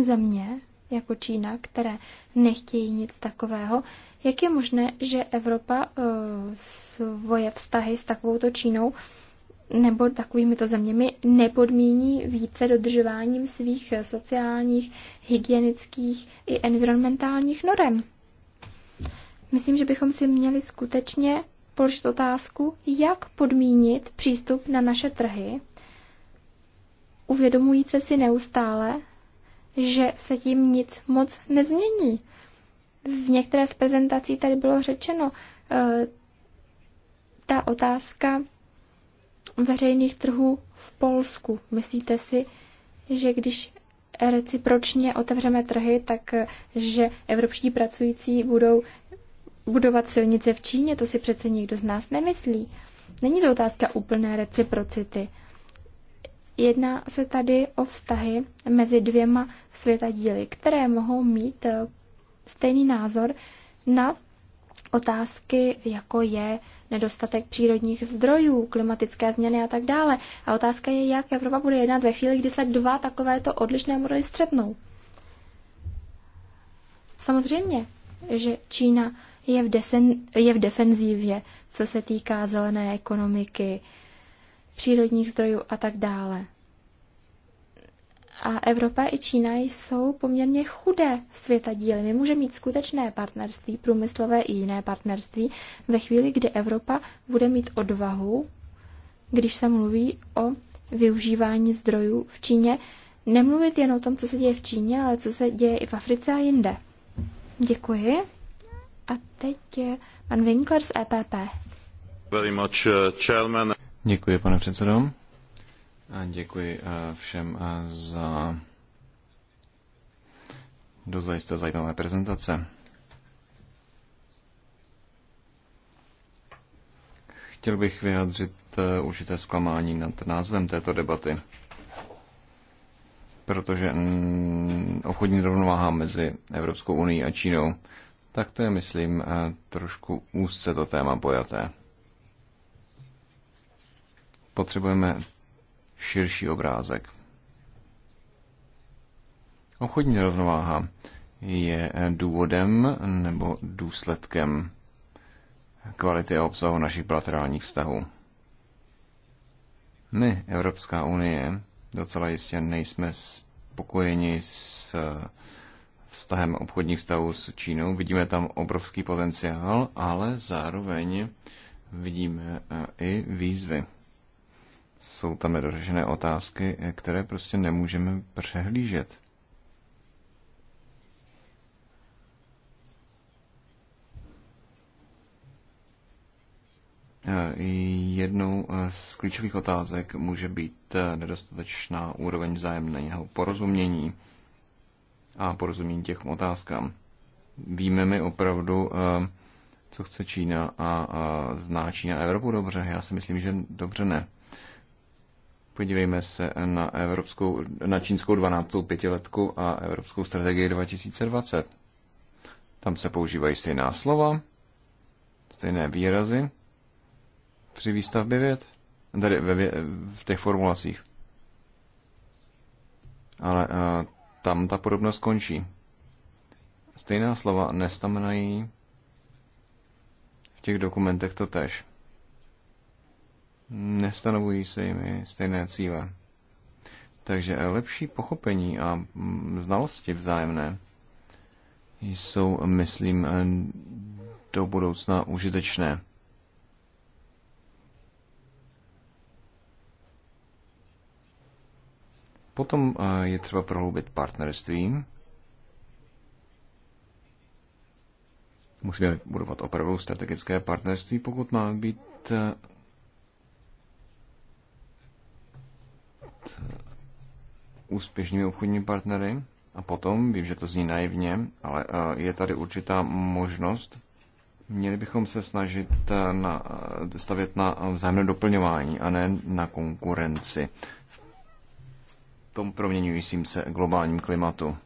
země, jako Čína, které nechtějí nic takového, jak je možné, že Evropa eh, svoje vztahy s takovouto Čínou nebo takovýmito zeměmi nepodmíní více dodržováním svých sociálních, hygienických i environmentálních norem? Myslím, že bychom si měli skutečně položit otázku, jak podmínit přístup na naše trhy, uvědomujíce si neustále, že se tím nic moc nezmění. V některé z prezentací tady bylo řečeno, eh, ta otázka veřejných trhů v Polsku. Myslíte si, že když recipročně otevřeme trhy, tak eh, že evropští pracující budou budovat silnice v Číně, to si přece nikdo z nás nemyslí. Není to otázka úplné reciprocity. Jedná se tady o vztahy mezi dvěma světadíly, které mohou mít eh, stejný názor na otázky, jako je nedostatek přírodních zdrojů, klimatické změny a tak dále. A otázka je, jak Evropa bude jednat ve chvíli, kdy se dva takovéto odlišné modely střetnou. Samozřejmě, že Čína je v, desen, je v defenzívě, co se týká zelené ekonomiky, přírodních zdrojů a tak dále. A Evropa i Čína jsou poměrně chudé světa díly. My můžeme mít skutečné partnerství, průmyslové i jiné partnerství, ve chvíli, kdy Evropa bude mít odvahu, když se mluví o využívání zdrojů v Číně, nemluvit jen o tom, co se děje v Číně, ale co se děje i v Africe a jinde. Děkuji. A teď je pan Winkler z EPP. Very much, uh, chairman. Děkuji, pane předsedo. A děkuji eh, všem eh, za dozajisté zajímavé prezentace. Chtěl bych vyjádřit eh, určité zklamání nad názvem této debaty, protože obchodní rovnováha mezi Evropskou unii a Čínou, tak to je, myslím, trošku úzce to téma pojaté potřebujeme širší obrázek. Obchodní rovnováha je důvodem nebo důsledkem kvality a obsahu našich bilaterálních vztahů. My, Evropská unie, docela jistě nejsme spokojeni s eh, vztahem obchodních vztahů s Čínou. Vidíme tam obrovský potenciál, ale zároveň vidíme eh, i výzvy jsou tam nedořešené otázky, které prostě nemůžeme přehlížet. E, jednou e, z klíčových otázek může být e, nedostatečná úroveň vzájemného porozumění a porozumění těch otázkám. Víme mi opravdu, co chce Čína a zná Čína Evropu dobře? Já si myslím, že dobře ne. Podívejme se na, evropskou, na čínskou 12. pětiletku a evropskou strategii 2020. Tam se používají stejná slova, stejné výrazy při výstavbě věd, tady ve, v těch formulacích. Ale a, eh, tam ta podobnost končí. Stejná slova nestamenají v těch dokumentech to tež nestanovují se jimi stejné cíle. Takže lepší pochopení a mm, znalosti vzájemné jsou, myslím, do budoucna užitečné. Potom eh, je třeba prohloubit partnerství. Musíme budovat opravdu strategické partnerství, pokud má být eh, úspěšnými obchodními partnery. A potom, vím, že to zní naivně, ale eh, je tady určitá možnost. Měli bychom se snažit eh, na, eh, stavět na vzájemné doplňování a ne na konkurenci v tom proměňujícím se globálním klimatu.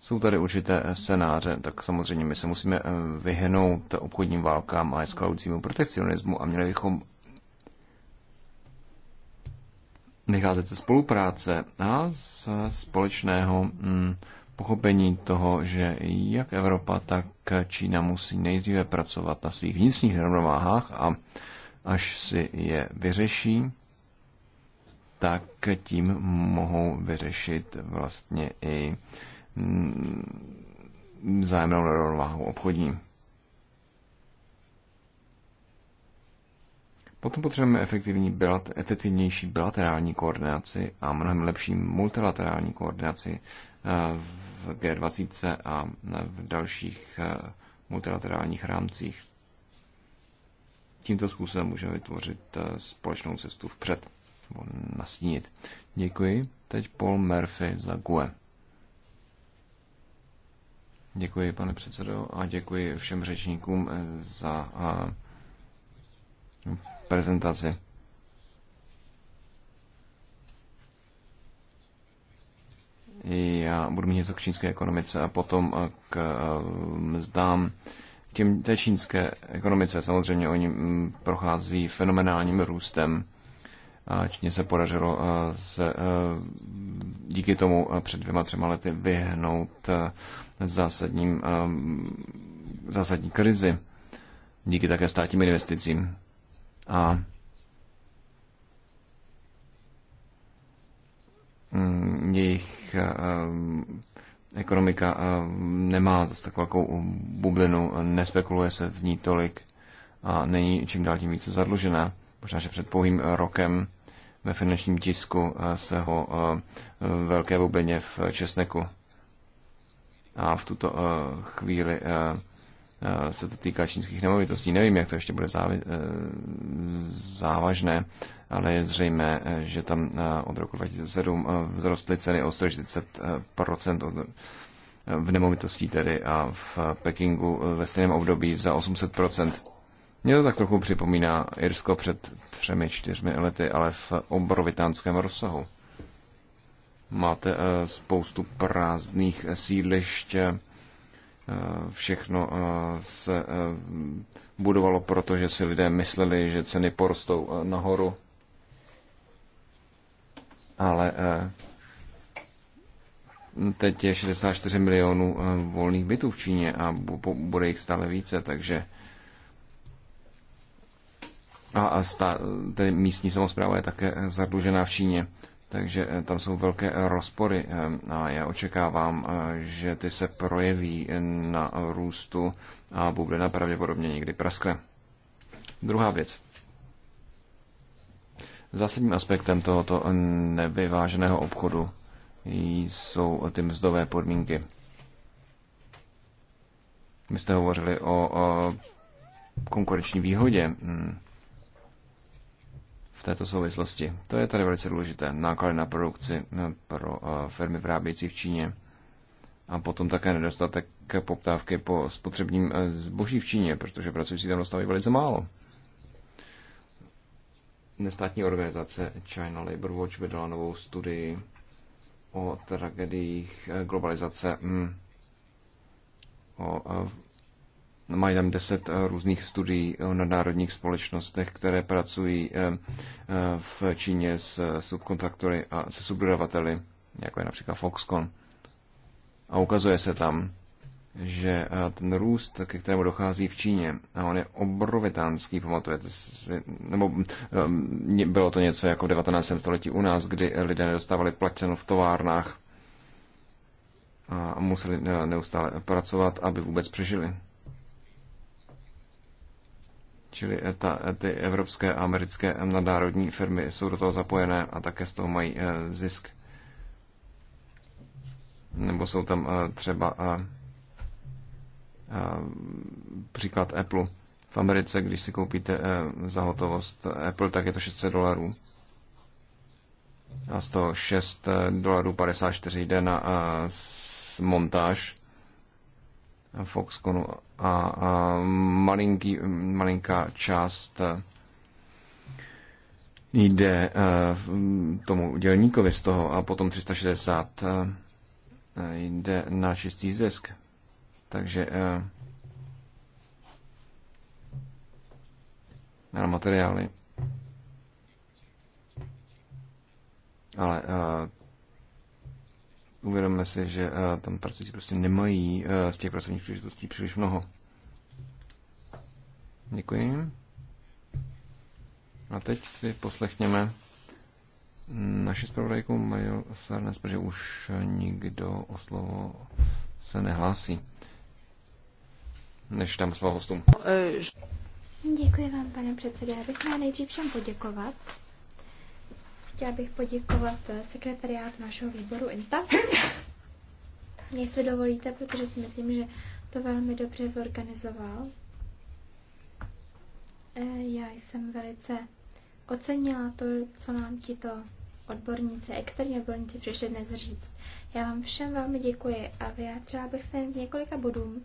Jsou tady určité scénáře, tak samozřejmě my se musíme vyhnout obchodním válkám a eskalujícímu protekcionismu a měli bychom vycházet ze spolupráce a z společného mm, pochopení toho, že jak Evropa, tak Čína musí nejdříve pracovat na svých vnitřních nerovnováhách a až si je vyřeší, tak tím mohou vyřešit vlastně i mm, vzájemnou nerovnováhu obchodní. Potom potřebujeme efektivní, efektivnější bilaterální koordinaci a mnohem lepší multilaterální koordinaci eh, v G20 a v dalších eh, multilaterálních rámcích. Tímto způsobem můžeme vytvořit eh, společnou cestu vpřed nebo nasnít. Děkuji. Teď Paul Murphy za GUE. Děkuji, pane předsedo, a děkuji všem řečníkům za prezentaci. Já budu mít něco k čínské ekonomice a potom k mzdám. Těm, té čínské ekonomice samozřejmě oni mm, prochází fenomenálním růstem. A Číně se podařilo se díky tomu před dvěma, třema lety vyhnout zásadním, zásadní krizi. Díky také státním investicím. A mm, jejich eh, ekonomika eh, nemá zase tak velkou bublinu, nespekuluje se v ní tolik a není čím dál tím více zadlužená. Možná, že před pouhým rokem ve finančním tisku eh, se ho velké bublině v Česneku. A v tuto chvíli Eh, se to týká čínských nemovitostí. Nevím, jak to ještě bude závi- eh, závažné, ale je zřejmé, eh, že tam od roku 2007 vzrostly ceny o 140% od v nemovitostí tedy a v Pekingu ve stejném období za 800%. Mě to tak trochu připomíná Irsko před třemi, čtyřmi lety, ale v obrovitánském rozsahu. Máte spoustu prázdných sídlišť Eh, všechno eh, se eh, budovalo proto, že si lidé mysleli, že ceny porostou nahoru. Ale teď je 64 milionů volných bytů v Číně a bude jich stále více, takže a, a stá, tedy místní samozpráva je také zadlužená v Číně. Takže eh, tam jsou velké eh, rozpory eh, a já očekávám, že ty se projeví na růstu a bublina pravděpodobně někdy praskne. Druhá věc. Zásadním aspektem tohoto nevyváženého obchodu jsou ty mzdové podmínky. My jste hovořili o, o konkurenční výhodě. Hmm této souvislosti. To je tady velice důležité. Náklady na produkci eh, pro eh, firmy vyrábějící v Číně a potom také nedostatek poptávky po spotřebním eh, zboží v Číně, protože pracující tam dostávají velice málo. Nestátní organizace China Labor Watch vydala novou studii o tragediích globalizace, mm, o mají tam deset eh, různých studií o nadnárodních společnostech, které pracují eh, eh, v Číně s subkontraktory a se subdodavateli, jako je například Foxconn. A ukazuje se tam, že ten růst, ke kterému dochází v Číně, a on je obrovitánský, pamatujete si, nebo bylo to něco jako v 19. století u nás, kdy lidé nedostávali placeno v továrnách a museli neustále pracovat, aby vůbec přežili. Čili ta, ty evropské a americké nadárodní firmy jsou do toho zapojené a také z toho mají eh, zisk. Nebo jsou tam eh, třeba eh, příklad Apple. V Americe, když si koupíte za hotovost Apple, tak je to 600 dolarů. A z toho 6 dolarů 54 jde na montáž Foxconu a, a malinký, malinká část eh, jde eh, tomu dělníkovi z toho a potom 360 eh, jde na čistý zisk. Takže na materiály. Ale Uvědomme si, že eh, tam pracující prostě nemají eh, z těch pracovních příležitostí příliš mnoho. Děkuji. A teď si poslechněme naši zpravodajku Mario Sarnes, protože už eh, nikdo o slovo se nehlásí. Než tam slovo hostům. Děkuji vám, pane předsedo. Já bych měla nejdřív všem poděkovat chtěla bych poděkovat eh, sekretariátu našeho výboru INTA, jestli dovolíte, protože si myslím, že to velmi dobře zorganizoval. Eh, já jsem velice ocenila to, co nám tito odborníci, externí odborníci přišli dnes říct. Já vám všem velmi děkuji a vyjádřila bych se k několika bodům,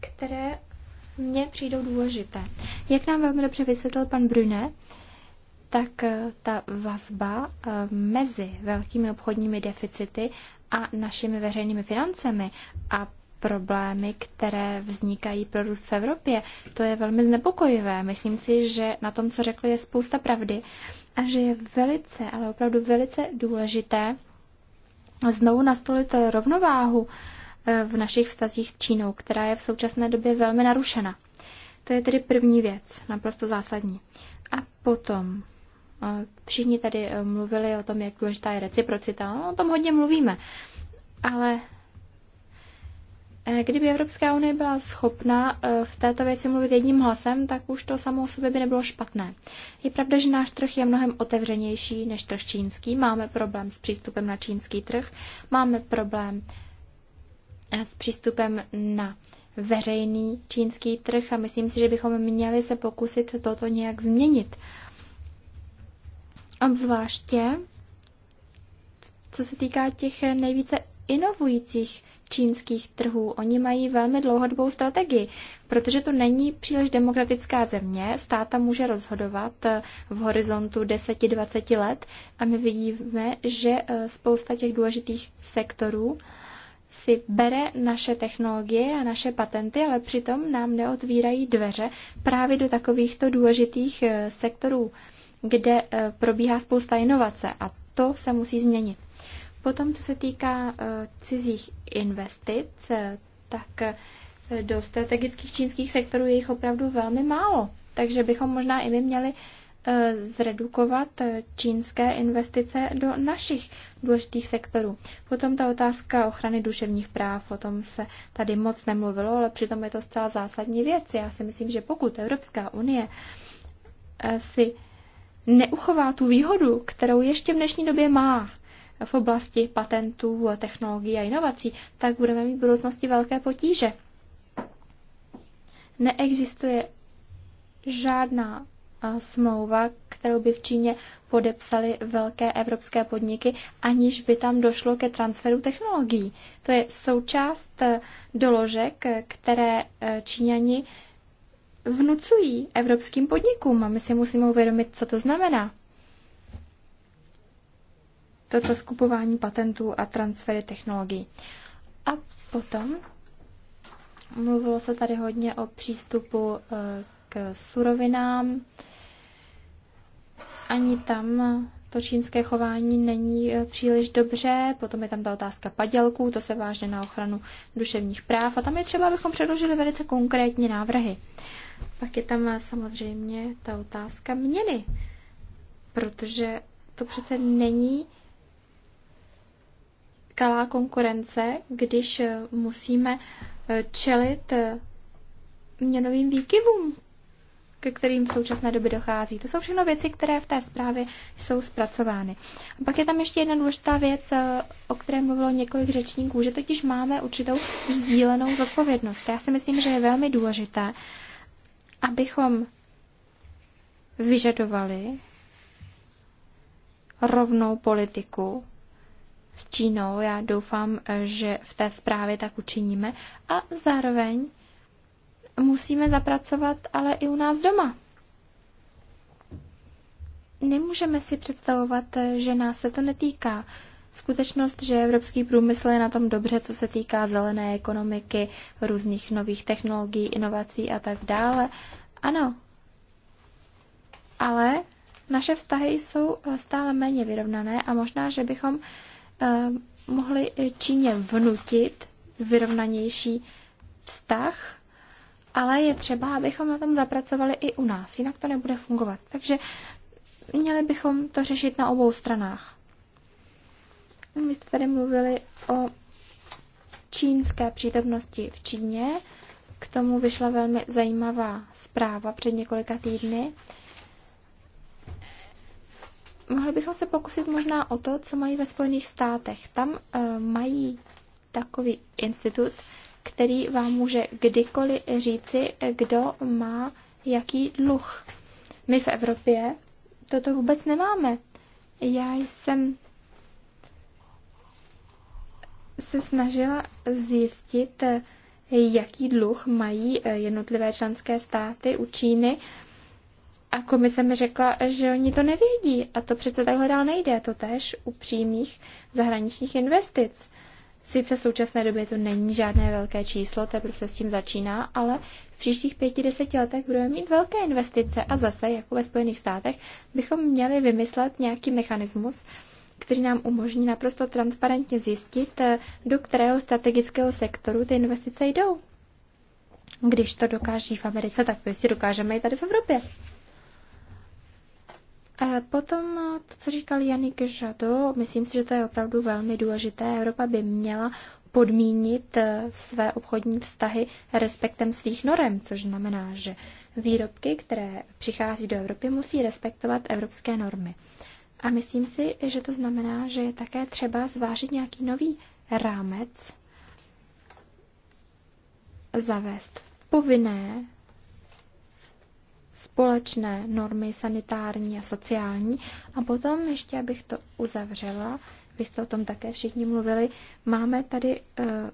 které mně přijdou důležité. Jak nám velmi dobře vysvětlil pan Brune, tak eh, ta vazba eh, mezi velkými obchodními deficity a našimi veřejnými financemi a problémy, které vznikají pro růst v Evropě. To je velmi znepokojivé. Myslím si, že na tom, co řekl, je spousta pravdy a že je velice, ale opravdu velice důležité znovu nastolit rovnováhu eh, v našich vztazích s Čínou, která je v současné době velmi narušena. To je tedy první věc, naprosto zásadní. A potom Všichni tady eh, mluvili o tom, jak důležitá je reciprocita. No, o tom hodně mluvíme. Ale eh, kdyby Evropská unie byla schopna eh, v této věci mluvit jedním hlasem, tak už to samo o sobě by nebylo špatné. Je pravda, že náš trh je mnohem otevřenější než trh čínský. Máme problém s přístupem na čínský trh, máme problém s přístupem na veřejný čínský trh a myslím si, že bychom měli se pokusit toto nějak změnit. Obzvláště, co se týká těch nejvíce inovujících čínských trhů. Oni mají velmi dlouhodobou strategii, protože to není příliš demokratická země. Stát tam může rozhodovat eh, v horizontu 10-20 let a my vidíme, že eh, spousta těch důležitých sektorů si bere naše technologie a naše patenty, ale přitom nám neotvírají dveře právě do takovýchto důležitých eh, sektorů kde eh, probíhá spousta inovace a to se musí změnit. Potom, co se týká eh, cizích investic, eh, tak do strategických čínských sektorů je jich opravdu velmi málo. Takže bychom možná i my měli zredukovat čínské investice do našich důležitých sektorů. Potom ta otázka ochrany duševních práv, o tom se tady moc nemluvilo, ale přitom je to zcela zásadní věc. Já si myslím, že pokud Evropská unie si neuchová tu výhodu, kterou ještě v dnešní době má v oblasti patentů, technologií a inovací, tak budeme mít v budoucnosti velké potíže. Neexistuje žádná smlouva, kterou by v Číně podepsali velké evropské podniky, aniž by tam došlo ke transferu technologií. To je součást e, doložek, e, které e, Číňani vnucují evropským podnikům a my si musíme uvědomit, co to znamená. Toto skupování patentů a transfery technologií. A potom mluvilo se tady hodně o přístupu eh, k surovinám. Ani tam to čínské chování není eh, příliš dobře. Potom je tam ta otázka padělků, to se vážně na ochranu duševních práv a tam je třeba, abychom předložili velice konkrétní návrhy. Pak je tam samozřejmě ta otázka měny, protože to přece není kalá konkurence, když musíme čelit měnovým výkyvům, ke kterým v současné době dochází. To jsou všechno věci, které v té zprávě jsou zpracovány. A pak je tam ještě jedna důležitá věc, o které mluvilo několik řečníků, že totiž máme určitou sdílenou zodpovědnost. Já si myslím, že je velmi důležité, abychom vyžadovali rovnou politiku s Čínou. Já doufám, že v té zprávě tak učiníme. A zároveň musíme zapracovat ale i u nás doma. Nemůžeme si představovat, že nás se to netýká. Skutečnost, že evropský průmysl je na tom dobře, co se týká zelené ekonomiky, různých nových technologií, inovací a tak dále, ano. Ale naše vztahy jsou eh, stále méně vyrovnané a možná, že bychom eh, mohli Číně vnutit vyrovnanější vztah, ale je třeba, abychom na tom zapracovali i u nás, jinak to nebude fungovat. Takže měli bychom to řešit na obou stranách. My jste tady mluvili o čínské přítomnosti v Číně. K tomu vyšla velmi zajímavá zpráva před několika týdny. Mohli bychom se pokusit možná o to, co mají ve Spojených státech. Tam uh, mají takový institut, který vám může kdykoliv říci, kdo má jaký dluh. My v Evropě toto vůbec nemáme. Já jsem se snažila zjistit, jaký dluh mají eh, jednotlivé členské státy u Číny. A komise mi řekla, že oni to nevědí. A to přece takhle dál nejde. To tež u přímých zahraničních investic. Sice v současné době to není žádné velké číslo, teprve prostě se s tím začíná, ale v příštích pěti, deseti letech budeme mít velké investice a zase, jako ve Spojených státech, bychom měli vymyslet nějaký mechanismus, který nám umožní naprosto transparentně zjistit, eh, do kterého strategického sektoru ty investice jdou. Když to dokáží v Americe, tak to si dokážeme i tady v Evropě. Potom eh, to, co říkal Janik Žado, myslím si, že to je opravdu velmi důležité. Evropa by měla podmínit eh, své obchodní vztahy respektem svých norem, což znamená, že výrobky, které přichází do Evropy, musí respektovat evropské normy. A myslím si, že to znamená, že je také třeba zvážit nějaký nový rámec, zavést povinné společné normy sanitární a sociální. A potom, ještě abych to uzavřela, vy jste o tom také všichni mluvili, máme tady eh,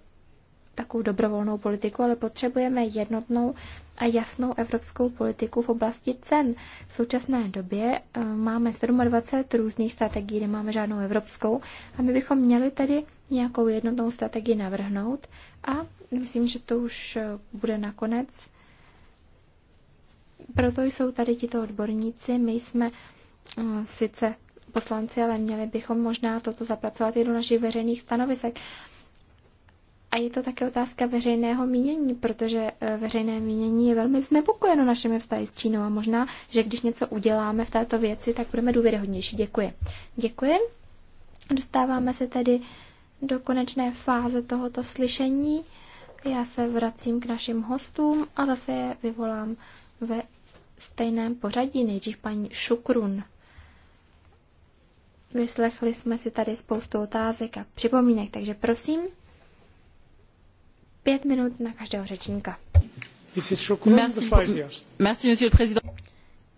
takovou dobrovolnou politiku, ale potřebujeme jednotnou a jasnou evropskou politiku v oblasti cen. V současné době eh, máme 27 různých strategií, nemáme žádnou evropskou a my bychom měli tedy nějakou jednotnou strategii navrhnout a myslím, že to už eh, bude nakonec. Proto jsou tady tito odborníci. My jsme eh, sice poslanci, ale měli bychom možná toto zapracovat i do našich veřejných stanovisek. A je to také otázka veřejného mínění, protože e, veřejné mínění je velmi znepokojeno našimi vztahy s Čínou a možná, že když něco uděláme v této věci, tak budeme důvěryhodnější. Děkuji. Děkuji. Dostáváme se tedy do konečné fáze tohoto slyšení. Já se vracím k našim hostům a zase je vyvolám ve stejném pořadí, nejdřív paní Šukrun. Vyslechli jsme si tady spoustu otázek a připomínek, takže prosím. Pět minut na každého řečníka.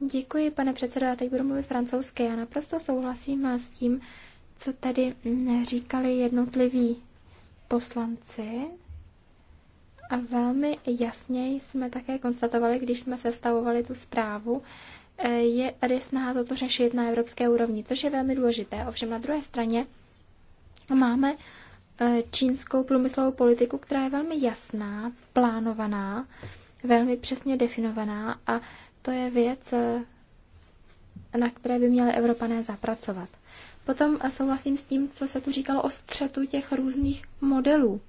Děkuji, pane předsedo. Já teď budu mluvit francouzsky. Já naprosto souhlasím s tím, co tady říkali jednotliví poslanci. A velmi jasně jsme také konstatovali, když jsme sestavovali tu zprávu, eh, je tady snaha toto řešit na evropské úrovni, což je velmi důležité. Ovšem na druhé straně máme Eh, čínskou průmyslovou politiku, která je velmi jasná, plánovaná, velmi přesně definovaná a to je věc, eh, na které by měli Evropané zapracovat. Potom eh, souhlasím s tím, co se tu říkalo o střetu těch různých modelů.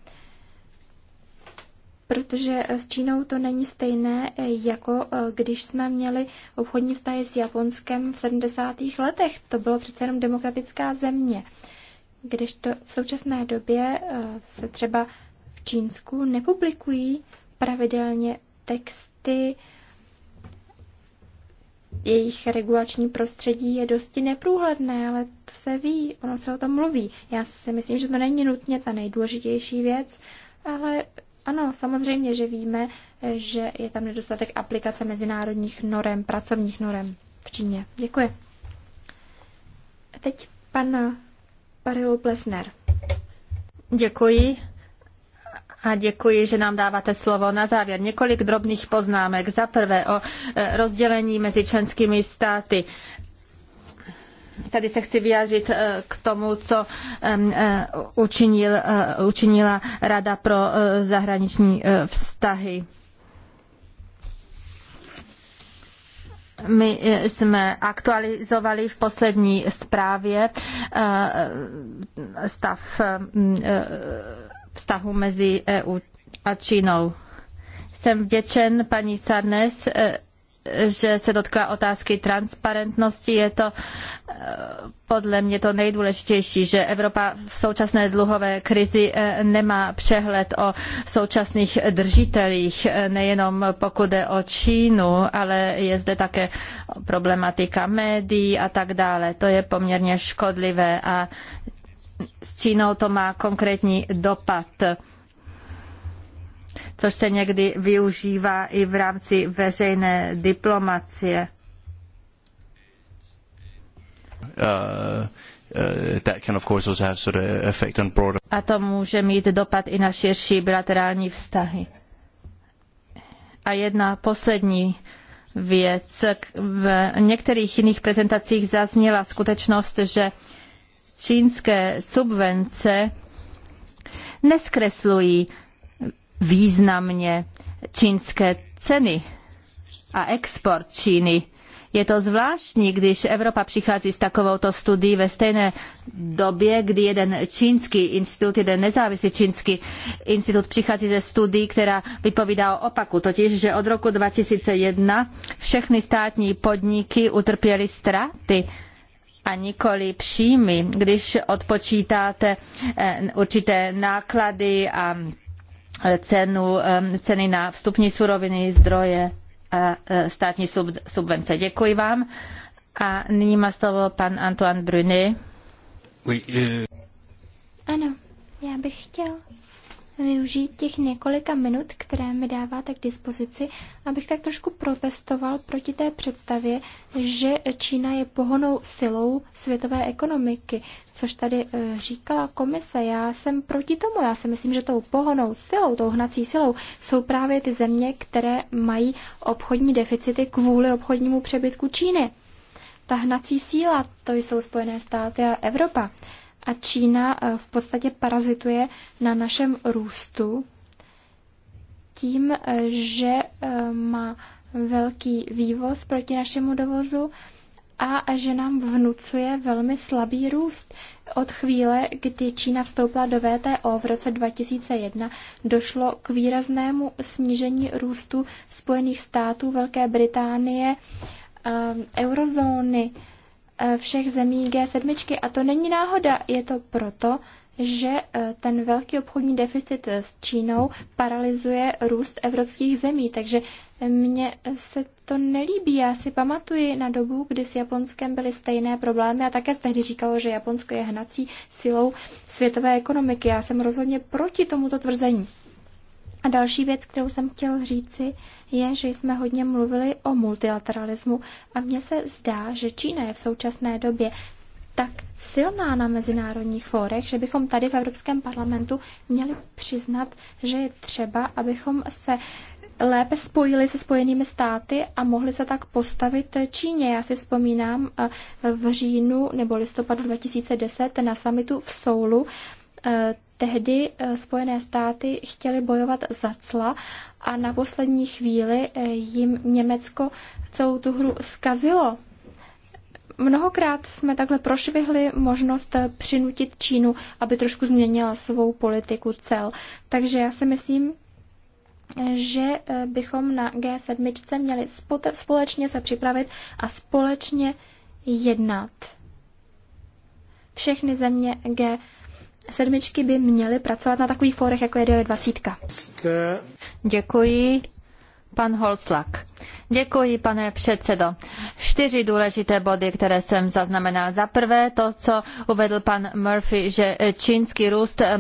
Protože s Čínou to není stejné, jako když jsme měli obchodní vztahy s Japonskem v 70. letech. To bylo přece jenom demokratická země když to v současné době eh, se třeba v Čínsku nepublikují pravidelně texty, jejich regulační prostředí je dosti neprůhledné, ale to se ví, ono se o tom mluví. Já si myslím, že to není nutně ta nejdůležitější věc, ale ano, samozřejmě, že víme, že je tam nedostatek aplikace mezinárodních norem, pracovních norem v Číně. Děkuji. A teď pan Parilu Plesner. Děkuji. A děkuji, že nám dáváte slovo. Na závěr několik drobných poznámek. Za prvé o e, rozdělení mezi členskými státy. Tady se chci vyjádřit e, k tomu, co e, učinil, učinila Rada pro zahraniční vztahy. My eh, jsme aktualizovali v poslední zprávě eh, stav eh, vztahu mezi EU a Čínou. Jsem vděčen paní Sarnes že se dotkla otázky transparentnosti. Je to eh, podle mě to nejdůležitější, že Evropa v současné dluhové krizi eh, nemá přehled o současných držitelích, eh, nejenom pokud jde o Čínu, ale je zde také problematika médií a tak dále. To je poměrně škodlivé a s Čínou to má konkrétní dopad což se někdy využívá i v rámci veřejné diplomacie. Uh, uh, A to může mít dopad i na širší bilaterální vztahy. A jedna poslední věc. V některých jiných prezentacích zazněla skutečnost, že čínské subvence neskreslují významně čínské ceny a export Číny. Je to zvláštní, když Evropa přichází s takovouto studií ve stejné době, kdy jeden čínský institut, jeden nezávislý čínský institut přichází ze studií, která vypovídá o opaku, totiž, že od roku 2001 všechny státní podniky utrpěly ztráty a nikoli příjmy, když odpočítáte eh, určité náklady a cenu, ceny na vstupní suroviny, zdroje a e, státní subvence. Děkuji vám. A nyní má slovo pan Antoine Bruny. Euh. Ano, já bych chtěl využít těch několika minut, které mi dáváte k dispozici, abych tak trošku protestoval proti té představě, že Čína je pohonou silou světové ekonomiky, což tady eh, říkala komise. Já jsem proti tomu. Já si myslím, že tou pohonou silou, tou hnací silou jsou právě ty země, které mají obchodní deficity kvůli obchodnímu přebytku Číny. Ta hnací síla, to jsou Spojené státy a Evropa a Čína eh, v podstatě parazituje na našem růstu tím, eh, že eh, má velký vývoz proti našemu dovozu a že nám vnucuje velmi slabý růst. Od chvíle, kdy Čína vstoupila do VTO v roce 2001, došlo k výraznému snížení růstu Spojených států, Velké Británie, eurozóny, Eh, všech zemí G7 a to není náhoda, je to proto, že eh, ten velký obchodní deficit eh, s Čínou paralyzuje růst evropských zemí, takže mně se to nelíbí. Já si pamatuji na dobu, kdy s Japonskem byly stejné problémy a také se tehdy říkalo, že Japonsko je hnací silou světové ekonomiky. Já jsem rozhodně proti tomuto tvrzení. A další věc, kterou jsem chtěl říci, je, že jsme hodně mluvili o multilateralismu a mně se zdá, že Čína je v současné době tak silná na mezinárodních fórech, že bychom tady v Evropském parlamentu měli přiznat, že je třeba, abychom se lépe spojili se spojenými státy a mohli se tak postavit Číně. Já si vzpomínám eh, v říjnu nebo listopadu 2010 na samitu v Soulu, eh, Tehdy eh, Spojené státy chtěly bojovat za cla a na poslední chvíli eh, jim Německo celou tu hru zkazilo. Mnohokrát jsme takhle prošvihli možnost eh, přinutit Čínu, aby trošku změnila svou politiku cel. Takže já si myslím, že bychom na G7 měli společně se připravit a společně jednat. Všechny země G7 sedmičky by měly pracovat na takových fórech, jako je 20. Děkuji. Pan Holclak. Děkuji, pane předsedo. Čtyři důležité body, které jsem zaznamenal. Za prvé to, co uvedl pan Murphy, že čínský růst eh,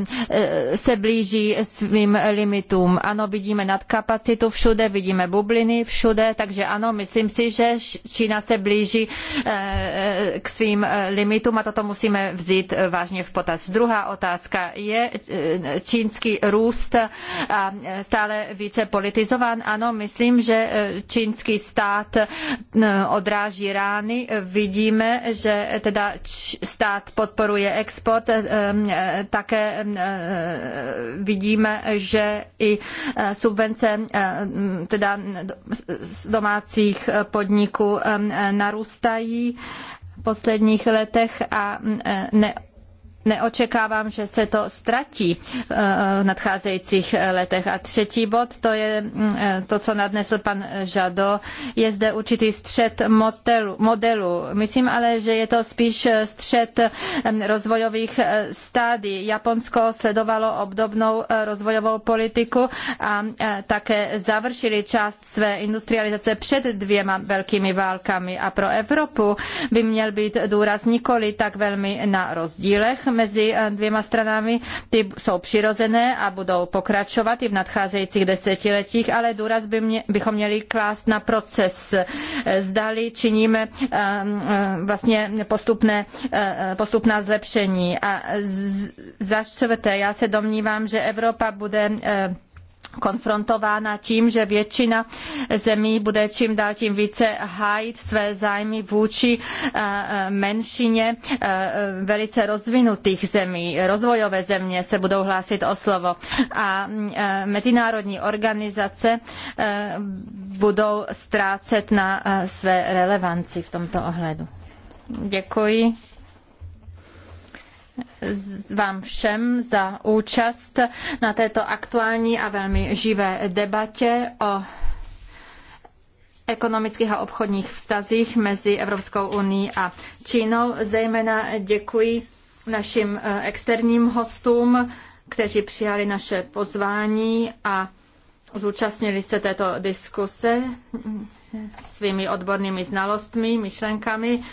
se blíží svým limitům. Ano, vidíme nadkapacitu všude, vidíme bubliny všude, takže ano, myslím si, že Čína se blíží eh, eh, k svým limitům a toto musíme vzít vážně v potaz. Druhá otázka je čínský růst stále více politizován. Ano, my myslím, že eh, čínský stát eh, odráží rány. Vidíme, že teda stát podporuje export. Eh, také vidíme, že i subvence teda domácích podniků narůstají v posledních letech a ne neočekávám, že se to ztratí eh, v nadcházejících eh, letech. A třetí bod, to je mm, eh, to, co nadnesl pan Žado, je zde určitý střed modelu. Myslím ale, že je to spíš střed mm, rozvojových stádí. Japonsko sledovalo obdobnou rozvojovou politiku a také završili část své industrializace před dvěma velkými válkami a pro Evropu by měl být důraz nikoli tak velmi na rozdílech mezi eh, dvěma stranami, ty jsou přirozené a budou pokračovat i v nadcházejících desetiletích, ale důraz by mě, bychom měli klást na proces. Eh, zdali činíme ehm, eh, vlastně postupné, postupná zlepšení. A za čtvrté, já se domnívám, že Evropa bude konfrontována tím, že většina zemí bude čím dál tím více hájit své zájmy vůči eh, menšině eh, velice rozvinutých zemí. Rozvojové země se budou hlásit o slovo a eh, mezinárodní organizace budou ztrácet na své relevanci v tomto ohledu. Děkuji vám všem za účast na této aktuální a velmi živé debatě o ekonomických a obchodních vztazích mezi Evropskou unii a Čínou. Zejména děkuji našim eh, externím hostům, kteří přijali naše pozvání a zúčastnili se této diskuse svými odbornými znalostmi, myšlenkami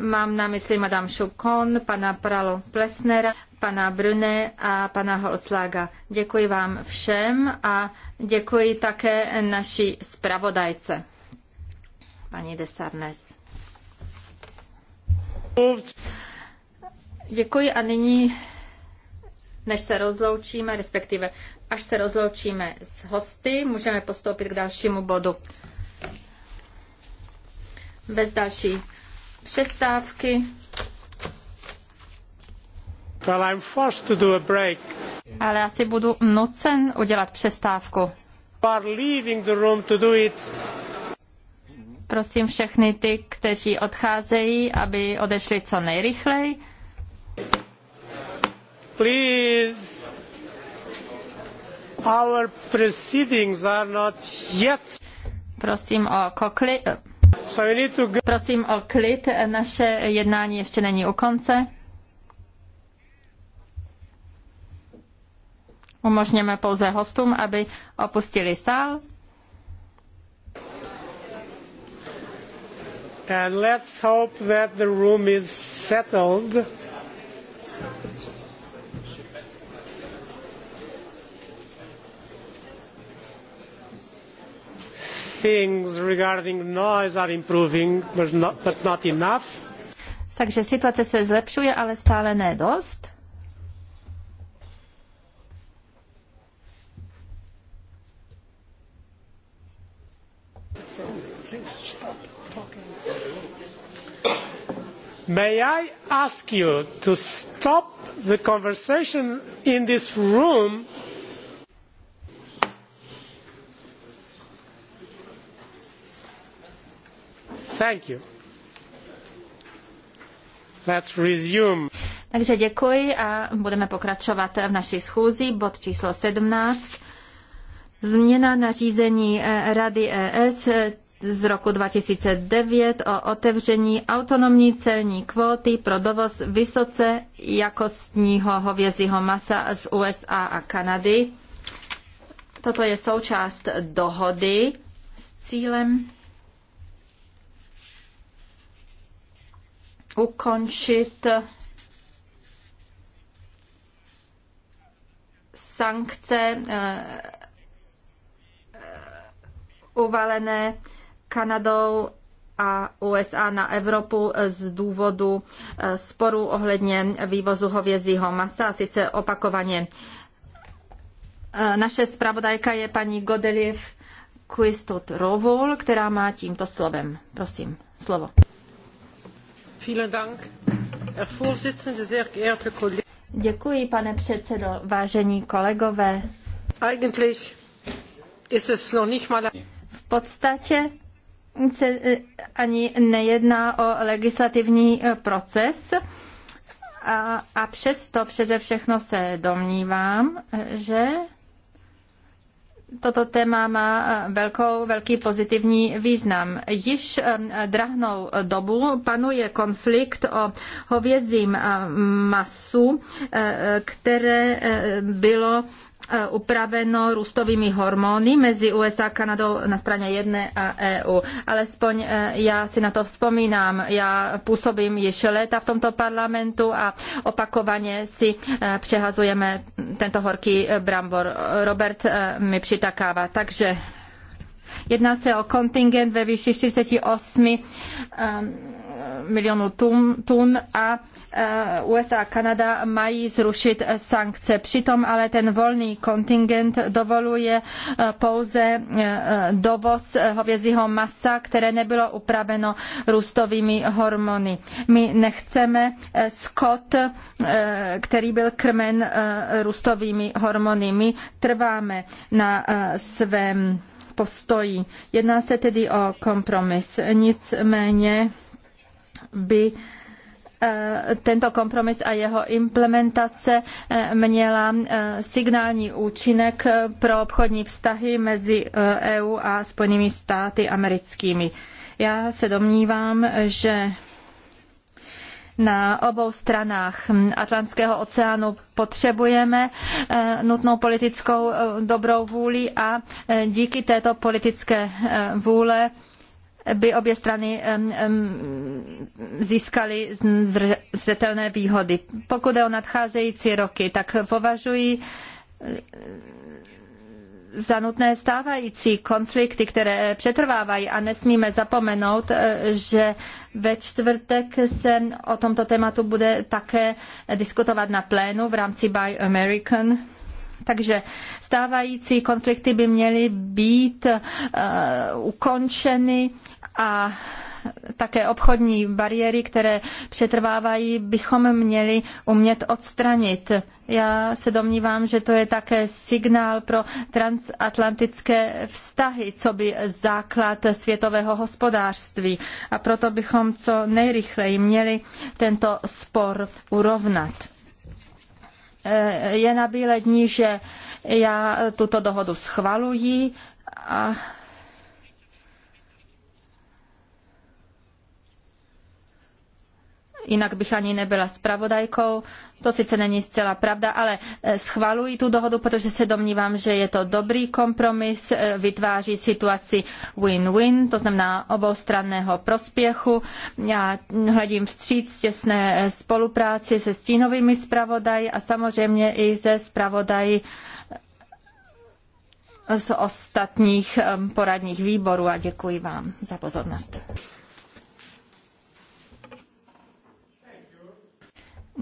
Mám na mysli Madame Chocon, pana Pralo Plesnera, pana Brune a pana Holslaga. Děkuji vám všem a děkuji také naší zpravodajce, paní Desarnes. Děkuji a nyní, než se rozloučíme, respektive až se rozloučíme s hosty, můžeme postoupit k dalšímu bodu. Bez další přestávky. Well, I'm forced to do a break. Ale asi budu nucen udělat přestávku. The room to do it. Prosím všechny ty, kteří odcházejí, aby odešli co nejrychleji. Please. Our proceedings are not yet. Prosím o kokli Uh, Prosím o klid, naše jednání ještě není u konce. Umožněme pouze hostům, aby opustili sál. And let's hope that the room is settled. things regarding noise are improving, but not, but not enough. Takže situace se zlepšuje, ale stále ne dost. May I ask you to stop the conversation in this room Thank you. Let's resume. Takže děkuji a budeme pokračovat v naší schůzi. Bod číslo 17. Změna nařízení eh, Rady ES z roku 2009 o otevření autonomní celní kvóty pro dovoz vysoce jakostního hovězího masa z USA a Kanady. Toto je součást dohody s cílem ukončit sankce eh, eh, uvalené Kanadou a USA na Evropu eh, z důvodu sporu ohledně vývozu hovězího masa, sice opakovaně. Naše zpravodajka je paní Godeliv Quistot Rovol, která má tímto slovem. Prosím, slovo. Děkuji, pane předsedo, vážení kolegové. V podstatě se eh, ani nejedná o legislativní eh, proces, a, a přesto přeze všechno se domnívám, eh, že toto téma má eh, velkou, velký pozitivní význam. Již eh, drahnou dobu panuje konflikt o hovězím eh, masu, které bylo E, upraveno růstovými hormony mezi USA a Kanadou na straně jedné a EU. Alespoň e, já si na to vzpomínám. Já působím již léta v tomto parlamentu a opakovaně si e, přehazujeme tento horký brambor. Robert mi přitakává. Takže jedná se o kontingent ve výši 48 milionů tun, tun a e, USA a Kanada mají zrušit sankce. Přitom ale ten volný kontingent dovoluje e, pouze e, dovoz hovězího masa, které nebylo upraveno růstovými hormony. My nechceme skot, který byl krmen růstovými hormony. My trváme na svém postoji. Jedná se tedy o kompromis. Nicméně by eh, tento kompromis a jeho implementace eh, měla eh, signální účinek pro obchodní vztahy mezi EU e a Spojenými státy americkými. Já se domnívám, že na obou stranách Atlantského oceánu potřebujeme nutnou politickou dobrou vůli a díky této politické vůle by obě strany získaly zřetelné výhody. Pokud je o nadcházející roky, tak považuji eh, za nutné stávající konflikty, které přetrvávají a nesmíme zapomenout, eh, že ve čtvrtek se o tomto tématu bude také diskutovat na plénu v rámci Buy American. Takže stávající konflikty by měly být uh, ukončeny a také obchodní bariéry, které přetrvávají, bychom měli umět odstranit. Já se domnívám, že to je také signál pro transatlantické vztahy, co by základ světového hospodářství. A proto bychom co nejrychleji měli tento spor urovnat. Je na bílé dní, že já tuto dohodu schvaluji a jinak bych ani nebyla spravodajkou. To sice není zcela pravda, ale eh, schvaluji tu dohodu, protože se domnívám, že je to dobrý kompromis, eh, vytváří situaci win-win, to znamená oboustranného prospěchu. Já hledím vstříc těsné eh, spolupráci se stínovými zpravodaji a samozřejmě i se zpravodaji z ostatních poradních výborů a děkuji vám za pozornost.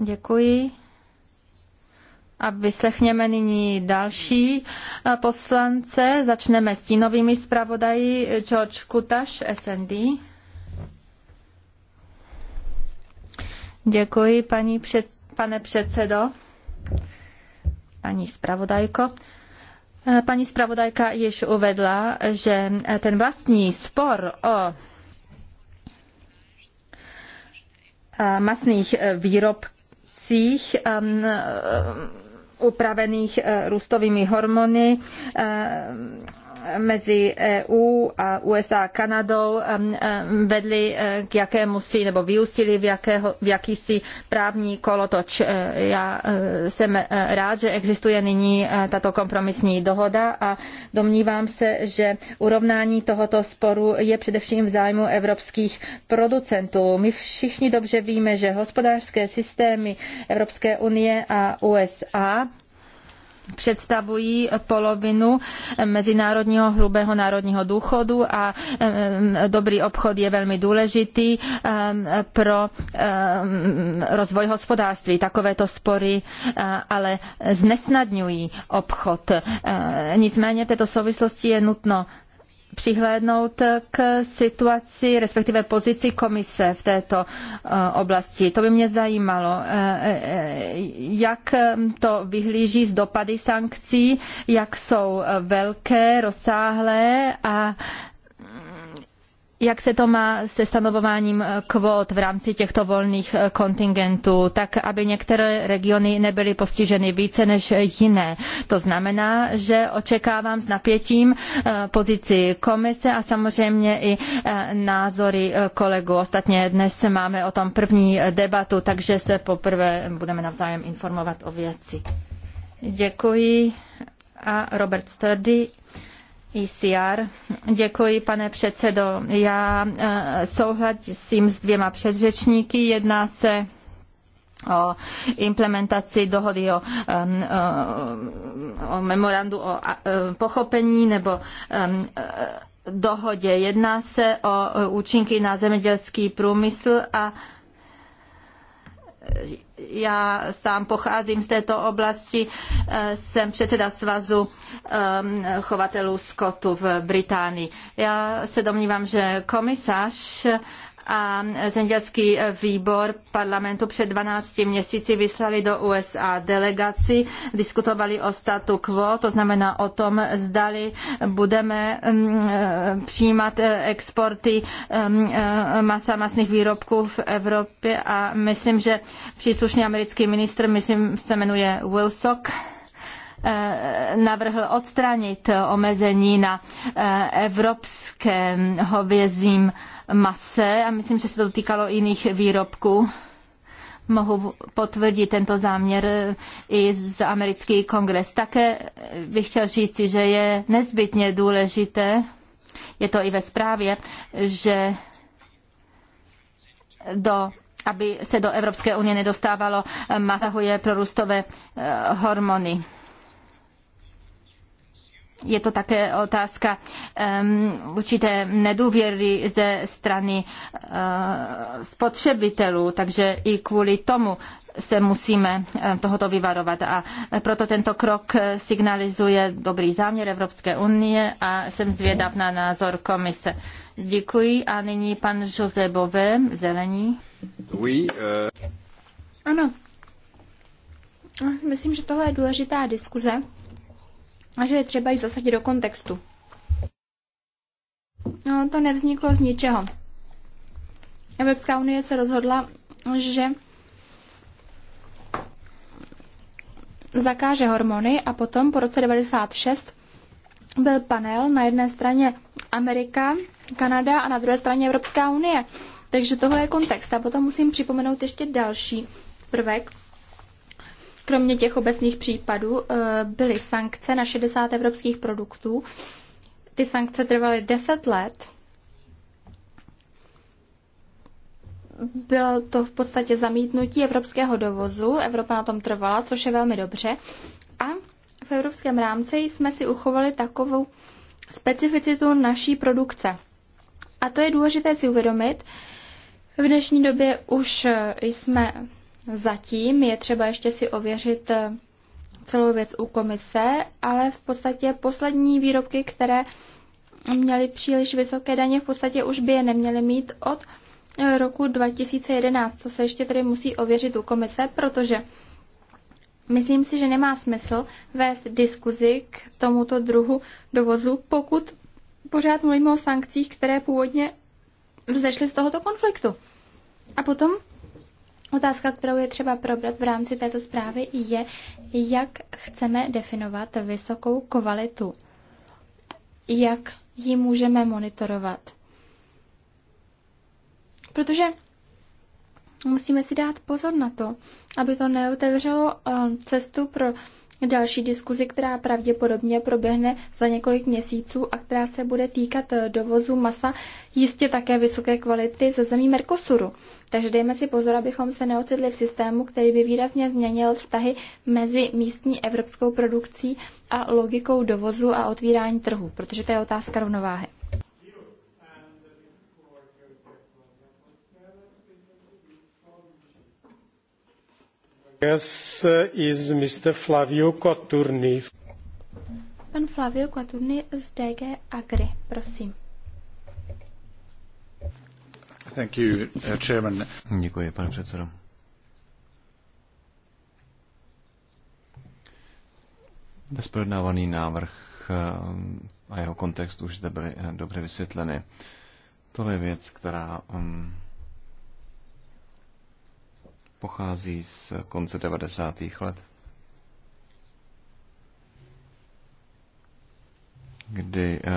Děkuji. A vyslechněme nyní další poslance. Začneme s tínovými zpravodají George Kutaš, SND. Děkuji, paní před, pane předsedo, paní zpravodajko. Paní zpravodajka již uvedla, že ten vlastní spor o masných výrobků lesích um, um, upravených eh, růstovými hormony eh, mezi EU a USA a Kanadou vedly e, k jakému si nebo vyústili v, jakého, v jakýsi právní kolotoč. E, já e, jsem rád, že existuje nyní tato kompromisní dohoda a domnívám se, že urovnání tohoto sporu je především v zájmu evropských producentů. My všichni dobře víme, že hospodářské systémy Evropské unie a USA představují polovinu mezinárodního hrubého národního důchodu a dobrý obchod je velmi důležitý pro rozvoj hospodářství. Takovéto spory ale znesnadňují obchod. Nicméně této souvislosti je nutno přihlédnout k situaci, respektive pozici komise v této eh, oblasti. To by mě zajímalo, eh, eh, jak hm, to vyhlíží z dopady sankcí, jak jsou velké, rozsáhlé a jak se to má se stanovováním eh, kvót v rámci těchto volných eh, kontingentů, tak aby některé regiony nebyly postiženy více než jiné. To znamená, že očekávám s napětím eh, pozici komise a samozřejmě i názory kolegů. Ostatně dnes máme o tom první debatu, takže se poprvé budeme navzájem informovat o věci. Děkuji. A Robert Sturdy ECR. Děkuji, pane předsedo. Já e, souhlasím s dvěma předřečníky. Jedná se o implementaci dohody o, e, o, o memorandu o e, pochopení nebo dohodě. Jedná se o účinky na zemědělský průmysl a já sám pocházím z této oblasti, eh, jsem předseda svazu ehm, chovatelů skotu v Británii. Já se domnívám, že komisař a zemědělský výbor parlamentu před 12 měsíci vyslali do USA delegaci, diskutovali o statu quo, to znamená o tom, zdali budeme mm, eh, přijímat eh, exporty mm, eh, masa masných výrobků v Evropě a myslím, že příslušný americký ministr, myslím, se jmenuje Wilsock, navrhl odstranit omezení na evropské hovězím mase a myslím, že se to týkalo jiných výrobků. Mohu potvrdit tento záměr e, i z americký kongres. Také bych chtěl říci, že je nezbytně důležité, je to i ve zprávě, že do aby se do Evropské unie nedostávalo e, masahuje prorůstové e, hormony je to také otázka um, určité nedůvěry ze strany uh, spotřebitelů, takže i kvůli tomu se musíme eh, tohoto vyvarovat. A proto tento krok eh, signalizuje dobrý záměr Evropské unie a jsem zvědav na názor komise. Děkuji a nyní pan Jose Bové, zelení. Oui, uh... Ano. Myslím, že tohle je důležitá diskuze a že je třeba ji zasadit do kontextu. No, to nevzniklo z ničeho. Evropská unie se rozhodla, že zakáže hormony a potom po roce 96 byl panel na jedné straně Amerika, Kanada a na druhé straně Evropská unie. Takže tohle je kontext. A potom musím připomenout ještě další prvek, Kromě těch obecných případů eh, byly sankce na 60 evropských produktů. Ty sankce trvaly 10 let. Bylo to v podstatě zamítnutí evropského dovozu. Evropa na tom trvala, což je velmi dobře. A v evropském rámci jsme si uchovali takovou specificitu naší produkce. A to je důležité si uvědomit. V dnešní době už jsme Zatím je třeba ještě si ověřit eh, celou věc u komise, ale v podstatě poslední výrobky, které měly příliš vysoké daně, v podstatě už by je neměly mít od eh, roku 2011. To se ještě tedy musí ověřit u komise, protože myslím si, že nemá smysl vést diskuzi k tomuto druhu dovozu, pokud pořád mluvíme o sankcích, které původně vzešly z tohoto konfliktu. A potom Otázka, kterou je třeba probrat v rámci této zprávy, je, jak chceme definovat vysokou kvalitu. Jak ji můžeme monitorovat. Protože musíme si dát pozor na to, aby to neotevřelo eh, cestu pro další diskuzi, která pravděpodobně proběhne za několik měsíců a která se bude týkat eh, dovozu masa jistě také vysoké kvality ze zemí Mercosuru. Takže dejme si pozor, abychom se neocitli v systému, který by výrazně změnil vztahy mezi místní evropskou produkcí a logikou dovozu a otvírání trhu, protože to je otázka rovnováhy. Yes, uh, is Mr. Flavio Coturni. Pan Flavio Coturni z DG Agri, prosím. Thank you, uh, chairman. Děkuji, pane předsedo. Bezprojednávaný návrh eh, a jeho kontext už zde byly eh, dobře vysvětleny. Tohle je věc, která um, pochází z konce 90. let, kdy eh,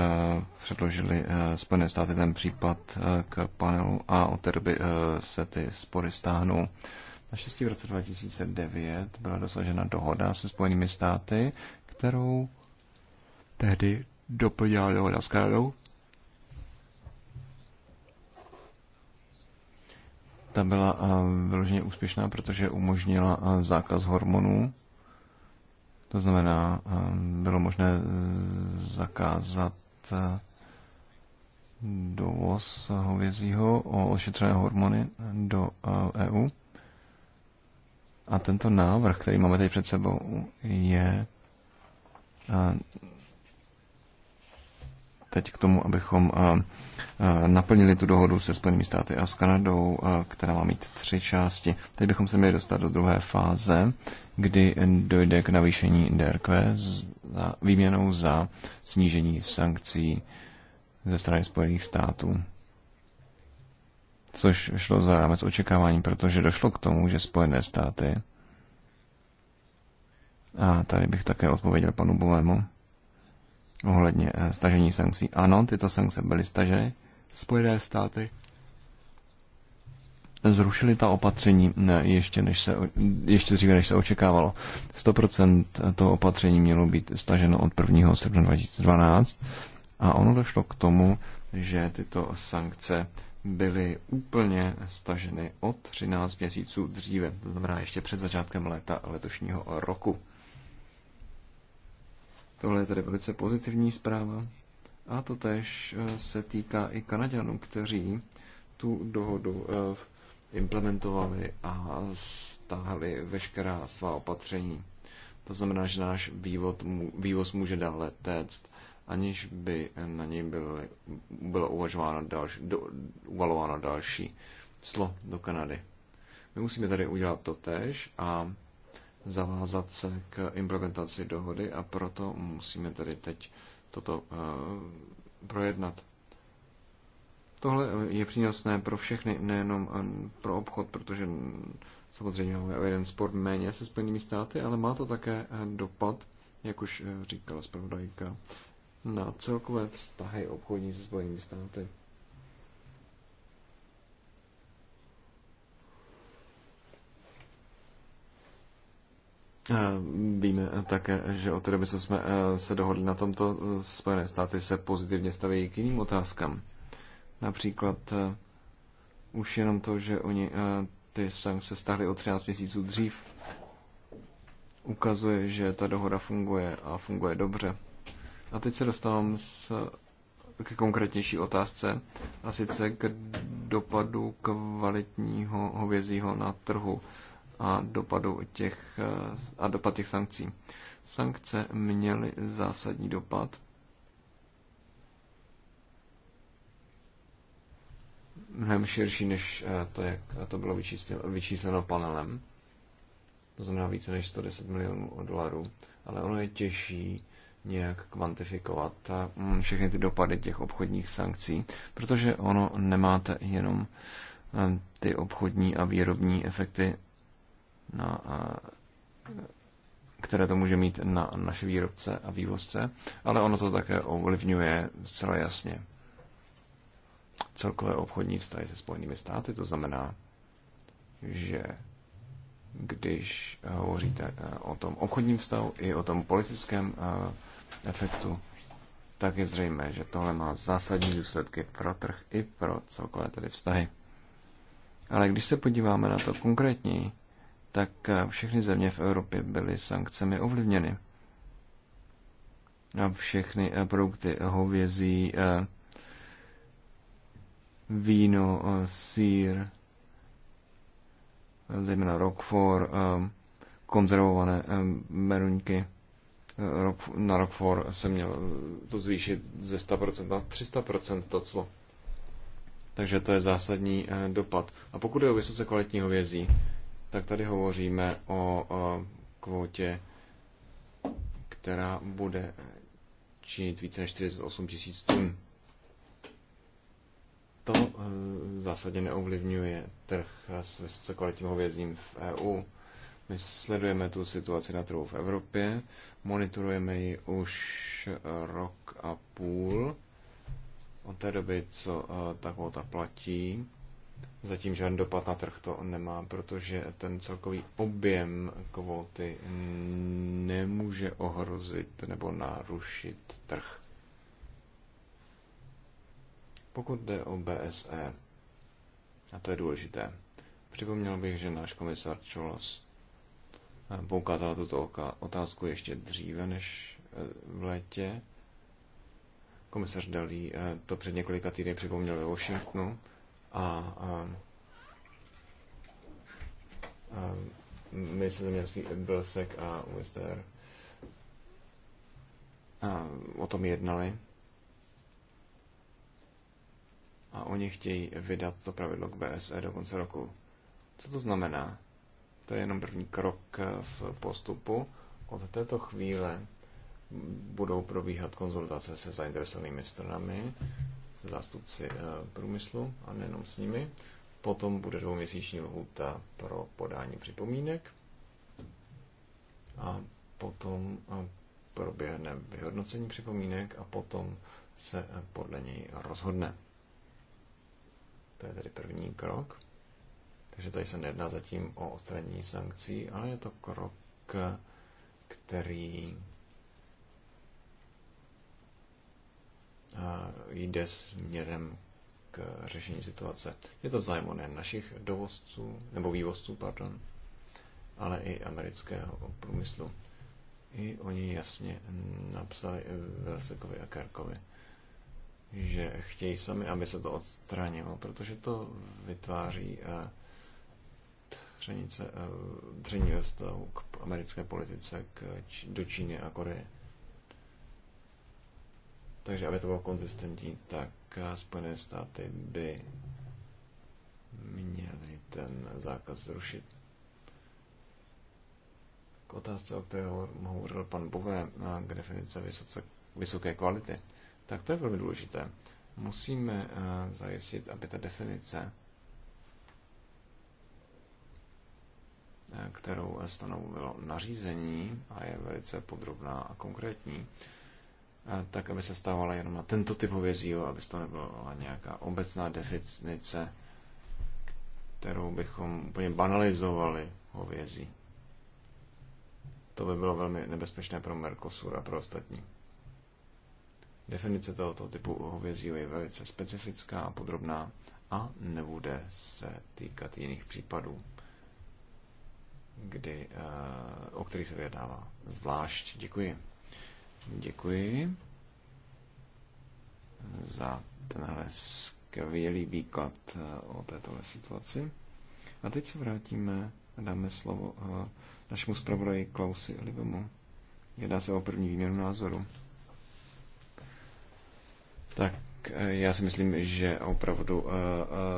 předložili eh, Spojené státy ten případ eh, k panelu a od té doby se ty spory stáhnou. Naštěstí v roce 2009 byla dosažena dohoda se Spojenými státy, kterou tehdy doplnila dohoda s Kanadou ta byla vyloženě úspěšná, protože umožnila zákaz hormonů. To znamená, bylo možné zakázat dovoz hovězího o ošetřené hormony do EU. A tento návrh, který máme tady před sebou, je teď k tomu, abychom Eh, naplnili tu dohodu se Spojenými státy a s Kanadou, eh, která má mít tři části. Teď bychom se měli dostat do druhé fáze, kdy dojde k navýšení DRQ za výměnou za snížení sankcí ze strany Spojených států. Což šlo za rámec očekávání, protože došlo k tomu, že Spojené státy a tady bych také odpověděl panu Bovému ohledně eh, stažení sankcí. Ano, tyto sankce byly staženy. Spojené státy zrušili ta opatření eh, ještě, než se, ještě dříve, než se očekávalo. 100% toho opatření mělo být staženo od 1. srpna 2012 a ono došlo k tomu, že tyto sankce byly úplně staženy od 13 měsíců dříve, to znamená ještě před začátkem léta letošního roku. Tohle je tedy velice pozitivní zpráva. A to tež eh, se týká i Kanaďanů, kteří tu dohodu eh, implementovali a stáhli veškerá svá opatření. To znamená, že náš vývod, vývoz může dále téct, aniž by na něj byly, bylo uvažováno další, do, uvalováno další clo do Kanady. My musíme tady udělat to tež a zavázat se k implementaci dohody a proto musíme tedy teď toto eh, projednat. Tohle je přínosné pro všechny, nejenom eh, pro obchod, protože samozřejmě máme o jeden sport méně se Spojenými státy, ale má to také eh, dopad, jak už říkala zpravodajka, na celkové vztahy obchodní se Spojenými státy. Eh, víme také, že od té doby, co jsme eh, se dohodli na tomto, eh, Spojené státy se pozitivně staví k jiným otázkám. Například už jenom to, že oni ty sankce stáhli o 13 měsíců dřív, ukazuje, že ta dohoda funguje a funguje dobře. A teď se dostávám s, k konkrétnější otázce, a sice k dopadu kvalitního hovězího na trhu a, dopadu těch, eh, a dopad těch sankcí. Sankce měly zásadní dopad. Mnohem širší, než eh, to, jak to bylo vyčísleno, vyčísleno panelem. To znamená více než 110 milionů dolarů. Ale ono je těžší nějak kvantifikovat eh, mm, všechny ty dopady těch obchodních sankcí, protože ono nemáte jenom ty obchodní a výrobní efekty na, no které to může mít na naše výrobce a vývozce, ale ono to také ovlivňuje zcela jasně celkové obchodní vztahy se Spojenými státy. To znamená, že když hovoříte eh, o tom obchodním vztahu i o tom politickém eh, efektu, tak je zřejmé, že tohle má zásadní důsledky pro trh i pro celkové tedy vztahy. Ale když se podíváme na to konkrétně, tak eh, všechny země v Evropě byly sankcemi ovlivněny. A všechny eh, produkty hovězí, eh, víno, sír, zejména Roquefort, konzervované meruňky. Na Roquefort se měl to zvýšit ze 100% na 300% to clo. Takže to je zásadní dopad. A pokud je o vysoce kvalitní hovězí, tak tady hovoříme o, kvótě, která bude činit více než 48 tisíc tun. To eh, zásadně neovlivňuje trh s vysoce kvalitním hovězím v EU. My sledujeme tu situaci na trhu v Evropě, monitorujeme ji už rok a půl od té doby, co eh, ta kvota platí zatím žádný dopad na trh to nemá, protože ten celkový objem kvóty nemůže ohrozit nebo narušit trh. Pokud jde o BSE, a to je důležité, připomněl bych, že náš komisar Čolos eh, poukázal tuto otázku ještě dříve než eh, v létě. Komisař Dalí eh, to před několika týdny připomněl ve Washingtonu a, a, a ministr zemědělství Bilsek a Wester o tom jednali. A oni chtějí vydat to pravidlo k BSE do konce roku. Co to znamená? To je jenom první krok eh, v postupu. Od této chvíle budou probíhat konzultace se zainteresovanými stranami zástupci eh, průmyslu a nejenom s nimi. Potom bude dvouměsíční lhůta pro podání připomínek a potom eh, proběhne vyhodnocení připomínek a potom se eh, podle něj rozhodne. To je tedy první krok. Takže tady se nejedná zatím o odstranění sankcí, ale je to krok, který jde směrem k řešení situace. Je to zájmo nejen našich dovozců, nebo vývozců, pardon, ale i amerického průmyslu. I oni jasně napsali Velsekovi a Karkovi, že chtějí sami, aby se to odstranilo, protože to vytváří dřenice, eh, dření eh, ve vztahu k americké politice k, do Číny a Koreje. Takže aby to bylo konzistentní, tak eh, Spojené státy by měly ten zákaz zrušit. K otázce, o které hovořil pan Bové, na eh, k definice vysoce, vysoké kvality, tak to je velmi důležité. Musíme eh, zajistit, aby ta definice, kterou stanovilo nařízení a je velice podrobná a konkrétní, tak aby se stávala jenom na tento typ vězí, aby to nebyla nějaká obecná definice, kterou bychom úplně banalizovali hovězí. To by bylo velmi nebezpečné pro Mercosur a pro ostatní. Definice tohoto typu hovězí je velice specifická a podrobná a nebude se týkat jiných případů, kdy, eh, o kterých se vyjednává. Zvlášť děkuji. Děkuji za tenhle skvělý výklad eh, o této situaci. A teď se vrátíme a dáme slovo eh, našemu zpravodaji Klausi Olivemu. Jedná se o první výměnu názoru. Tak eh, já si myslím, že opravdu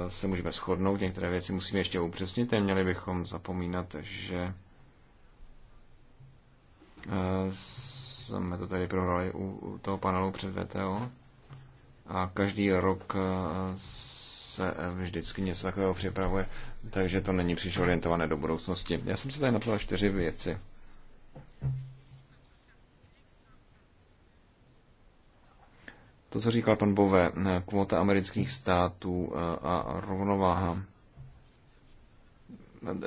se můžeme shodnout. Některé věci musíme ještě upřesnit. Měli bychom zapomínat, že jsme to tady prohrali u toho panelu před VTO a každý rok eh, se eh, vždycky něco takového připravuje, takže to není příliš orientované do budoucnosti. Já jsem si tady napsal čtyři věci. To, co říkal pan Bové, eh, kvota amerických států a rovnováha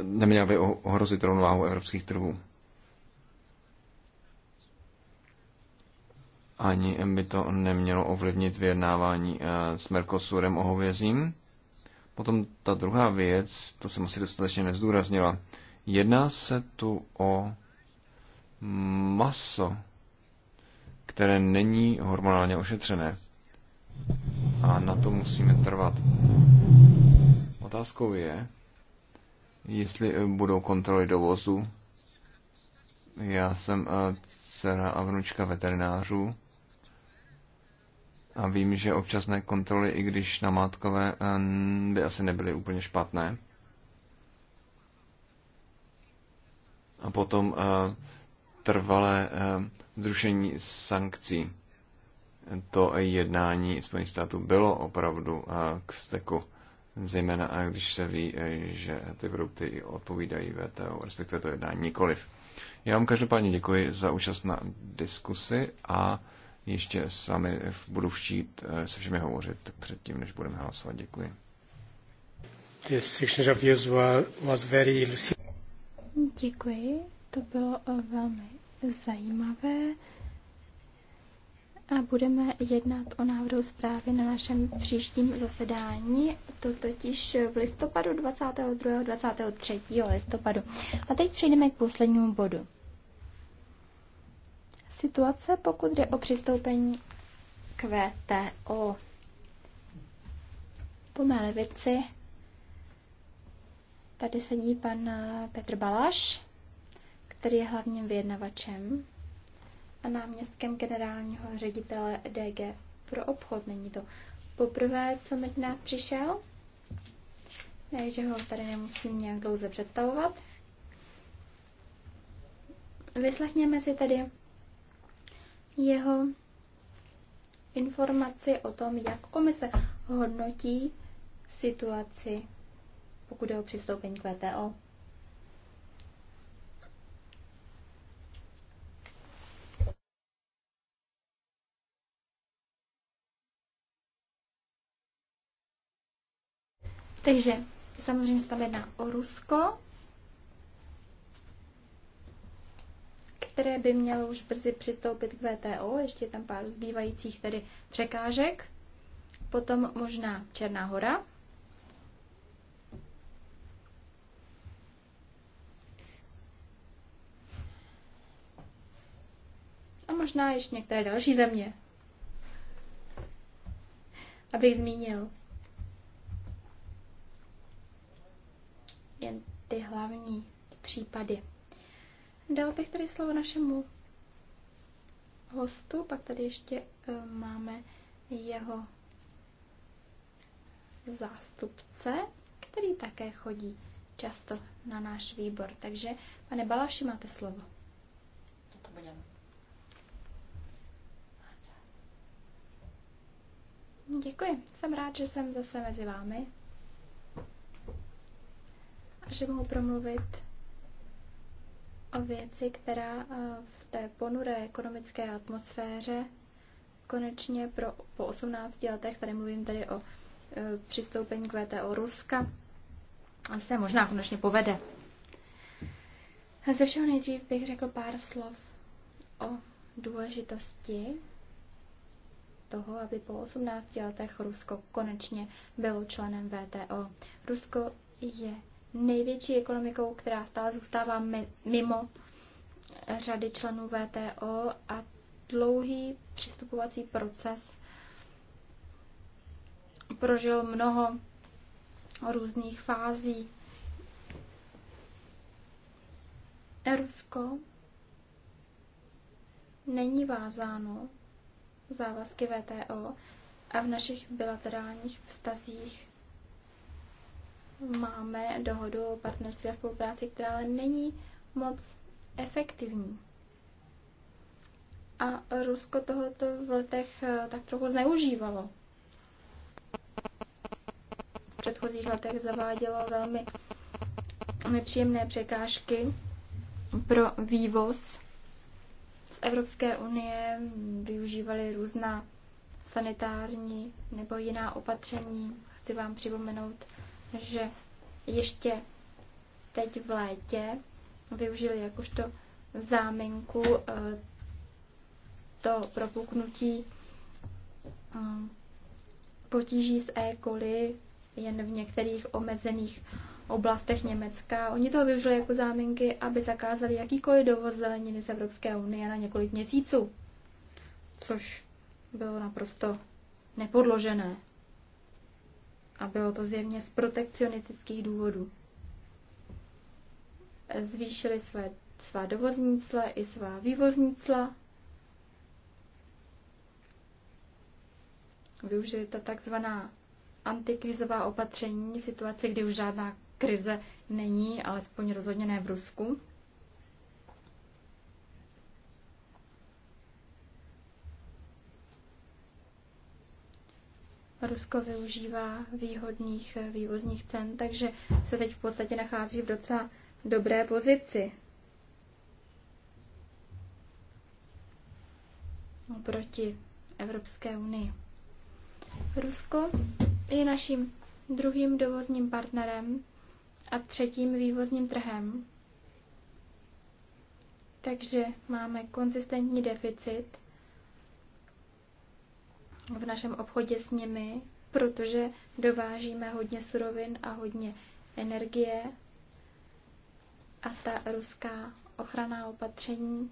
neměla by ohrozit rovnováhu evropských trhů. ani by to nemělo ovlivnit vyjednávání eh, s Mercosurem o hovězím. Potom ta druhá věc, to jsem asi dostatečně nezdůraznila, jedná se tu o maso, které není hormonálně ošetřené. A na to musíme trvat. Otázkou je, jestli eh, budou kontroly dovozu. Já jsem eh, dcera a vnučka veterinářů a vím, že občasné kontroly, i když na mátkové, eh, by asi nebyly úplně špatné. A potom eh, trvalé eh, zrušení sankcí. To jednání Spojených států bylo opravdu k steku, zejména když se ví, že ty produkty odpovídají VTO, respektive to jednání nikoliv. Já vám každopádně děkuji za účast na diskusi a ještě sami budu štít eh, se všemi hovořit předtím, než budeme hlasovat. Děkuji. Děkuji, to bylo eh, velmi zajímavé. A budeme jednat o návrhu zprávy na našem příštím zasedání, to totiž v listopadu 22. 23. listopadu. A teď přejdeme k poslednímu bodu situace, pokud jde o přistoupení k VTO. Po mé levici tady sedí pan eh, Petr Balaš, který je hlavním vyjednavačem a náměstkem generálního ředitele DG pro obchod. Není to poprvé, co mezi nás přišel, takže ho tady nemusím nějak dlouze představovat. Vyslechněme si tady jeho informaci o tom, jak komise hodnotí situaci, pokud je o přistoupení k VTO. Takže samozřejmě se tam jedná o Rusko, které by mělo už brzy přistoupit k VTO, ještě tam pár zbývajících tedy překážek, potom možná Černá hora, a možná ještě některé další země, abych zmínil. Jen ty hlavní případy. Dal bych tady slovo našemu hostu, pak tady ještě eh, máme jeho zástupce, který také chodí často na náš výbor. Takže, pane Balaši, máte slovo. Děkuji. Jsem rád, že jsem zase mezi vámi a že mohu promluvit o věci, která eh, v té ponuré ekonomické atmosféře konečně pro, po 18 letech, tady mluvím tady o eh, přistoupení k VTO Ruska, se možná konečně povede. Ze všeho nejdřív bych řekl pár slov o důležitosti toho, aby po 18 letech Rusko konečně bylo členem VTO. Rusko je největší ekonomikou, která stále zůstává mimo řady členů VTO a dlouhý přistupovací proces prožil mnoho různých fází. Rusko není vázáno závazky VTO a v našich bilaterálních vztazích máme dohodu o partnerství a spolupráci, která ale není moc efektivní. A Rusko tohoto v letech eh, tak trochu zneužívalo. V předchozích letech zavádělo velmi nepříjemné překážky pro vývoz z Evropské unie, využívali různá sanitární nebo jiná opatření. Chci vám připomenout že ještě teď v létě využili jakožto záminku eh, to propuknutí eh, potíží s E. coli jen v některých omezených oblastech Německa. Oni to využili jako záminky, aby zakázali jakýkoliv dovoz zeleniny z Evropské unie na několik měsíců, což bylo naprosto nepodložené. A bylo to zjevně z protekcionistických důvodů. Zvýšili své, svá dovozní cla i svá vývozní cla. Využili ta takzvaná antikrizová opatření v situaci, kdy už žádná krize není, alespoň rozhodně ne v Rusku. Rusko využívá výhodných eh, vývozních cen, takže se teď v podstatě nachází v docela dobré pozici. Oproti Evropské unii. Rusko je naším druhým dovozním partnerem a třetím vývozním trhem. Takže máme konzistentní deficit v našem obchodě s nimi, protože dovážíme hodně surovin a hodně energie a ta ruská ochranná opatření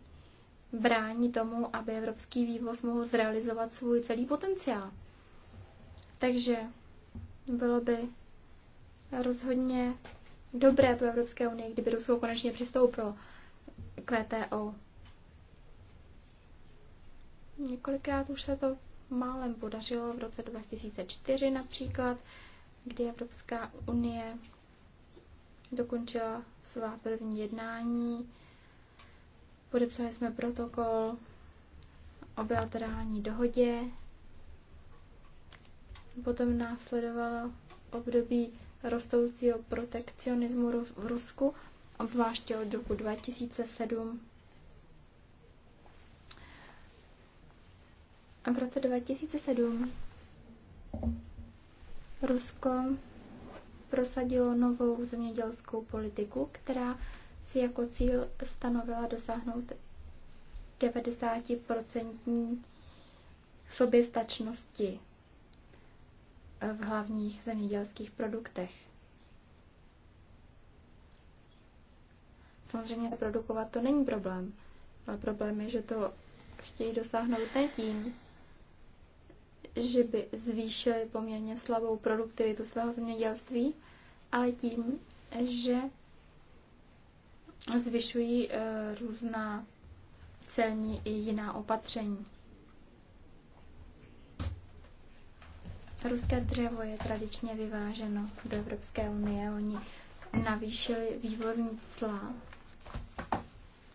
brání tomu, aby evropský vývoz mohl zrealizovat svůj celý potenciál. Takže bylo by rozhodně dobré pro Evropské unii, kdyby Rusko konečně přistoupilo k VTO. Několikrát už se to málem podařilo v roce 2004 například, kdy Evropská unie dokončila svá první jednání. Podepsali jsme protokol o bilaterální dohodě. Potom následovalo období rostoucího protekcionismu v Rusku, obzvláště od roku 2007 A v roce 2007 Rusko prosadilo novou zemědělskou politiku, která si jako cíl stanovila dosáhnout 90% soběstačnosti v hlavních zemědělských produktech. Samozřejmě produkovat to není problém, ale problém je, že to chtějí dosáhnout ne tím, že by zvýšili poměrně slabou produktivitu svého zemědělství, ale tím, že zvyšují eh, různá celní i jiná opatření. Ruské dřevo je tradičně vyváženo do Evropské unie. Oni navýšili vývozní cla.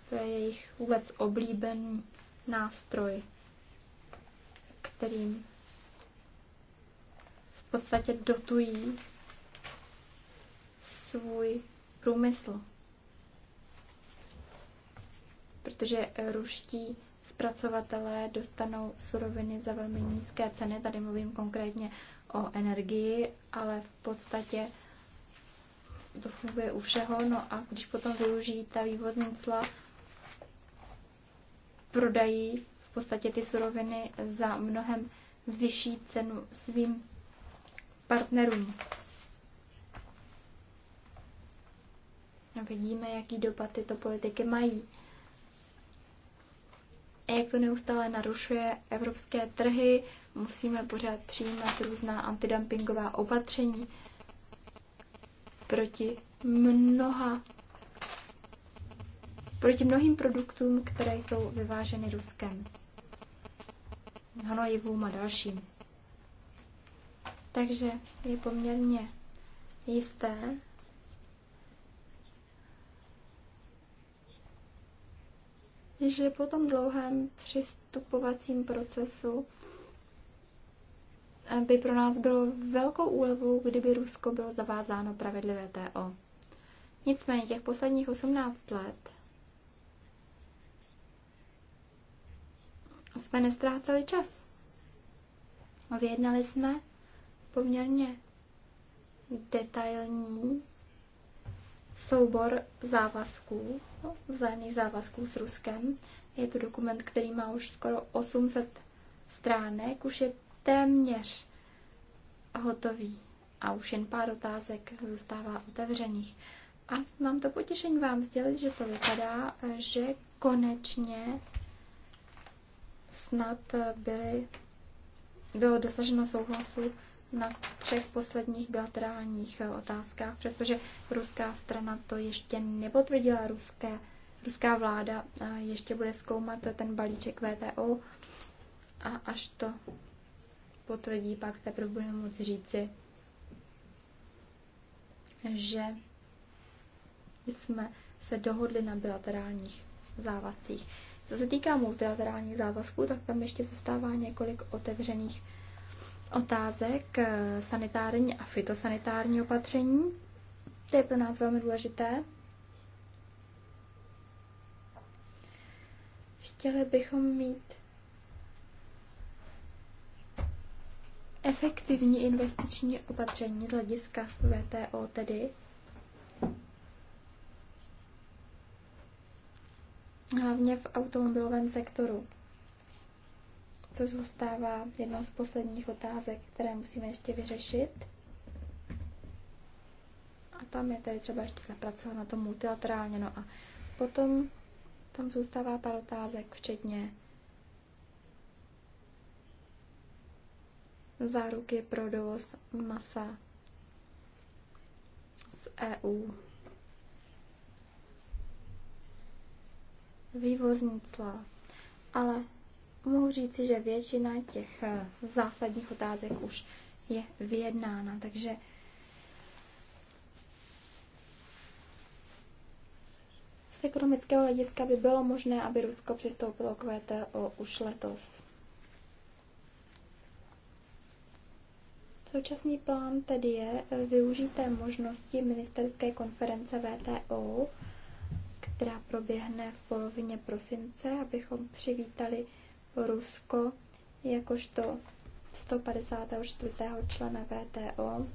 To je jejich vůbec oblíbený nástroj, kterým podstatě dotují svůj průmysl. Protože ruští zpracovatelé dostanou suroviny za velmi nízké ceny, tady mluvím konkrétně o energii, ale v podstatě to funguje u všeho, no a když potom využijí ta vývozní cla, prodají v podstatě ty suroviny za mnohem vyšší cenu svým partnerům. Vidíme, jaký dopad tyto politiky mají a jak to neustále narušuje evropské trhy, musíme pořád přijímat různá antidumpingová opatření proti mnoha proti mnohým produktům, které jsou vyváženy Ruskem, hnojivům a dalším. Takže je poměrně jisté, že po tom dlouhém přistupovacím procesu by pro nás bylo velkou úlevou, kdyby Rusko bylo zavázáno pravidly VTO. Nicméně těch posledních 18 let jsme nestráceli čas. Vyjednali jsme poměrně detailní soubor závazků, no, vzájemných závazků s Ruskem. Je to dokument, který má už skoro 800 stránek, už je téměř hotový a už jen pár otázek zůstává otevřených. A mám to potěšení vám sdělit, že to vypadá, že konečně snad byly, bylo dosaženo souhlasu na třech posledních bilaterálních eh, otázkách, přestože ruská strana to ještě nepotvrdila. Ruské, ruská vláda eh, ještě bude zkoumat ten balíček VTO a až to potvrdí, pak teprve budeme moci říci, že jsme se dohodli na bilaterálních závazcích. Co se týká multilaterálních závazků, tak tam ještě zůstává několik otevřených otázek eh, sanitární a fitosanitární opatření. To je pro nás velmi důležité. Chtěli bychom mít efektivní investiční opatření z hlediska VTO tedy. Hlavně v automobilovém sektoru. To zůstává jednou z posledních otázek, které musíme ještě vyřešit. A tam je tedy třeba ještě zapracovat na to multilaterálně. No a potom tam zůstává pár otázek, včetně záruky pro dovoz masa z EU. Vývozní cla. Ale mohu říci, že většina těch eh, zásadních otázek už je vyjednána, takže z ekonomického hlediska by bylo možné, aby Rusko přistoupilo k VTO už letos. Současný plán tedy je eh, využité možnosti ministerské konference VTO, která proběhne v polovině prosince, abychom přivítali Rusko jakožto 154. člena VTO,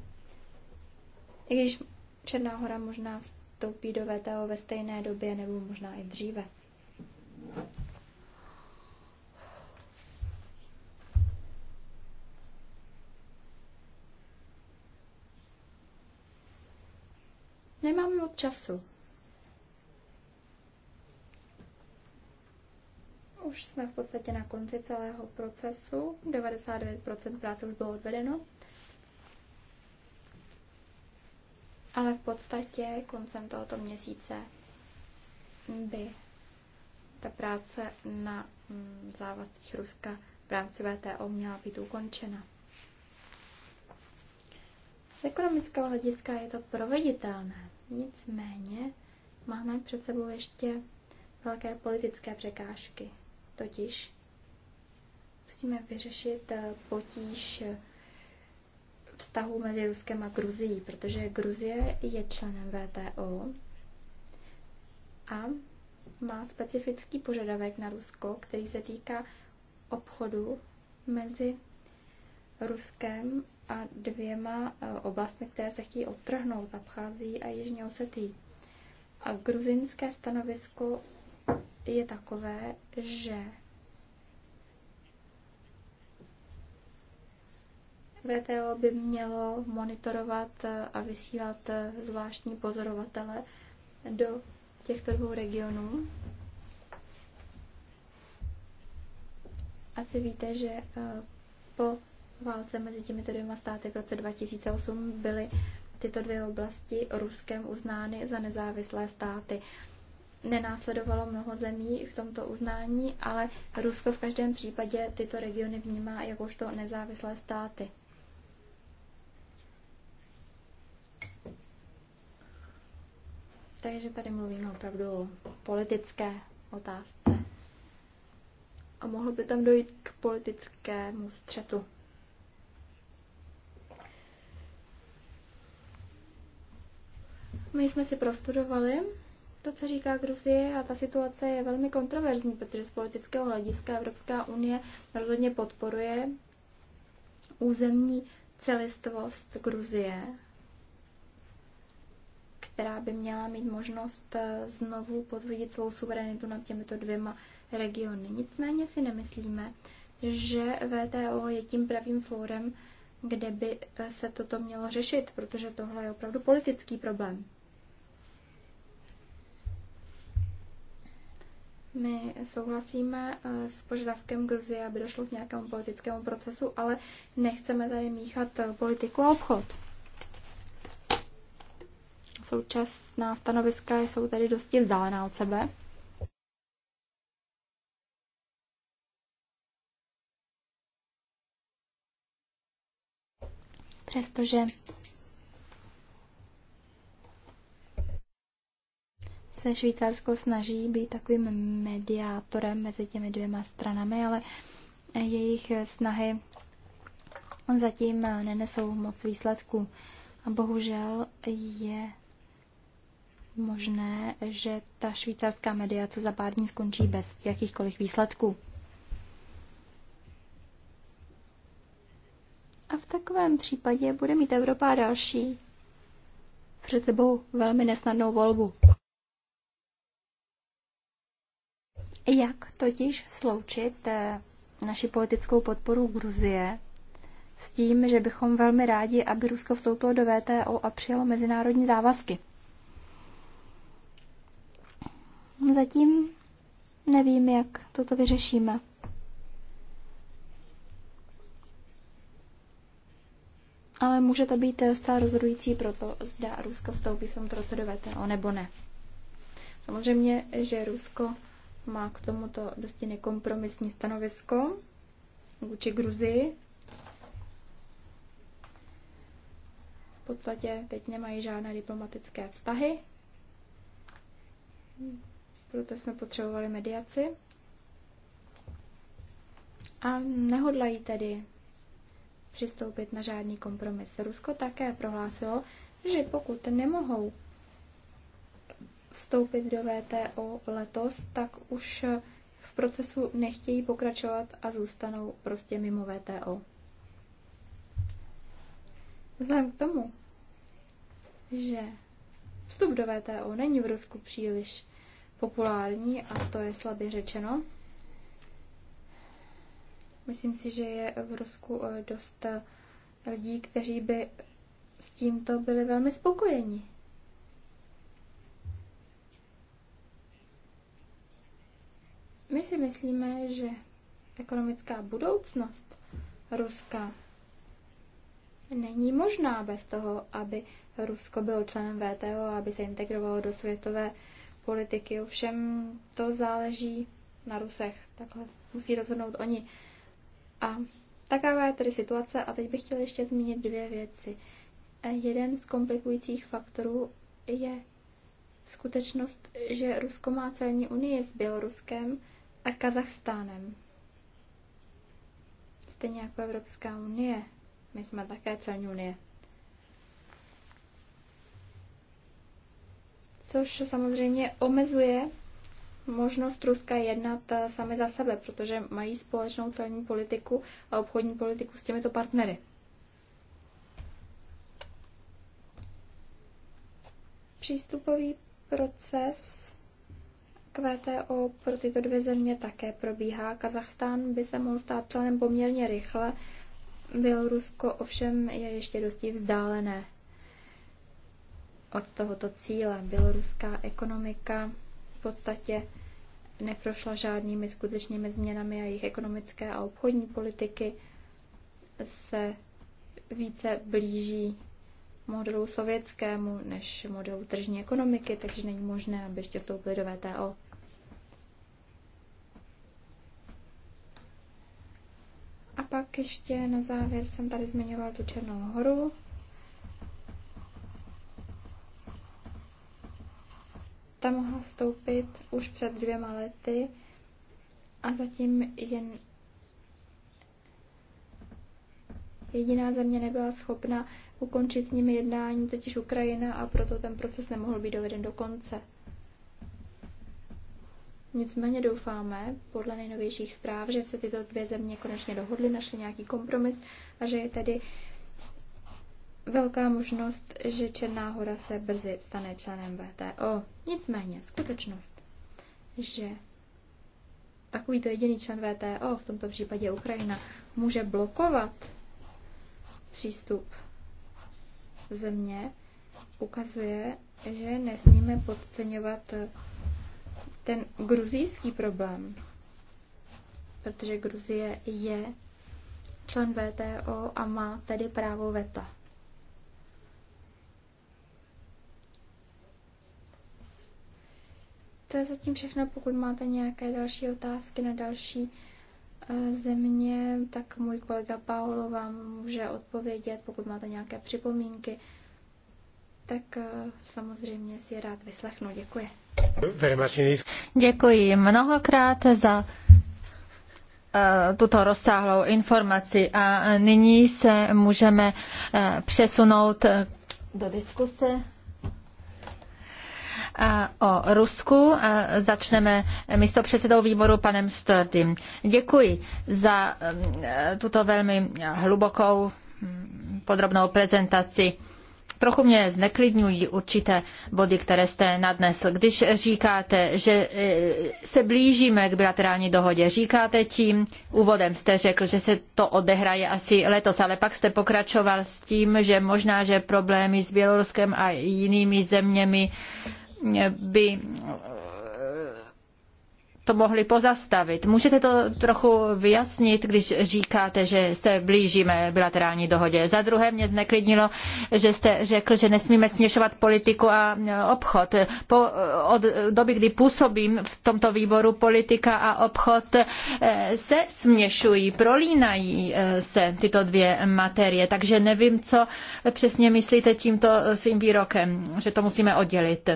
i když Černá hora možná vstoupí do VTO ve stejné době nebo možná i dříve. Nemám moc času. Už jsme v podstatě na konci celého procesu. 99% práce už bylo odvedeno. Ale v podstatě koncem tohoto měsíce by ta práce na mm, závazcích Ruska v rámci VTO měla být ukončena. Z ekonomického hlediska je to proveditelné, nicméně máme před sebou ještě velké politické překážky. Totiž musíme vyřešit eh, potíž eh, vztahu mezi Ruskem a Gruzií, protože Gruzie je členem VTO a má specifický požadavek na Rusko, který se týká obchodu mezi Ruskem a dvěma eh, oblastmi, které se chtějí odtrhnout, Abcházií a Jižní Osetí. A gruzinské stanovisko je takové, že VTO by mělo monitorovat a vysílat zvláštní pozorovatele do těchto dvou regionů. Asi víte, že eh, po válce mezi těmito dvěma státy v roce 2008 byly tyto dvě oblasti Ruskem uznány za nezávislé státy nenásledovalo mnoho zemí v tomto uznání, ale Rusko v každém případě tyto regiony vnímá jakožto nezávislé státy. Takže tady mluvíme opravdu o politické otázce. A mohlo by tam dojít k politickému střetu. My jsme si prostudovali to, co říká Gruzie a ta situace je velmi kontroverzní, protože z politického hlediska Evropská unie rozhodně podporuje územní celistvost Gruzie, která by měla mít možnost eh, znovu potvrdit svou suverenitu nad těmito dvěma regiony. Nicméně si nemyslíme, že VTO je tím pravým fórem, kde by eh, se toto mělo řešit, protože tohle je opravdu politický problém. My souhlasíme eh, s požadavkem Gruzie, aby došlo k nějakému politickému procesu, ale nechceme tady míchat eh, politiku a obchod. Současná stanoviska jsou tady dosti vzdálená od sebe. Přestože se Švýcarsko snaží být takovým mediátorem mezi těmi dvěma stranami, ale jejich snahy zatím nenesou moc výsledků. A bohužel je možné, že ta švýcarská mediace za pár dní skončí bez jakýchkoliv výsledků. A v takovém případě bude mít Evropa další před sebou velmi nesnadnou volbu. Jak totiž sloučit eh, naši politickou podporu Gruzie s tím, že bychom velmi rádi, aby Rusko vstoupilo do VTO a přijalo mezinárodní závazky? Zatím nevím, jak toto vyřešíme. Ale může to být zcela eh, rozhodující pro to, zda Rusko vstoupí v tomto roce do VTO nebo ne. Samozřejmě, že Rusko má k tomuto dosti nekompromisní stanovisko vůči Gruzii. V podstatě teď nemají žádné diplomatické vztahy, proto jsme potřebovali mediaci. A nehodlají tedy přistoupit na žádný kompromis. Rusko také prohlásilo, že pokud nemohou vstoupit do VTO letos, tak už v procesu nechtějí pokračovat a zůstanou prostě mimo VTO. Vzhledem k tomu, že vstup do VTO není v Rusku příliš populární a to je slabě řečeno, myslím si, že je v Rusku eh, dost eh, lidí, kteří by s tímto byli velmi spokojeni. My si myslíme, že ekonomická budoucnost Ruska není možná bez toho, aby Rusko bylo členem VTO, aby se integrovalo do světové politiky. Ovšem to záleží na Rusech. Takhle musí rozhodnout oni. A taková je tedy situace. A teď bych chtěla ještě zmínit dvě věci. Jeden z komplikujících faktorů je skutečnost, že Rusko má celní unii s Běloruskem, a Kazachstánem. Stejně jako Evropská unie, my jsme také celní unie. Což samozřejmě omezuje možnost Ruska jednat eh, sami za sebe, protože mají společnou celní politiku a obchodní politiku s těmito partnery. Přístupový proces VTO pro tyto dvě země také probíhá. Kazachstán by se mohl stát členem poměrně rychle, Bělorusko ovšem je ještě dosti vzdálené od tohoto cíle. Běloruská ekonomika v podstatě neprošla žádnými skutečnými změnami a jejich ekonomické a obchodní politiky se více blíží modelu sovětskému než modelu tržní ekonomiky, takže není možné, aby ještě vstoupili do VTO. pak ještě na závěr jsem tady zmiňoval tu Černou horu. Ta mohla vstoupit už před dvěma lety a zatím jen jediná země nebyla schopna ukončit s nimi jednání, totiž Ukrajina, a proto ten proces nemohl být doveden do konce. Nicméně doufáme, podle nejnovějších zpráv, že se tyto dvě země konečně dohodly, našly nějaký kompromis a že je tedy velká možnost, že Černá hora se brzy stane členem VTO. Nicméně skutečnost, že takovýto jediný člen VTO, v tomto případě Ukrajina, může blokovat přístup země, ukazuje, že nesmíme podceňovat ten gruzijský problém, protože Gruzie je člen VTO a má tedy právo VETA. To je zatím všechno. Pokud máte nějaké další otázky na další eh, země, tak můj kolega Paolo vám může odpovědět. Pokud máte nějaké připomínky, tak eh, samozřejmě si je rád vyslechnu. Děkuji. Děkuji mnohokrát za eh, tuto rozsáhlou informaci a nyní se můžeme eh, přesunout eh, do diskuse o Rusku. Začneme místo předsedou výboru panem Sturdym. Děkuji za tuto velmi hlubokou hm, podrobnou prezentaci. Trochu mě zneklidňují určité body, které jste nadnesl. Když říkáte, že e, se blížíme k bilaterální dohodě, říkáte tím, úvodem jste řekl, že se to odehraje asi letos, ale pak jste pokračoval s tím, že možná, že problémy s Běloruskem a jinými zeměmi e, by to mohli pozastavit. Můžete to trochu vyjasnit, když říkáte, že se blížíme bilaterální dohodě. Za druhé mě zneklidnilo, že jste řekl, že nesmíme směšovat politiku a obchod. Po, od doby, kdy působím v tomto výboru, politika a obchod eh, se směšují, prolínají eh, se tyto dvě materie, takže nevím, co přesně myslíte tímto svým výrokem, že to musíme oddělit.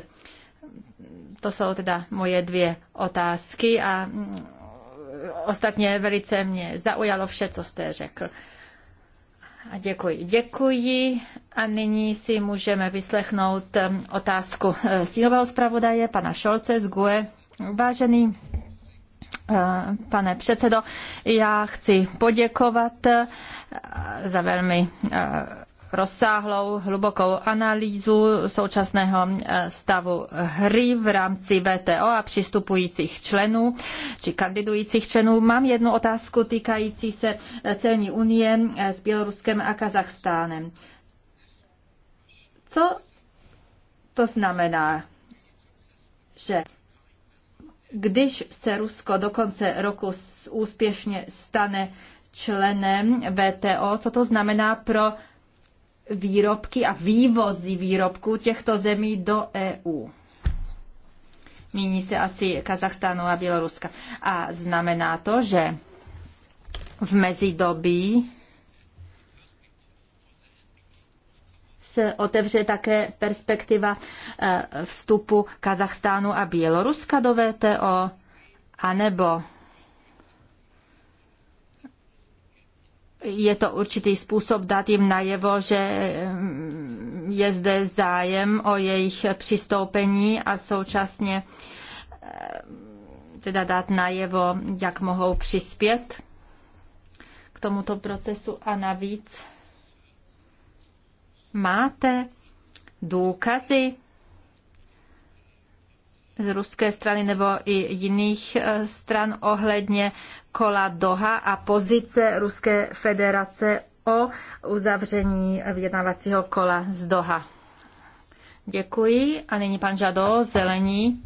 To jsou teda moje dvě otázky a mm, ostatně velice mě zaujalo vše, co jste řekl. A děkuji. Děkuji a nyní si můžeme vyslechnout mm, otázku eh, stínového zpravodaje, pana Šolce z GUE. Vážený eh, Pane předsedo, já chci poděkovat eh, za velmi rozsáhlou, hlubokou analýzu současného eh, stavu hry v rámci VTO a přistupujících členů či kandidujících členů. Mám jednu otázku týkající se eh, celní unie eh, s Běloruskem a Kazachstánem. Co to znamená, že když se Rusko do konce roku úspěšně stane členem VTO, co to znamená pro výrobky a vývozy výrobků těchto zemí do EU. Míní se asi Kazachstánu a Běloruska. A znamená to, že v mezidobí se otevře také perspektiva eh, vstupu Kazachstánu a Běloruska do VTO, anebo je to určitý způsob dát jim najevo, že mm, je zde zájem o jejich přistoupení a současně eh, teda dát najevo, jak mohou přispět k tomuto procesu a navíc máte důkazy z ruské strany nebo i jiných e, stran ohledně kola Doha a pozice Ruské federace o uzavření vyjednávacího kola z Doha. Děkuji. A nyní pan Žado, zelení.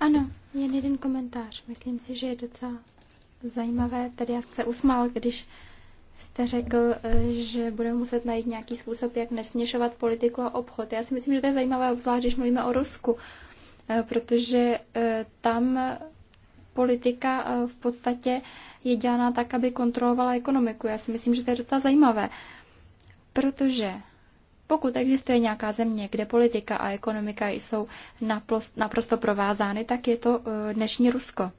Ano, jen jeden komentář. Myslím si, že je docela zajímavé. Tady já jsem se usmál, když jste řekl, eh, že budeme muset najít nějaký způsob, jak nesměšovat politiku a obchod. Já si myslím, že to je zajímavé, obzvlášť když mluvíme o Rusku, eh, protože eh, tam politika v podstatě je dělaná tak, aby kontrolovala ekonomiku. Já si myslím, že to je docela zajímavé, protože pokud existuje nějaká země, kde politika a ekonomika jsou naprosto provázány, tak je to dnešní Rusko.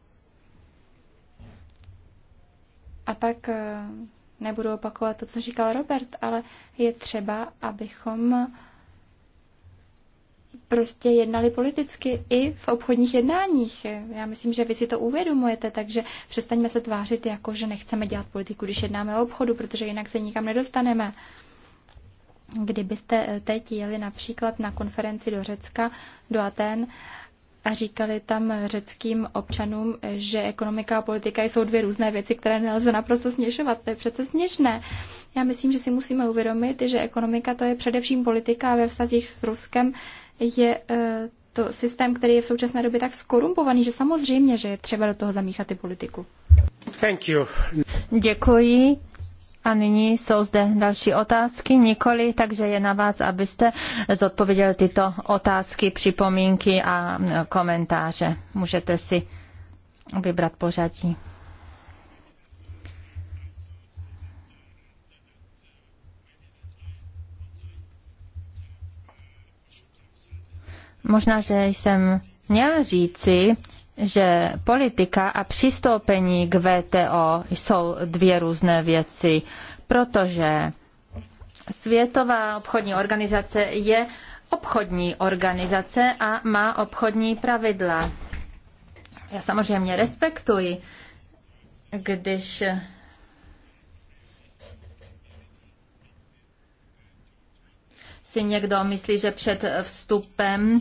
A pak Nebudu opakovat to, co říkal Robert, ale je třeba, abychom prostě jednali politicky i v obchodních jednáních. Já myslím, že vy si to uvědomujete, takže přestaňme se tvářit jako, že nechceme dělat politiku, když jednáme o obchodu, protože jinak se nikam nedostaneme. Kdybyste eh, teď jeli například na konferenci do Řecka, do Aten, a říkali tam řeckým občanům, že ekonomika a politika jsou dvě různé věci, které nelze naprosto směšovat. To je přece směšné. Já myslím, že si musíme uvědomit, že ekonomika to je především politika a ve vztazích s Ruskem je eh, to systém, který je v současné době tak skorumpovaný, že samozřejmě, že je třeba do toho zamíchat i politiku. Thank you. Děkuji. A nyní jsou zde další otázky, nikoli, takže je na vás, abyste zodpověděl tyto otázky, připomínky a e, komentáře. Můžete si vybrat pořadí. Možná, že jsem měl říci, že politika a přistoupení k VTO jsou dvě různé věci, protože Světová obchodní organizace je obchodní organizace a má obchodní pravidla. Já samozřejmě respektuji, když si někdo myslí, že před vstupem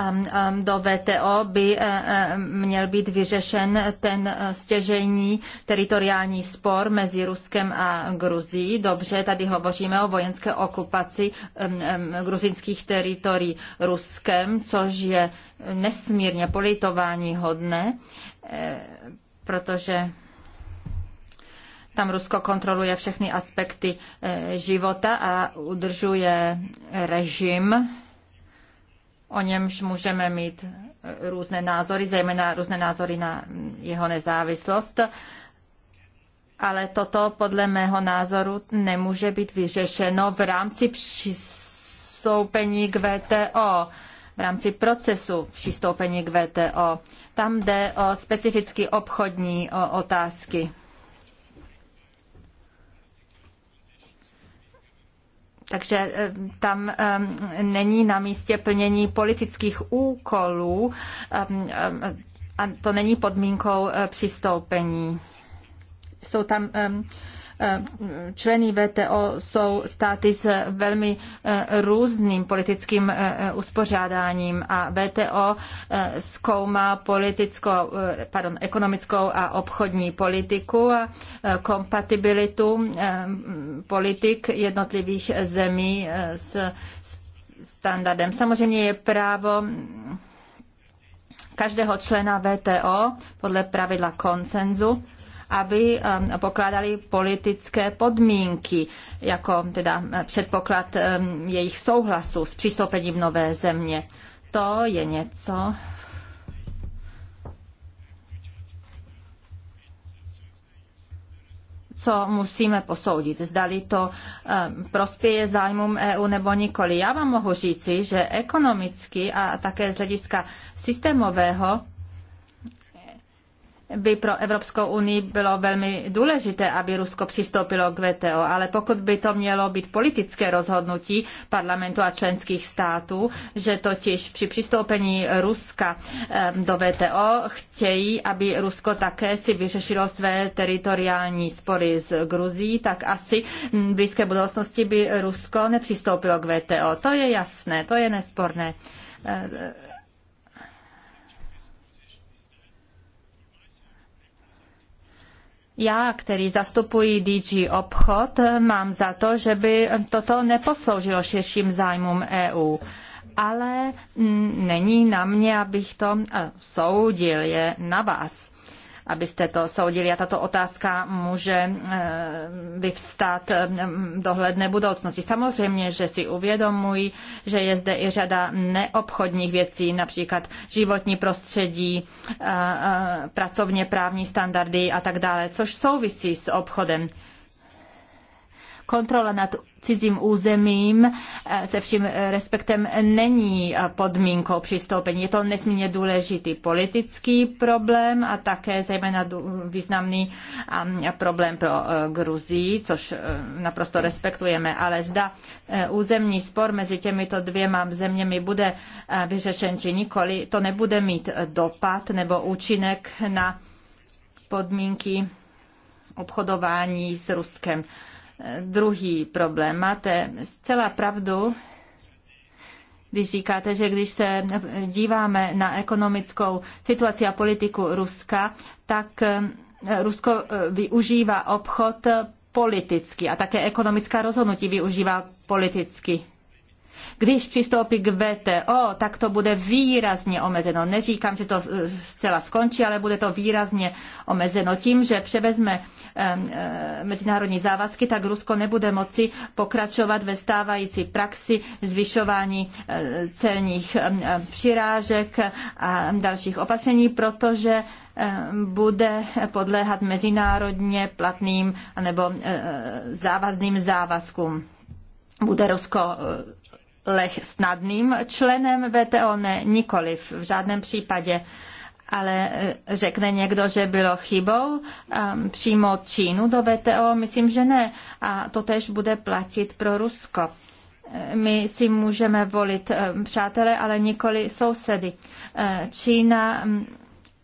um, um, do VTO by uh, uh, měl být vyřešen ten uh, stěžejní teritoriální spor mezi Ruskem a Gruzí. Dobře, tady hovoříme o vojenské okupaci um, gruzinských teritorií Ruskem, což je nesmírně politování hodné, eh, protože tam Rusko kontroluje všechny aspekty e, života a udržuje režim, o němž můžeme mít různé názory, zejména různé názory na jeho nezávislost. Ale toto podle mého názoru nemůže být vyřešeno v rámci přistoupení k VTO v rámci procesu přistoupení k VTO. Tam jde o specificky obchodní otázky. Takže eh, tam eh, není na místě plnění politických úkolů ehm, ehm, a to není podmínkou eh, přistoupení. Jsou tam ehm, Eh, členy VTO jsou státy s velmi eh, různým politickým eh, uspořádáním a VTO zkoumá politickou, pardon, ekonomickou a obchodní politiku a kompatibilitu politik jednotlivých zemí s standardem. Samozřejmě je právo každého člena VTO podle pravidla konsenzu aby um, pokládali politické podmínky jako teda eh, předpoklad um, jejich souhlasu s přistoupením nové země. To je něco, co musíme posoudit. Zdali to eh, prospěje zájmům EU nebo nikoli. Já vám mohu říci, že ekonomicky a také z hlediska systémového by pro Evropskou unii bylo velmi důležité, aby Rusko přistoupilo k VTO, ale pokud by to mělo být politické rozhodnutí parlamentu a členských států, že totiž při přistoupení Ruska do VTO chtějí, aby Rusko také si vyřešilo své teritoriální spory s Gruzí, tak asi v blízké budoucnosti by Rusko nepřistoupilo k VTO. To je jasné, to je nesporné Já, který zastupuji DG obchod, mám za to, že by toto neposloužilo širším zájmům EU. Ale není na mě, abych to eh, soudil, je na vás abyste to soudili. A tato otázka může eh, vyvstat v eh, dohledné budoucnosti. Samozřejmě, že si uvědomují, že je zde i řada neobchodních věcí, například životní prostředí, eh, pracovně právní standardy a tak dále, což souvisí s obchodem kontrola nad cizím územím eh, se vším eh, respektem není eh, podmínkou přistoupení. Je to nesmírně důležitý politický problém a také zejména významný ehm, problém pro Gruzii, což naprosto respektujeme, ale zda územní spor mezi těmito dvěma zeměmi bude vyřešen či nikoli, to nebude mít dopad nebo účinek na podmínky obchodování s Ruskem druhý problém. Máte zcela pravdu, když říkáte, že když se díváme na ekonomickou situaci a politiku Ruska, tak eh, Rusko eh, využívá obchod politicky a také ekonomická rozhodnutí využívá politicky. Když přistoupí k VTO, tak to bude výrazně omezeno. Neříkám, že to eh, zcela skončí, ale bude to výrazně omezeno tím, že převezme eh, mezinárodní závazky, tak Rusko nebude moci pokračovat ve stávající praxi zvyšování eh, celních přirážek a dalších opatření, protože bude podléhat mezinárodně platným nebo závazným závazkům. Bude Rusko Lech snadným členem VTO? Ne, nikoliv, v žádném případě. Ale eh, řekne někdo, že bylo chybou um, ehm, přijmout Čínu do VTO? Myslím, že ne. A to tež bude platit pro Rusko. Eh, my si můžeme volit ehm, přátelé, ale nikoli sousedy. Eh, Čína mm,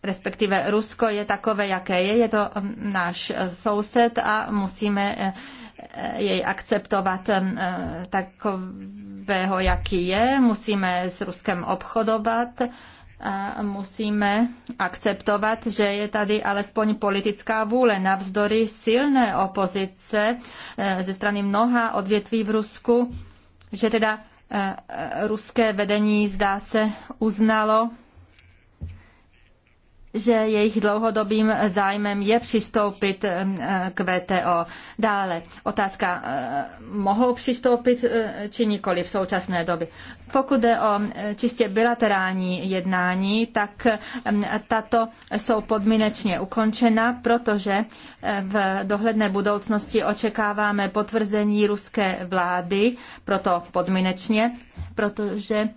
respektive Rusko je takové, jaké je. Je to mm, náš soused a musíme jej akceptovat eh, takového, jaký je. Musíme s Ruskem obchodovat, a musíme akceptovat, že je tady alespoň politická vůle navzdory silné opozice eh, ze strany mnoha odvětví v Rusku, že teda eh, ruské vedení zdá se uznalo že jejich dlouhodobým zájmem je přistoupit eh, k VTO. Dále otázka, eh, mohou přistoupit eh, či nikoli v současné době. Pokud jde o čistě bilaterální jednání, tak tato jsou podmínečně ukončena, protože v dohledné budoucnosti očekáváme potvrzení ruské vlády, proto podmínečně, protože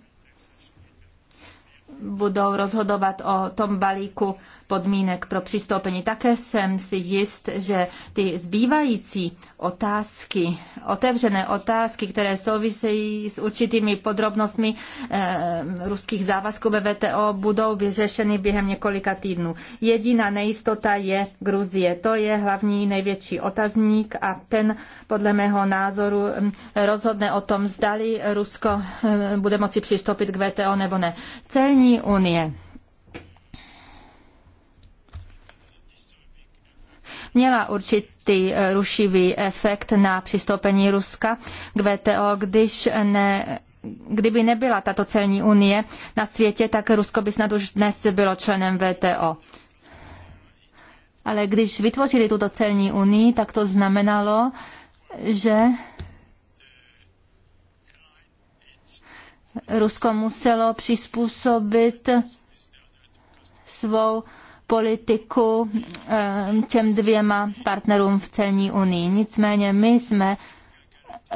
budou rozhodovat o tom balíku podmínek pro přistoupení. Také jsem si jist, že ty zbývající otázky, otevřené otázky, které souvisejí s určitými podrobnostmi e, ruských závazků ve VTO, budou vyřešeny během několika týdnů. Jediná nejistota je Gruzie. To je hlavní největší otazník a ten podle mého názoru eh, rozhodne o tom, zdali Rusko eh, bude moci přistoupit k VTO nebo ne. Celní unie. měla určitý eh, rušivý efekt na přistoupení Ruska k VTO, když ne, kdyby nebyla tato celní unie na světě, tak Rusko by snad už dnes bylo členem VTO. Ale když vytvořili tuto celní unii, tak to znamenalo, že Rusko muselo přizpůsobit svou politiku eh, těm dvěma partnerům v celní unii. Nicméně my jsme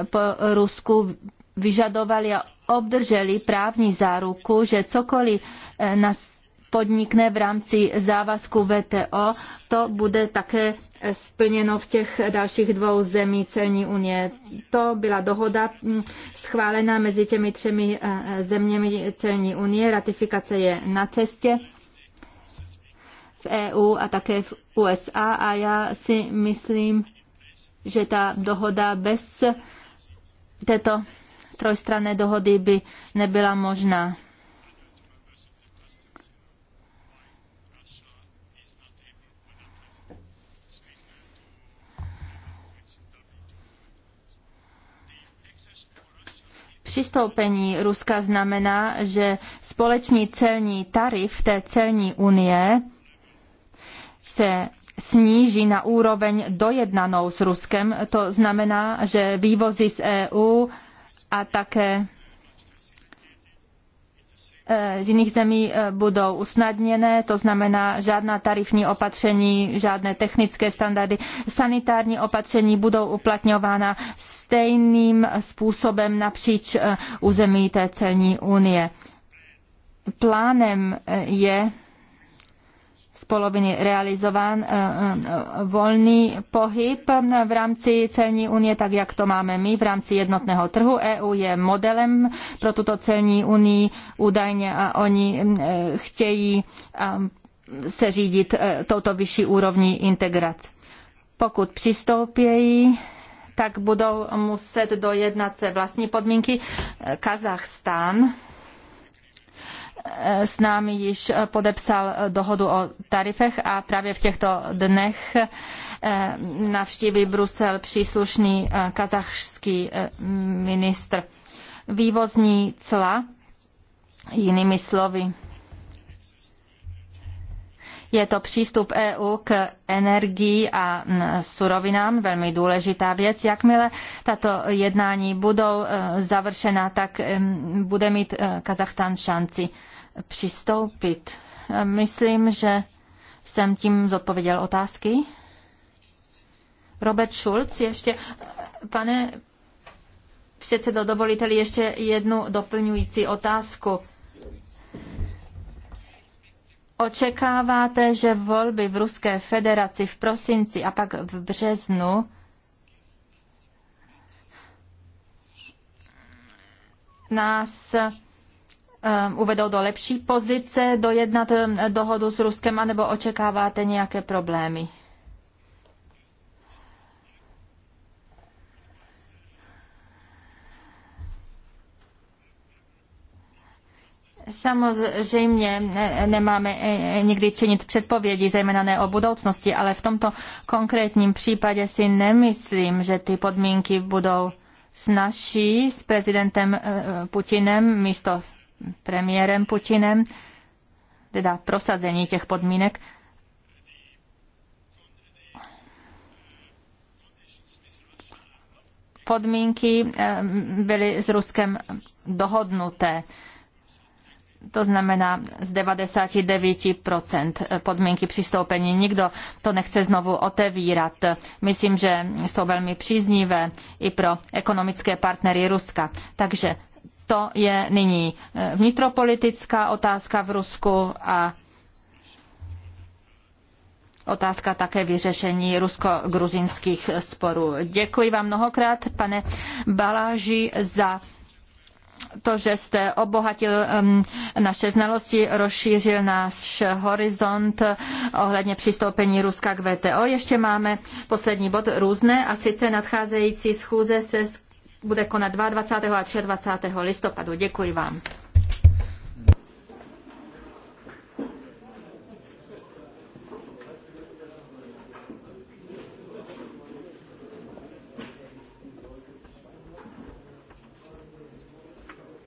po Rusku vyžadovali a obdrželi právní záruku, že cokoliv eh, nás podnikne v rámci závazku VTO, to bude také eh, splněno v těch dalších dvou zemí celní unie. To byla dohoda hm, schválená mezi těmi třemi zeměmi celní unie. Ratifikace je na cestě EU a také v USA a já si myslím, že ta dohoda bez této trojstranné dohody by nebyla možná. přistoupení Ruska znamená, že společný celní tarif té celní unie se sníží na úroveň dojednanou s Ruskem, to znamená, že vývozy z EU a také e, z jiných zemí e, budou usnadněné, to znamená žádná tarifní opatření, žádné technické standardy, sanitární opatření budou uplatňována stejným způsobem napříč e, území té celní unie. Plánem je poloviny realizován eh, eh, volný pohyb v rámci celní unie, tak jak to máme my v rámci jednotného trhu. EU je modelem pro tuto celní unii údajně a oni mm, eh, chtějí se řídit touto vyšší úrovní integrace. Pokud přistoupějí, tak budou muset dojednat se vlastní podmínky. Kazachstán Eh, s námi již podepsal dohodu o tarifech a právě v těchto dnech eh, navštíví Brusel příslušný eh, kazachský ministr. Vývozní cla, jinými slovy, je to přístup EU k energii a mm, surovinám, velmi důležitá věc. Jakmile tato jednání budou e, završena, tak bude mít e, Kazachstán šanci přistoupit. E, myslím, že jsem tím zodpověděl otázky. Robert Schulz ještě. Pane předsedo, dovolíte-li ještě jednu doplňující otázku? Očekáváte, že volby v Ruské federaci v prosinci a pak v březnu nás um, uvedou do lepší pozice dojednat um, dohodu s Ruskem, anebo očekáváte nějaké problémy? Samozřejmě nemáme e, e, nikdy činit předpovědi, zejména ne o budoucnosti, ale v tomto konkrétním případě si nemyslím, že ty podmínky budou snažší s prezidentem e, Putinem místo premiérem Putinem, teda prosazení těch podmínek. Podmínky byly s Ruskem dohodnuté to znamená z 99% podmínky přistoupení. Nikdo to nechce znovu otevírat. Myslím, že jsou velmi příznivé i pro ekonomické partnery Ruska. Takže to je nyní eh, vnitropolitická otázka v Rusku a otázka také vyřešení rusko-gruzinských sporů. Děkuji vám mnohokrát, pane Baláži, za to, že jste obohatil naše znalosti, rozšířil náš horizont eh, ohledně přistoupení Ruska k VTO. Ještě máme poslední bod různé a sice nadcházející schůze se bude konat 22. a 23. listopadu. Děkuji vám.